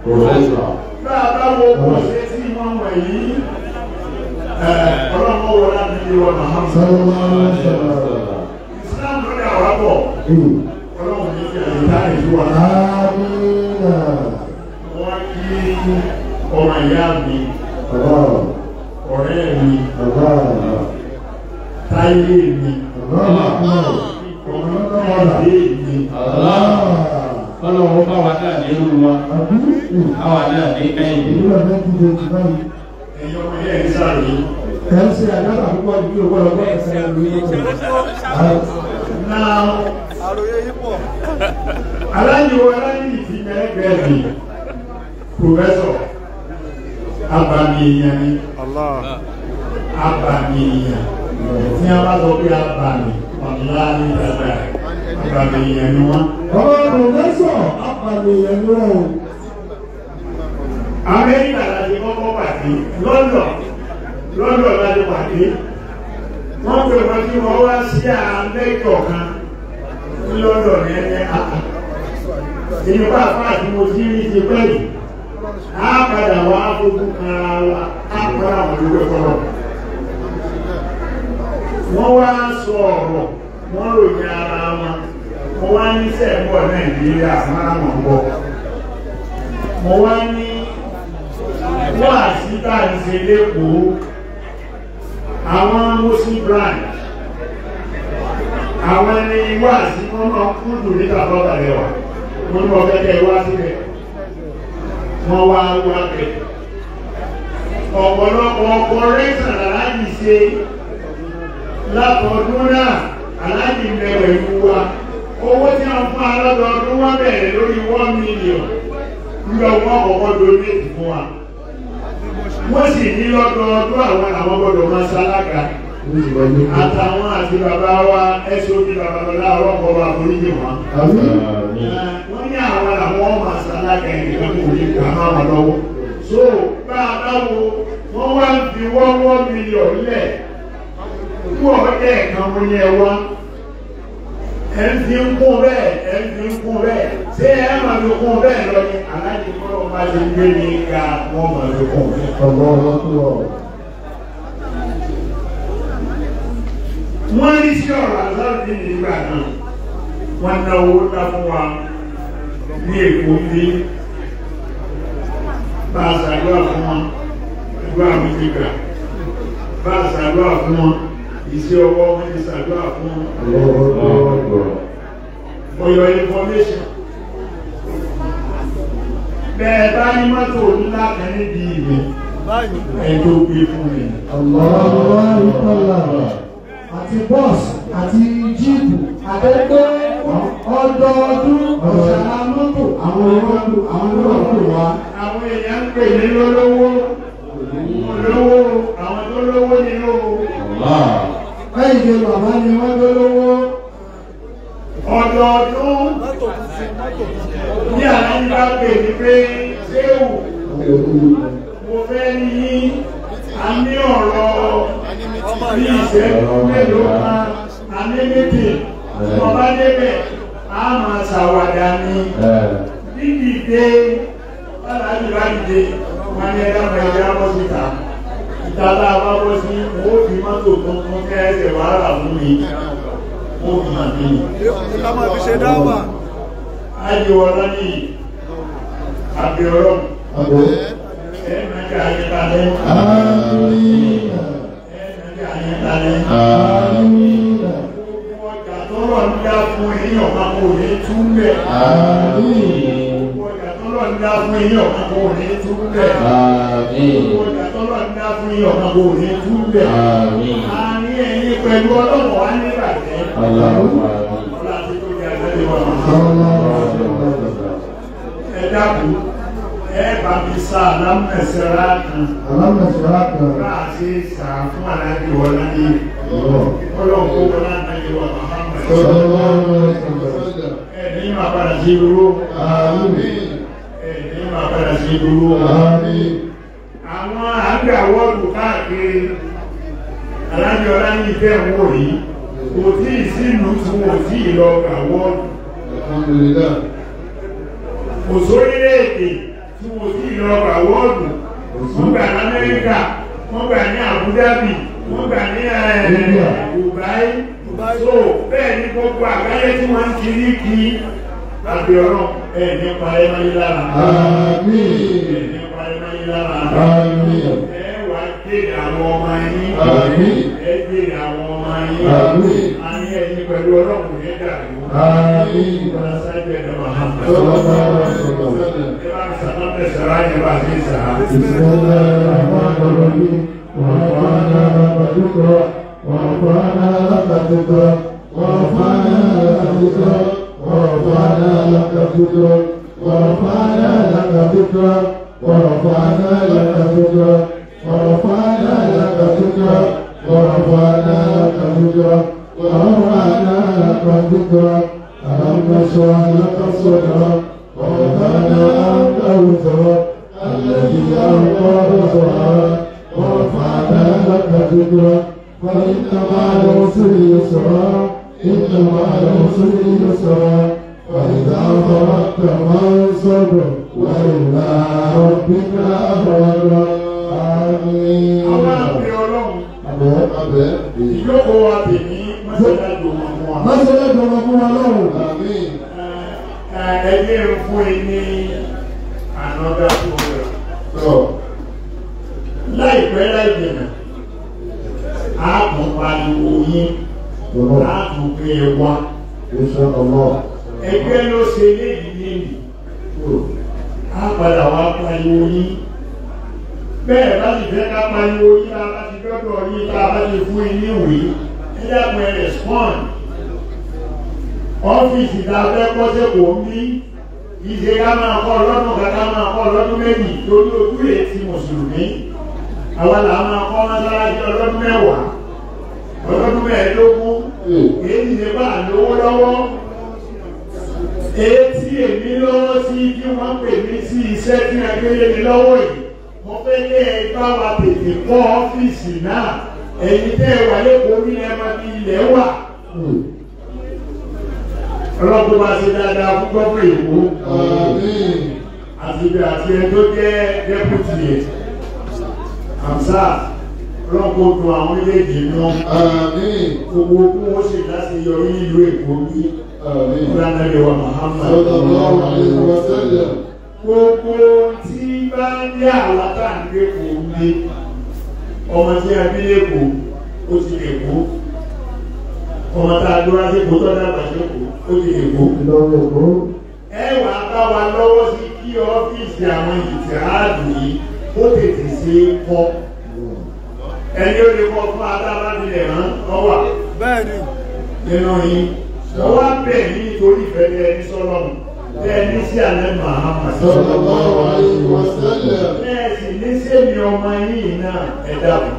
pòfẹ́sọ̀. bá a bá wo bó ṣe sí mọ́mọ́ yìí ọlọ́mọ wo láti fi wọn màmá. islam lórí àwọn àbọ̀ ọlọ́mọ yìí fi àyè tá ìlú wa. wọ́n kí ọmọ ìyá mi ọ̀rẹ́ mi táyé mi ìdè mi kọ́nà wọn bá wà náà nínú wa àwọn náà ní ẹ̀yìn ẹ̀yọ́ ẹ̀yẹ́ ìsáàlì ẹ̀ẹ́sì àgbàtà púpọ̀ ní ọgbọ́lọgbọ́ ẹ̀sẹ̀ ẹ̀lú Aláyíwọ̀ aláyí ìfìmẹ́ ẹgbẹ̀ẹ́bì, Pròfẹ́sọ̀ abàmì èèyàn ni abàmì èèyàn tí a bá sọ pé abàmì ọ̀la ní ìdàgbà abàmì èèyàn ni wọ́n. ọmọ pòfẹ́sọ̀ abàmì èèyàn ni wọ́n o. amẹ́ríkà láti kọ́kọ́ pàdé lọ́dọ̀ lọ́dọ̀ láti pàdé wọ́n pè wọ́n kí wọ́n wá sí amẹ́ríkà kan lọ́dọ̀ yẹn ní àpá. ìyípa àpá àti mo ti rí ti pẹ́ á padà wá fojú ara wa á padà wà lórí ọ̀rọ̀ wọ́n wá sọ ọ̀rọ̀ wọ́n ròyìn ara wọn mo wá ní sẹ́ẹ̀bọ̀ nàìjíríà márùn-ún bọ̀ mo wá ní wà síta ìṣe lẹ́kọ̀ọ́ àwọn mosi brand àwọn ẹni wá sí wọn náà kúndùn níta bọ́tà lẹ́wà wọn ní ọ̀gẹ́gẹ́ wá síbẹ̀ wọ́n wá wá bẹ̀. ọ̀pọ̀lọpọ̀ ọpọrẹ́sàn aláàjì ṣe látọ̀ọ́dún náà aláàjì mẹ́wẹ̀ ìlú wa owó tí a ń fún alọ́dọọdún wọ́n bẹ̀rẹ̀ lórí one million lọ wọ́n ọ̀pọ̀ lórí èdè fún wa wọ́n sì ní lọ́dọọdún àwọn àwọn gbọ́dọ̀ máa ṣalága àtàwọn àti bàbá wa sop babalọlá ọlọ́pọ̀ wa oníjì wọn. wọ́n ní àwọn làwọn ọmọ àṣàlá kẹrin kan kò ní kà máa wà lọ́wọ́. so bá a bá wo wọ́n wá ń fi wọ́wọ́ mílíọ̀nù lẹ̀ kú ọ̀rẹ́ ẹ̀kan wọn yẹ wá ẹ ń fi ń kún bẹ́ẹ̀ ẹ ń fi ń kún bẹ́ẹ̀ ṣé ẹ máa fi kún bẹ́ẹ̀ lọ ni aláàjì kọ́ ọ́ bá ti gbé ní ga wọ́n máa fi kún bẹ́ẹ̀. ọ̀gbọ́n wọn kú ọ̀. wọ́n ní sí ọ̀rọ̀ aláàbí nígbà náà wọ́n ná owó dá fún wa ní èkó ní bá a ṣàdúrà fún wọn ẹgbẹ́ àwọn ti gbà bá a ṣàdúrà fún wọn iṣẹ́ ọwọ́ wọn ti ṣàdúrà fún wọn. ọ̀yọ̀ information bẹ́ẹ̀ bá ní mọ́tò ńlá kan níbi ìwé ẹjọ́ gbé fún mi àti bọ́ọ̀sì àti jíìpù àtẹ́gbẹ́ ọdọọdún ọ̀sàlá mọ́tò àwọn olóòlù àwọn olóòlù wa. àwọn èèyàn ń pè ní lólówó olówó àwọn tó lówó ni ó. báyìí ni bàbá ni wọ́n tó lówó. ọdọọdún ní àwọn bá pè ní pé séwù mo fẹ́ ní a ní ọ̀rọ̀ bí ìṣẹ́jú mélòó kan alémètè tí wọ́n bá débẹ̀ á máa ṣàwàdà ni dídìde bàbá mi bá dìde wọn ní ẹ̀dá ọmọ ẹ̀dá bọ́ síta ìta tá a bá bọ́ sí owó fi mọ́tò tuntun kẹ́ ẹsẹ̀ wàhálà fún mi ó fi hàn mí. ìta máa fi ṣe dáwà. ayé wọn lọ́nà yìí àbí ọlọ́run ẹ̀ máa ń kà á nípa lẹ́yìn. Àmín. Gbogbo ọjà tọ́lọ̀ ń dá fún èèyàn kan kò ní túnbẹ̀. Àmín. Gbogbo ọjà tọ́lọ̀ ń dá fún èèyàn kan kò ní túnbẹ̀. Àmín. Gbogbo ọjà tọ́lọ̀ ń dá fún èèyàn kan kò ní túnbẹ̀. Àmín. A ní ẹyin pẹ̀lú ọlọ́run wá ní ìbàjẹ́. Ọlọ́run Ọlá ti tó di àjẹ́ ìwọ̀n. Ẹ dákun ẹ bá mi sá alámẹ̀sẹ̀rá kan. alámẹ̀sẹ̀rá kan. bá a ṣe sà fún aláàbí wọlá ní ọlọ́run kó wọlá náà yẹ wà bàbá mọ̀. ẹ ní máa padà sí dúró. ẹ ní máa padà sí dúró. àwọn àgbàwọ́ọ̀lù káàkiri tí mo sì lọ gbà wọ́ọ̀dù wọ́n gbà lamẹ́ríkà wọ́n gbà ní àbúdábì wọ́n gbà ní dubai so bẹ́ẹ̀ ni gbogbo àgbáyé tí wọ́n ti rí kí lábẹ́ ọ̀rọ̀ ẹ̀ nípa ẹ̀ máa yí lára ẹ̀ nípa ẹ̀ máa yí lára ẹ̀ wá kéde àwọn ọmọ yín ẹ̀ kéde àwọn ọmọ yín a ní ẹ̀yìn pẹ̀lú ọlọ́run ní آمين وسيدنا محمد صلى الله عليه وسلم كما سلمنا سراج وعزيزها بسم الله الرحمن الرحيم ورفعنا لك ذكرا ورفعنا لك ذكرا ورفعنا لك ذكرا ورفعنا لك ذكرا ورفعنا لك ذكرا ورفعنا لك ذكرا ورفعنا لك ذكرا ورفعنا لك ذكرا ورفعنا لك ذكرا ألم نشرح لك صدرا ورفعنا أنت وزرا الذي ألقى وزرا ورفعنا لك ذكرا فإن مع العسر يسرا إن مع العسر يسرا فإذا فرغت فانصب وإلى ربك أبرا آمين. Àwọn àbẹ̀ ọlọ́run. Àbẹ̀ àbẹ̀. Ìjókòó àbẹ̀ ní Mọ́ṣẹ́lẹ̀ dọ̀mọ fún wa lọ́wọ́. Ẹgbẹ́ fún yín ní ànọ́dá fún rẹ̀. Láìpẹ́ láì dènà, a kò pariwo yín, a kò gbé e wá. Ẹgbẹ́ ló ṣe léyìí léyìí. A padà wá pariwo yín bẹ́ẹ̀ bá ti fẹ́ ká pariwo yín bá ti gbọ́dọ̀ yín bá ti fún yín níwèé ẹ̀dàgbọ̀n respond ọ́fíìsì tá a fẹ́ kọ́ sẹ́kọ̀ọ́ ń bí ìṣe ká máa kọ́ lọ́dún ká ká máa kọ́ lọ́dún méjì lórí ojúlé ti mùsùlùmí àwọn là máa kọ́ mọ́sálásí ọlọ́dún mẹ́wàá ọlọ́dún mẹ́ẹ̀ẹ́dógún hmm. èyí ṣe bá lówó lọ́wọ́ etí èmi lọ́wọ́ sí kí wọ́n pè mí sí iṣẹ́ tí a gbé lé mi lọ́wọ́ yìí mo fẹ́ lé ẹ bá wa tètè kọ́ ọ́fíìsì náà ẹ̀yin tẹ́ wà lẹ́kọ̀ọ́ ní ẹ máa fi ilẹ̀ wà. ọlọ́pàá máa ṣe dáadáa fún gọ́ọ̀mù èkó. àtibẹ̀ àti ẹ tó jẹ́ dẹ́pútì yẹn. àmsá ọlọ́pàá dùn àwọn méjèèjì nù. gbogbo ogún ó ṣe láti yọrí ìlú èkó ní ìlànà ìwà Muhammad. gbogbo tí bá ń yà látàgbé kò ní ọmọ tí a bí lẹ́kọ̀ọ́ ó ti lè kó ọmọ tá a dúró lásìkò tó dàgbà lẹ́kọ̀ọ́ ó ti lè kó. lọ́wọ́ kó. ẹ wà bá wa lọ́wọ́ sí kí ọ́fíìsì àwọn ìtì àádùn yìí ó tètè ṣe é kọ́ ẹni ó lè kọ́ fún adábàdìlẹ̀ hàn ọwà. bẹ́ẹ̀ ni. nínú yín. ọwọ́ bẹ́ẹ̀ ní nítorí ìfẹ́ ní ẹni sọ́lọ́mù bẹ́ẹ̀ ní sí alẹ́ Muhammad. sallallahu alaihi wasallam. bẹ́ẹ̀ sì ní sẹ́mi ọmọ yìí náà ẹ̀ dàbọ̀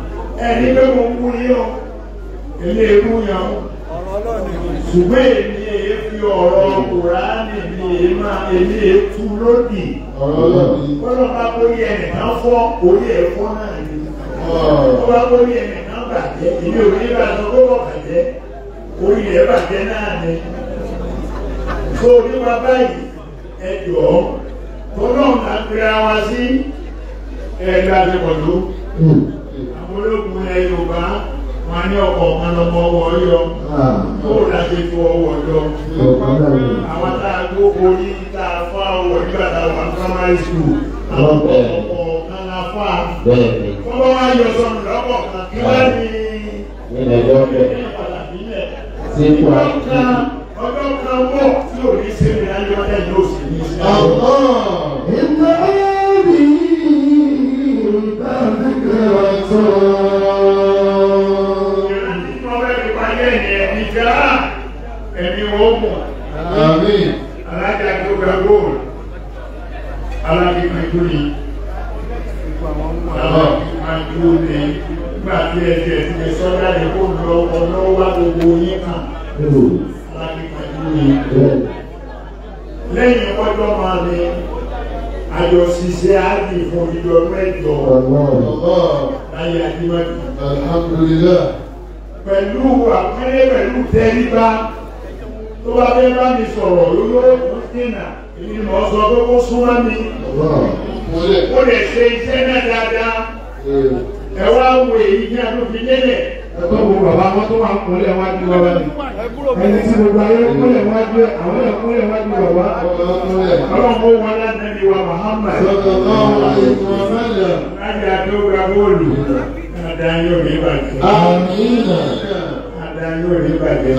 ẹni pé mo kú ní ọ ilé irú yan ṣùgbọ́n èmi èé fi ọ̀rọ̀ kùránì mi èé máa èmi èé tu lódì kọ́nà bá kórí ẹnìkan fọ́ orí ẹ̀ fọ́ náà ni kọ́nà bá kórí ẹnìkan bàjẹ́ èmi ò ní bàjẹ́ kó bọ̀ bàjẹ́ orí ẹ̀ bàjẹ́ náà ni torí wa báyìí ẹjọ́ tọ́lọ́run náà pera wa sí ẹgbẹ́ àtẹ̀kọ̀dó àwọn ológun ẹ Yorùbá wọn ní ọkọ̀ kan lọ́mọ ọwọ́ yọ yóò láti fi ọwọ́ yọ àwọn tá a gbó orí tá a fá ọwọ́ nígbà tá a wà primary school àwọn ọkọ̀ kan la fá wọ́n bá wá yọ sọnù lọ́pọ̀ kan kí ah. wọ́n ní ẹ̀ẹ́dẹ́gbẹ̀rún sí ìwà ìwà ọjọ́ kan wọ̀ tí ò ní ṣe ní ayé ọjọ́ yìí ó sì ní ṣe. ìgbà ẹ̀rí ìgbà gbígbẹ́ ọ̀tọ̀. ìrántí tó bẹ́ẹ̀ ní payé ẹ̀yẹ ẹ̀mí já ẹ̀mí ogun. alájà tó gba góòlù alájà kan tó ní. àwọn máa ń dúró ní gbàgbé ẹ̀jẹ̀ ti sọ́jà lè kó lọ ọlọ́wà gbogbo yín kan lẹ́yìn ọjọ́ máa ní ayọ̀ṣiṣẹ́ àti ìfọ̀nbíjọ mẹ́jọ láyé àdìmọ́tì. alhamdulillah. pẹ̀lú àpẹẹrẹ pẹ̀lú tẹríba tó bá fẹ́ bá mi sọ̀rọ̀ lórí kùtìnà èmi mọ̀ ọ́ sọ pé kó súnmọ́ mi. ó lè ṣe iṣẹ́ náà dáadáa. ẹ wá wo èyí ní àdófin lélẹ̀ ẹ̀tọ́ wo bàbá wọn tó máa ń kúnlẹ̀ wájú bàbá ni ẹni tí gbogbo ayé kúnlẹ̀ wájú ẹ̀ àwọn ẹ̀ kúnlẹ̀ wájú bàbá ọlọ́run ó wọn láti ẹni wa Muhammad sọ̀tọ̀tọ̀ àìsàn ọ̀sẹ̀lẹ̀ láti àdóga bóòlù adáyọ̀ mi bàjẹ́ adáyọ̀ mi bàjẹ́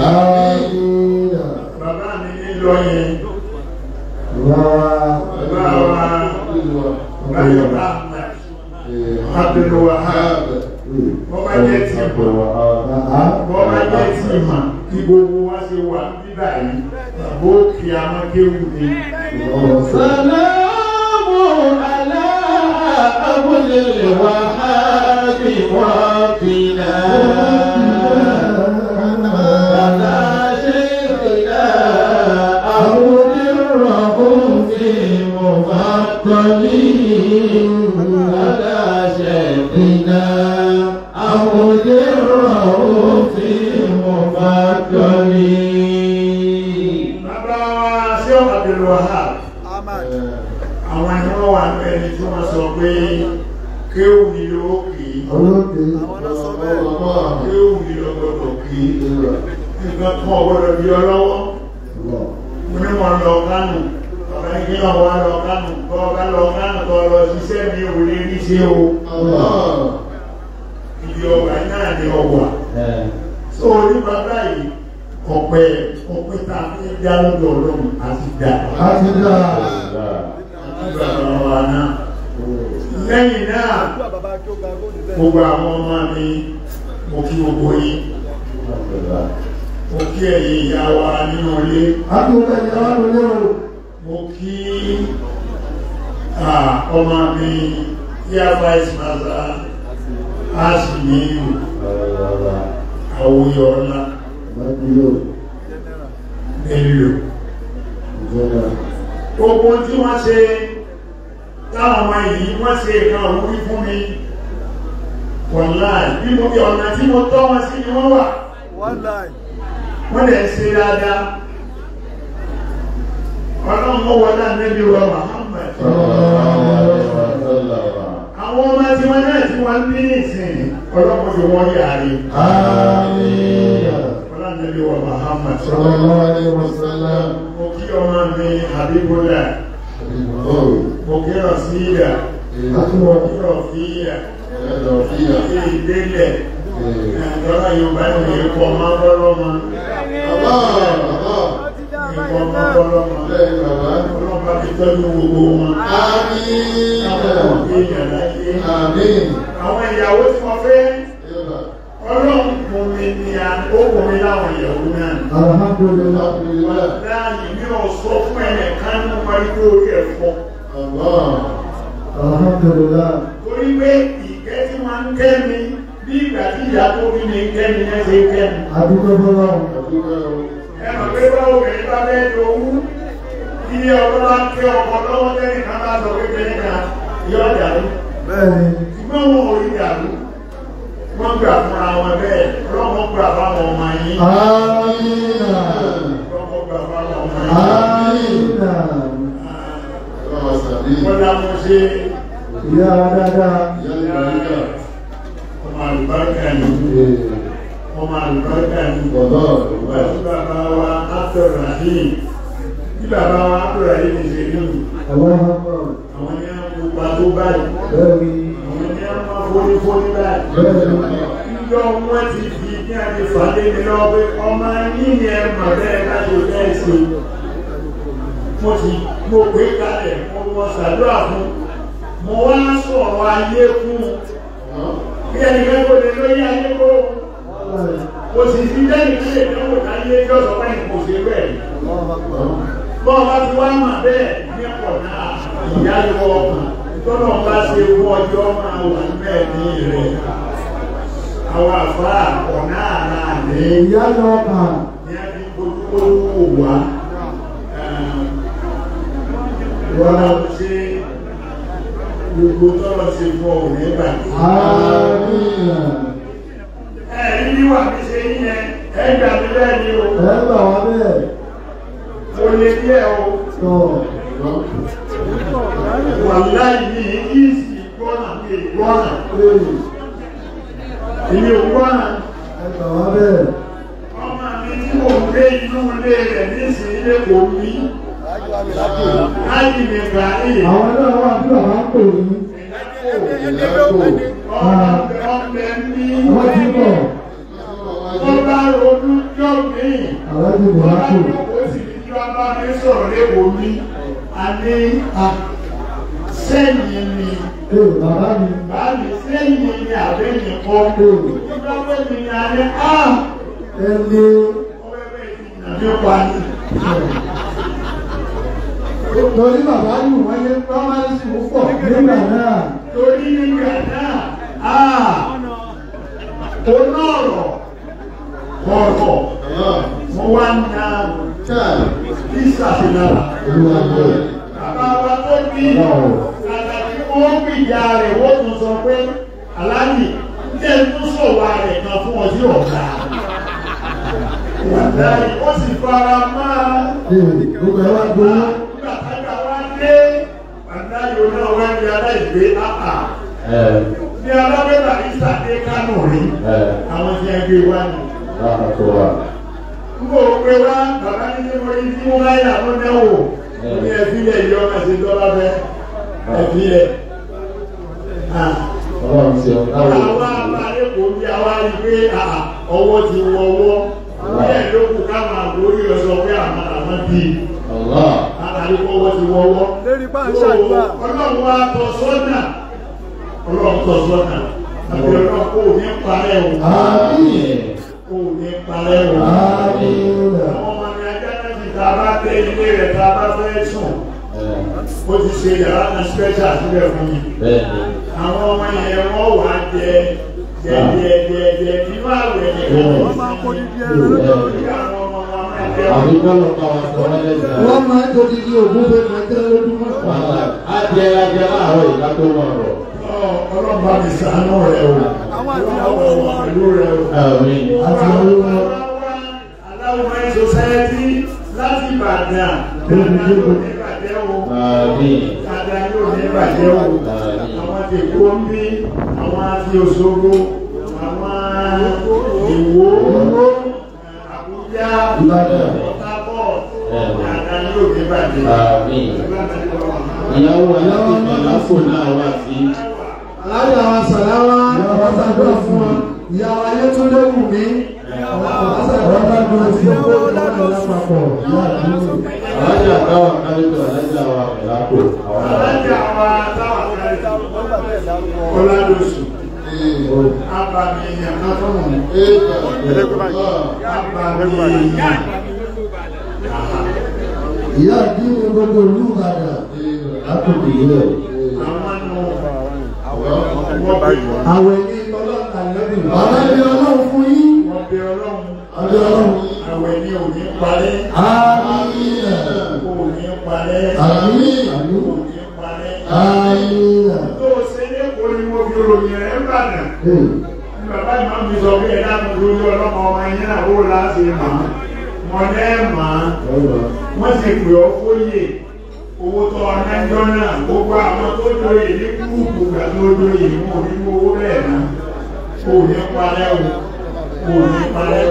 bàbá mi nílò yẹn bàbá wa báyọ̀ bá Abdul wọ́n bá jẹ́ ti ìmọ̀ kí gbogbo wa ṣe wà nígbà yìí bó kí a máa kéwù ní. sàlámù alá abúlé wàhálì wàhálì náà. ẹni tí wọ́n sọ pé kéwù ni ló kì í ọ̀pọ̀ kéwù ni ló gbọdọ̀ kì í nǹkan kan ọ̀gbọdọ̀ bí ọlọ́wọ́ onímọ̀ lọ kánù ọ̀rẹ́ kí wọ́n wá lọ kánù kọ́ ọ̀gá lọ kánù kọ́ lọ ṣiṣẹ́ mi ò lè rí ṣe o ibi ọgbà náà ni ọwà so nípa báyìí ọ̀pẹ ọ̀pẹ ta fẹ́ dá lọ́dọ̀ ọlọ́run àti dá àti dá àti dá wa náà lẹ́yìn náà gbogbo àwọn ọmọ mi mo kí gbogbo yín mo kí ẹ̀yin ìyá wa nínú ilé mo kí ọmọ mi yá vice versa a sì ní ìlú àwòyọ ọ̀la nílò gbogbo tí wọ́n ṣe táwọn èyí wọ́n ṣe ìran òwúrí fún mi wọ̀láì bí mo bí ọ̀nà tí mo tọ́ wọn sí ni wọ́n wà wọ́n lè ṣe dáadáa ọlọ́run ó wọlé àmẹ́bí wa Muhammad àwọn ọmọ tí wọ́n náà tí wọ́n bí nìsín ọlọ́run fi wọ́n yà rí wọlé àmẹ́bí wa Muhammad mo kí ọmọ mi àbíkúlẹ̀ òkèrò síyà òkèrò fíyà ṣe ìdélẹ̀ ìjọba yorùbá ní ẹ̀kọ́ ọmọ bọ́lọ́mọ ẹ̀kọ́ ọmọ bọ́lọ́mọ ọlọ́pàá ti tọ́jú gbogbo wọn àwọn ìyàwó tí wọ́n fẹ́ ọlọ́run láwọn ìyàwó náà. alhamdulillah alhamdulillah. láàyè mi ò sọ fún ẹnì ní wáyé tó bí mi kẹ́ mi bá bẹ́ẹ̀ lọ ilé ọdún bá kí ọkọ̀ lọ́wọ́ lẹ́yìn náà bá sọ pé bẹ́ẹ̀ ni ìyá ọ̀dà ló. bẹ́ẹ̀ ni. wọn ò rí wọ́n gbà fúnra wọn bẹ́ẹ̀ lọ́wọ́ gbà fáwọn ọmọ yín. Amina. Lọ́wọ́ gbà fáwọn ọmọ yín. Amina. Wọ́n dá mo ṣe. Ìyá dáadáa. Ìyá dáadáa. Ọmọ àlùbáríkà ni. Ọmọ àlùbáríkà ni. Bọ̀dọ̀ àlùbá. Kí bàbá wa Abdulrahim. Kí bàbá wa Abdulrahim ṣe nínú. Àwọn ọmọ. Àwọn ní àwọn pupa tó báyìí. Bẹ́ẹ̀ni yẹn ti wá mà bẹ́ẹ̀ ní ọ̀nà ìyá lọ́wọ́ ọkàn tọ́nà bá ṣe wú ọjọ́ máa wà níbẹ̀ ní rẹ̀ àwọn àfá ọ̀nà àrà ní yálà ọ̀pá ní a fi gbogbo wà rọ́nà tí gbogbo tọ́nà ṣe fún ọ̀rọ̀ nígbà ẹ̀rí wíwà fi ṣe yíyẹ ẹgbà mi bẹ́ẹ̀ ni o ẹgbà wà bẹ́ẹ̀ mo lè bí ẹ o wàláì ní ìsì gbọ́nà pé gbọ́nà pé ìyẹn gbọ́nà ọmọ mi tí mo gbé inú ilé rẹ̀ nísìnyí lè kò mí láyé mi gbà ní. àwọn náà wà bí bàbá ah. bá ronú jọ́ mi. àwọn ti bọ̀ wá ní kí wọ́n bá mi sọ̀rọ̀ lé wò àní A. sẹ́yìn ni. Ee bàbá mi. Bàbá mi sẹ́yìn ni àbẹ̀yìn kọ́. Ee. Nígbà wo mi ni a ní à? Ẹ ní. Ọwọ́ ẹgbẹ́ ìsìn ìdàgbé pa ni. Torí bàbá yìí wọ́n yẹ pírámàlì sí púpọ̀ nígbà náà. Torí nígbà náà, à. Onú ọ̀rọ̀ kọ̀ọ̀kọ̀ mo wá ń na kíṣà sí lára. Bàbá wa tó bí àtàkì wọ́n gbìyà rẹ̀ wọ́n tún sọ pé aláàbì jẹ́ tó sọ̀wà rẹ̀ kan fún ọjọ́ ọ̀gá. Ìwàdáyé ó sì fara máa. Gbogbo ẹ̀ wá gbóná. Nígbà táyà wá dé, àdáyé náà wá ní aláìgbé ápà. Ní alábẹ́ta ìsàdé Kánò rí, àwọn ti ẹgbẹ́ wá ní n kò pe wá bàbá ní ní orí tí mo bá yà ló dẹ́wò ní ẹbí rẹ̀ yọ ọmọ ẹ̀sìn tó bá fẹ́ ẹbí rẹ̀. àwa àbáyé kò bí àwa rí pé ọwọ́ ti wọ ọwọ́ bẹ́ẹ̀ ló kù ká máa lórí ọ̀sọ̀ pé àmọ́ àmọ́ bí àtàlùkọ́ ọwọ́ ti wọ ọwọ́. lérí bá ń ṣàdúrà. ọlọ́run wa tọ sọ́nà ọlọ́run tọ sọ́nà àbí ọlọ́run kò ní parẹ́ o. àmín kò ní parẹ́ o. ti ṣe yàrá kan special síbẹ̀ fún mi. àwọn ọmọ yẹn wọ́n wà á jẹ jẹjẹjẹjẹ bí máa wẹ̀ ní wọ́n máa kó ní bí lórí àwọn ọmọ wọn máa jẹ. àbí bọ́lá ọ̀pá wọn kọ́ lẹ́lẹ́dàá. wọ́n máa ń tóbi ní ògúnfẹ́ mẹ́tẹ́rẹ́ lójúmọ́. àjẹ ajẹ láàárọ̀ ìdá tó wọ̀ ọ̀rọ̀ ọlọ́ba mi ṣàánú rẹ̀ o ọlọ́ba mi pẹ̀lú rẹ̀ o àti olówó aláwọ̀ ẹ̀ sọ́sáyẹ́tì láti Ìbàdàn tẹ̀lifíṣẹ́ kò ní bàjẹ́ o dada yóò ní bàjẹ́ o àwọn ti kó ń bí àwọn àti Òṣogbo àwọn Ìwó Àbújá Ọ̀tàbọ̀ dada yóò ní bàjẹ́ o ìyàwó aláwọ̀ ìgbàláfò náà wà sí aláyọ̀ àwọn sàlára ìyàwó sàdúrà fún wa ìyàwó ayé tó léwu mi àwọn sàdúrà tó ti kó lọ́dọ̀ lápapọ̀ alájà táwa kájọ alájà wa ìlàkó àwọn alájà wa táwa kájọ ọládọ̀sù abàmì èèyàn kan tó mọ̀ abàmì èèyàn ìyá ìdí ni gbogbo olú Ìbàdàn látòkè yìí rẹ̀. àwọn àwẹ̀ ní ọlọ́run àlẹ́ ọlọ́run fún yín àbí ọlọ́run àwẹ̀ ní òní parẹ́ àmín òní parẹ́ àmín òní parẹ́ àmín. tó o ṣe ní kò ní mo fi ròyìn rẹ̀ ń bàdàn hmm. bàbá ìmọ̀ mi sọ pé ẹ̀dá mi lórí ọlọ́mọ ọmọ yẹn náà ó láti mọ̀ ọ́ mọ̀ ẹ́ mọ̀ wọ́n ti pè ọ́ fóyè owó tó ọ̀nà jọ náà gbogbo àwọn tó lóye ní kúrúkù gbà tó lóye mú orí owó rẹ̀ náà kò ní parẹ́ o kò ní parẹ́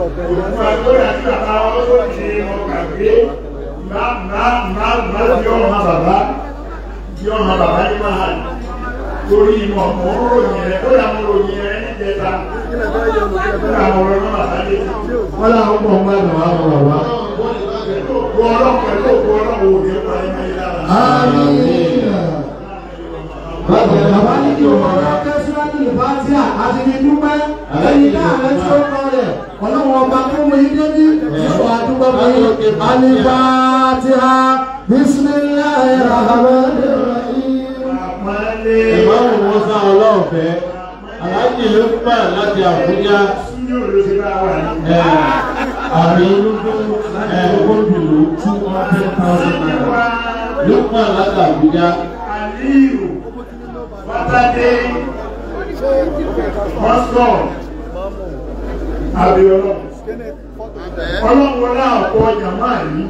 o òkú agbóra tí bàbá wọn tó ti ọkà gbé má má má má yọ ọmọ bàbá yọ ọmọ bàbá ní máa torí ìmọ̀ mọ̀ ń ròyìn rẹ̀ ó làwọn ròyìn rẹ̀ ní jẹta ó làwọn ọ̀rọ̀ náà bàbá dé wọ́n làwọn pọ̀ ń bá àwọn ọ̀rọ̀ wa. Wọ́n ọlọ́pàá ẹ̀kọ́ òkú ọlọ́run òní ẹ̀kọ́ ayé lára. Àmín. Bàbá bàbá ní kí o máa tẹ̀síwájú ìbátíà àti ní dúpẹ́ lẹ́yìn náà rẹ̀ tí ó kọ́ rẹ̀. Ọlọ́run ọba tó mú yín dédí nípa àdúgbò báyìí. Alifátíà bísímíláì ràhámẹ́rẹ́ ràhím. Ìmáàmù wọn sá ọlọ́run fẹ́. Aláàjì ló ń bà láti Àbújá. Sílẹ̀ olùsíbáwá ni ààrẹ two hundred thousand naira lókun alága àbújá. aliyu fatade pásítọ̀ abiola ọlọ́run wọlé àpò jàmá yìí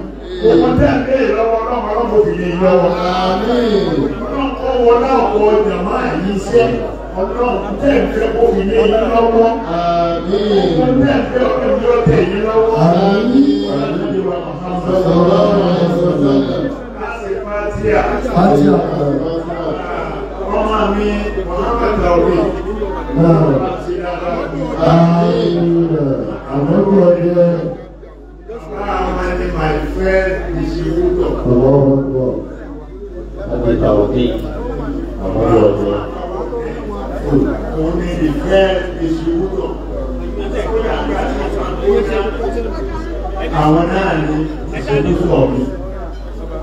owó tẹ́ ń béèrè lọ́wọ́ ọlọ́run ọlọ́run òbí yìí lọ́wọ́ ọlọ́run kọ́ wọlé ọlọ́run tẹ́ ẹ̀ fẹ́ kó fi lé yín lọ́wọ́ ọlọ́run tẹ́ ẹ̀ fẹ́ kó fi lé yín lọ́wọ́ ọmọ mi Muhammad awi àti dada ọmọ Amen, my friend, is you good. The Lord will. I will tell thee. I will tell thee òun ni ìfẹ́ ìṣirúdọ̀ àwọn náà ni ìṣirúdọ̀ mi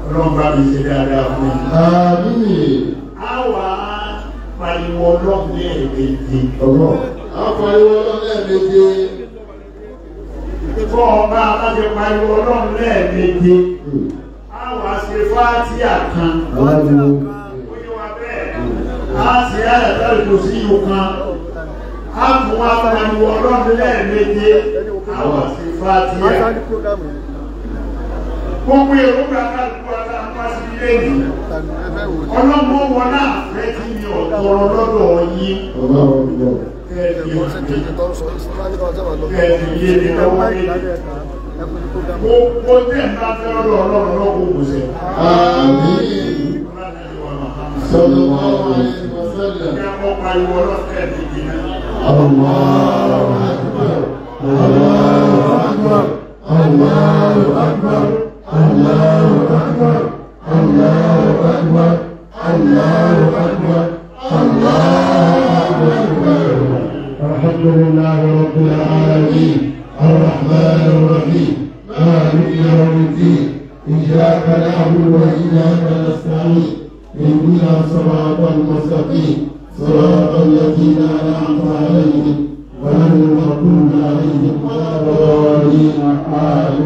ọlọ́mbà mi ṣe dáadáa fún yìí àwà pariwo ọlọ́mí ẹ̀ẹ́dẹ̀ẹ́dẹ̀ ọlọ́ àpariwo ọlọ́mí ẹ̀ẹ́dẹ̀ẹ́dẹ̀ Ìfọ́ ọba alájẹ pariwo ọlọ́run lẹ́ẹ̀mejì, hmm. a wà ṣe fáátì àkan á sì ayà tẹ́lẹ̀ kò sí ìyó kan á fún wa pẹ̀lú ọlọ́run lẹ́ẹ̀méje àwọn sì fa tiẹ̀. gbogbo èròǹgbà kálukú ata pàṣẹ ilé mi ọlọ́mọ wọn náà fẹ́ kí ni ọ̀tọ̀ ọlọ́dọ̀ yín kẹ́ẹ̀dì yé mi lọ́wọ́ yé gbogbo tẹ̀ ń bá fẹ́ ọlọ́run lọ́wọ́ kò sẹ́. àmín. صلى الله عليه وسلم الله أكبر الله أكبر الله أكبر الله أكبر الله أكبر الله أكبر الله أكبر الحمد لله رب العالمين الرحمن الرحيم مالك يوم الدين إياك نعبد وإياك نستعين اهدنا الصراط المستقيم صراط الذين انعمت عليهم غير المغضوب عليهم ولا الضالين امين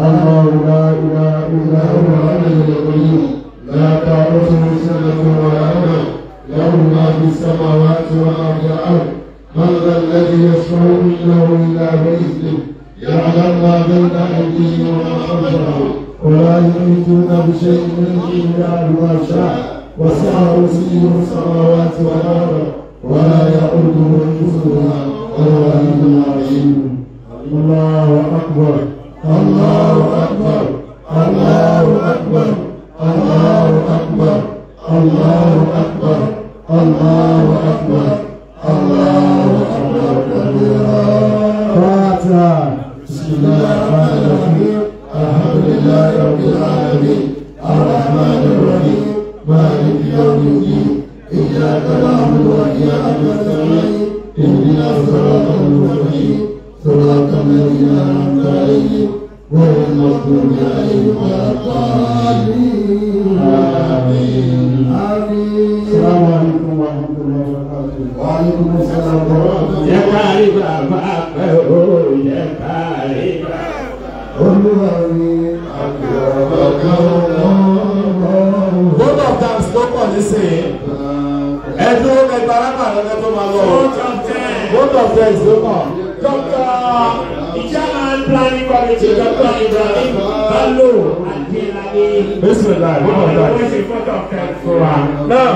الله لا اله الا هو الحي القيوم لا تعرفه سنه ولا نوم له ما في السماوات وما في الارض من ذا الذي يشفع له الا باذنه يعلم ما بين ايديهم وما خلفهم ولا يملكون بشيء إلا هو شاء وسع رسيه السماوات والأرض ولا يعوده انفسهم وهو العلي العظيم الله أكبر الله أكبر الله أكبر الله أكبر الله أكبر الله أكبر الله أكبر كبيرا فاتحة بسم الله الرحمن الرحيم الحمد لله رب العالمين الرحمن الرحيم مالك يوم الدين إياك نعبد وإياك نستعين اهدنا الصراط المستقيم صراط الذين أنعمت عليهم غير المغضوب عليهم ولا الضالين آمين آمين السلام عليكم ورحمة الله وبركاته وعليكم السلام ورحمة الله وبركاته يا كارب يا أمين both of them tó pọ̀ nísìnyí ẹ dúró kẹgbẹ́ arábàlẹ́ kẹ́ tó máa lọ both of them tó pọ̀. Dr. Chairman Planning Committee Dr. Ibrahim Bello Bismillah, both of them. Wọ́n ti fọ́tọ̀ kẹ́ fún wa. Now,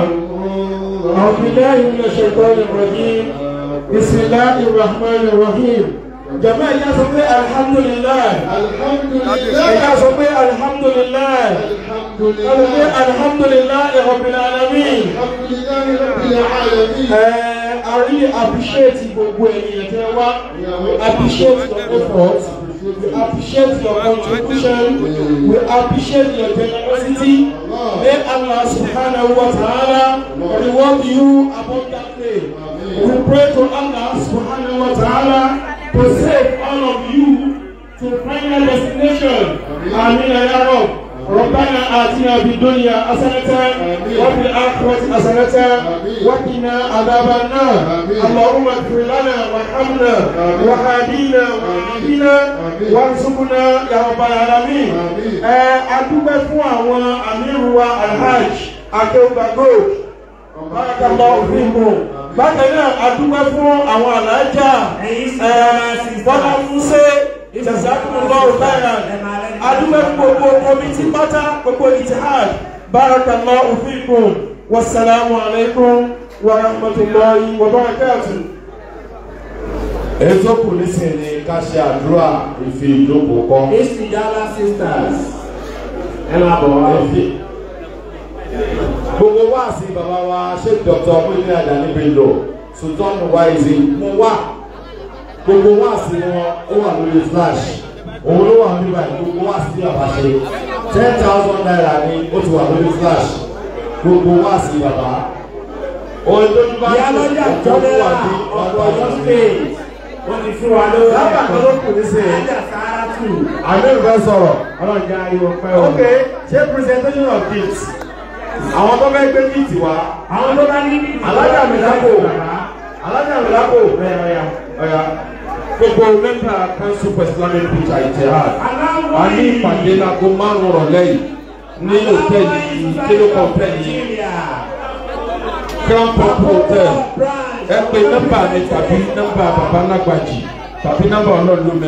أعوذ بالله jama ẹ yá sọ pé alihamudulilayi alihamudulilayi ẹ yá sọ pé alihamudulilayi ẹ sọ really appreciate gbogbo ẹ̀yin tẹ́ wá appreciate your effort we appreciate your contribution we appreciate your generosity may Allah subhanahu wa ta'ala reward you that day. we pray to Allah subhanahu wa ta'ala to save all of you to final destination. Amin ya Rabb. ربنا آتنا في الدنيا حسنة وفي الآخرة حسنة وقنا عذاب النار اللهم اغفر لنا وارحمنا وهدينا وعافنا وارزقنا يا رب العالمين a dúpẹ́ fún àwọn àmírù wa alhaj akéwùgbàgbò bákan lọ fún ìbò bákan náà a dúpẹ́ fún àwọn alájà bọ́lá músé ìtẹ̀síwájú báyà a dúpẹ́ fún gbogbo kọmitì pátá gbogbo ìtìhàd bákan lọ fún ìbò wasalaamu alaykum wa rahmatulahi wa barakatuh. ètò polisi ni ká ṣe àdúrà ìfi ìjókòó kọ́. èsì yálà sisters ẹ máa bọ̀ wá gbogbo wá sí bàbá wa ṣé dọ̀tọ̀ ọmọdé àdá níbi lò sultani wáìzì mo wà gbogbo wá sí wọn ó wà lórí flash òun ló wà níbà gbogbo wá sí bàbá ṣe ten thousand naira ni ó ti wà lórí flash gbogbo wá sí bàbá. ìyálọ́jà jọ́lẹ́rà ọ̀pọ̀ lọ́sẹ̀ wọ́n ti fún wa lórí ẹ̀ kan ló kù ní sè é àmì ìfẹ́ sọ̀rọ̀ ọlọ́jà ayọ̀ pẹ́ o. ok ṣé presentation of gifts. àwọn tó bẹ gbé bíìtì wá. àwọn tó bá ní bíìtì wá. alájà mìlápò alájà mìlápò ọ̀yà gbogbo mẹ́ta a ní ìpàdé lago márùn-ún rọ̀lẹ́ yìí ní hòtẹ́ẹ̀lì kílókọ̀ hòtẹ́ẹ̀lì grand pop ẹ pé nọ́mbà mi tàbí bàbá nàgbàjì tàbí ọlọ́ọ̀lù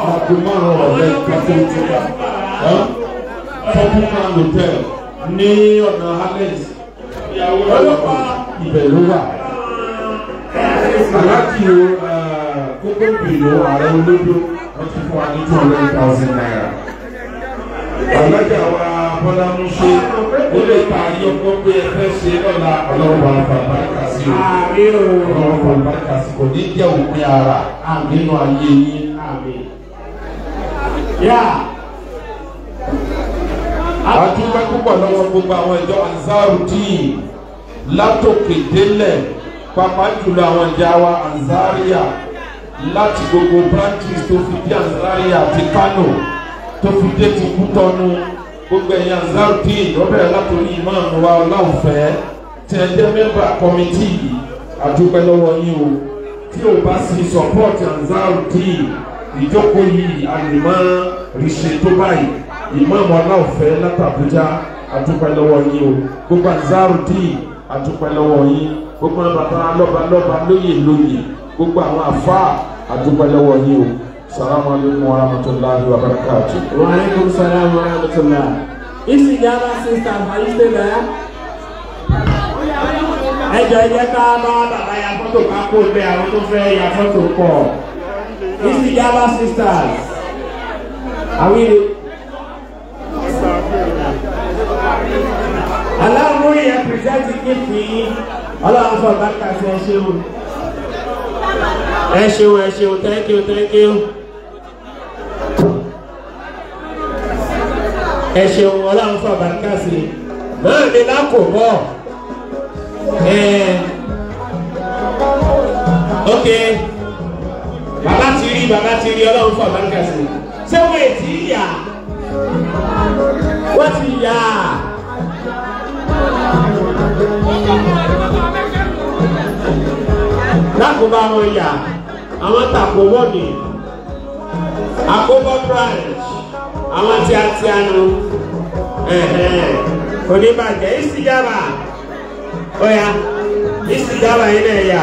na ní ọ̀nà hamlet ìyàwó ọlọ́pàá ibẹ̀ ló wà. kókó bìlò ààrẹ olódó wọ́n fún wa ní two hundred thousand naira. alájà wa bọ́lá mú ṣe ó lè ta ayọ́kọ́ pé ẹ fẹ́ ṣe lọ́la ọlọ́run àbàbà kàsí o ọlọ́run àbàbà kàsí kò ní jẹ́ òpin ara nínú ayé yín yá adúpẹ́ púpọ̀ lọ́wọ́ gbogbo àwọn ìjọ Ansarudeen látòkè délẹ̀ pàápàá jùlọ àwọn ìjà wa Ansaria láti gbogbo branches tó fi dé Ansaria àti Kano tó fi dé ti Kútọ́nù gbogbo ẹ̀yin Ansarudeen lọ́bẹ̀rẹ̀ látòrí ìmáàmù wa Ọláòfẹ́ tí ẹ jẹ́ mẹ́mbà kọ́mítì yìí adúpẹ́ lọ́wọ́ yín o tí o bá sì support Ansarudeen ìjókòó yìí àyèmọ́ ríṣe tó báyìí ìmáàmù aláwọ̀fẹ́ látàbújá àdúpẹ́ lọ́wọ́ yín o gbogbo àzárùdíì àdúpẹ́ lọ́wọ́ yín gbogbo bàbá lọ́ba lọ́ba lóyè lóyè gbogbo àwọn àfáà àdúpẹ́ lọ́wọ́ yín o salamu alaykum wa rahmatulahi wa barakatu. wa aleykum salaam wa rahmatulah. isi jara sista àbáyé bẹ́ẹ̀. ẹ jọ ẹ jẹ́ ká bá bàbá ya fọ́tò ká kó bẹ́ẹ̀ àwọn tó fẹ́ ya fọ́tò pọ̀. These the Gala sisters. Are we the Allahu represent Ifi. Allahu for back and say, Ẹ you. Thank you, thank you, thank you. Ẹ ṣeun, Ọlọ́run fún àbáríkà sí i. Náà ni lákòbọ̀. Ẹ ok bàbá ti rí bàbá ti rí ọlọ́run fún àbáńkà sí ṣé wọ́n ètí yà wọ́n ti yà. lákòóbá wọn yà àwọn tàkó wọ́ọ̀nì àkóbọ̀ branch àwọn tí a ti ànú kò ní bàjẹ́ ìsìjábà ó yà ìsìjábà yìí náà yà.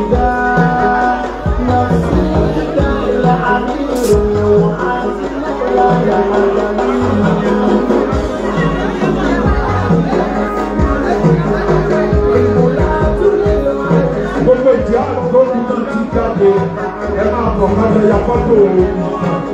ọkọ̀ kájọ ya fọ́tò.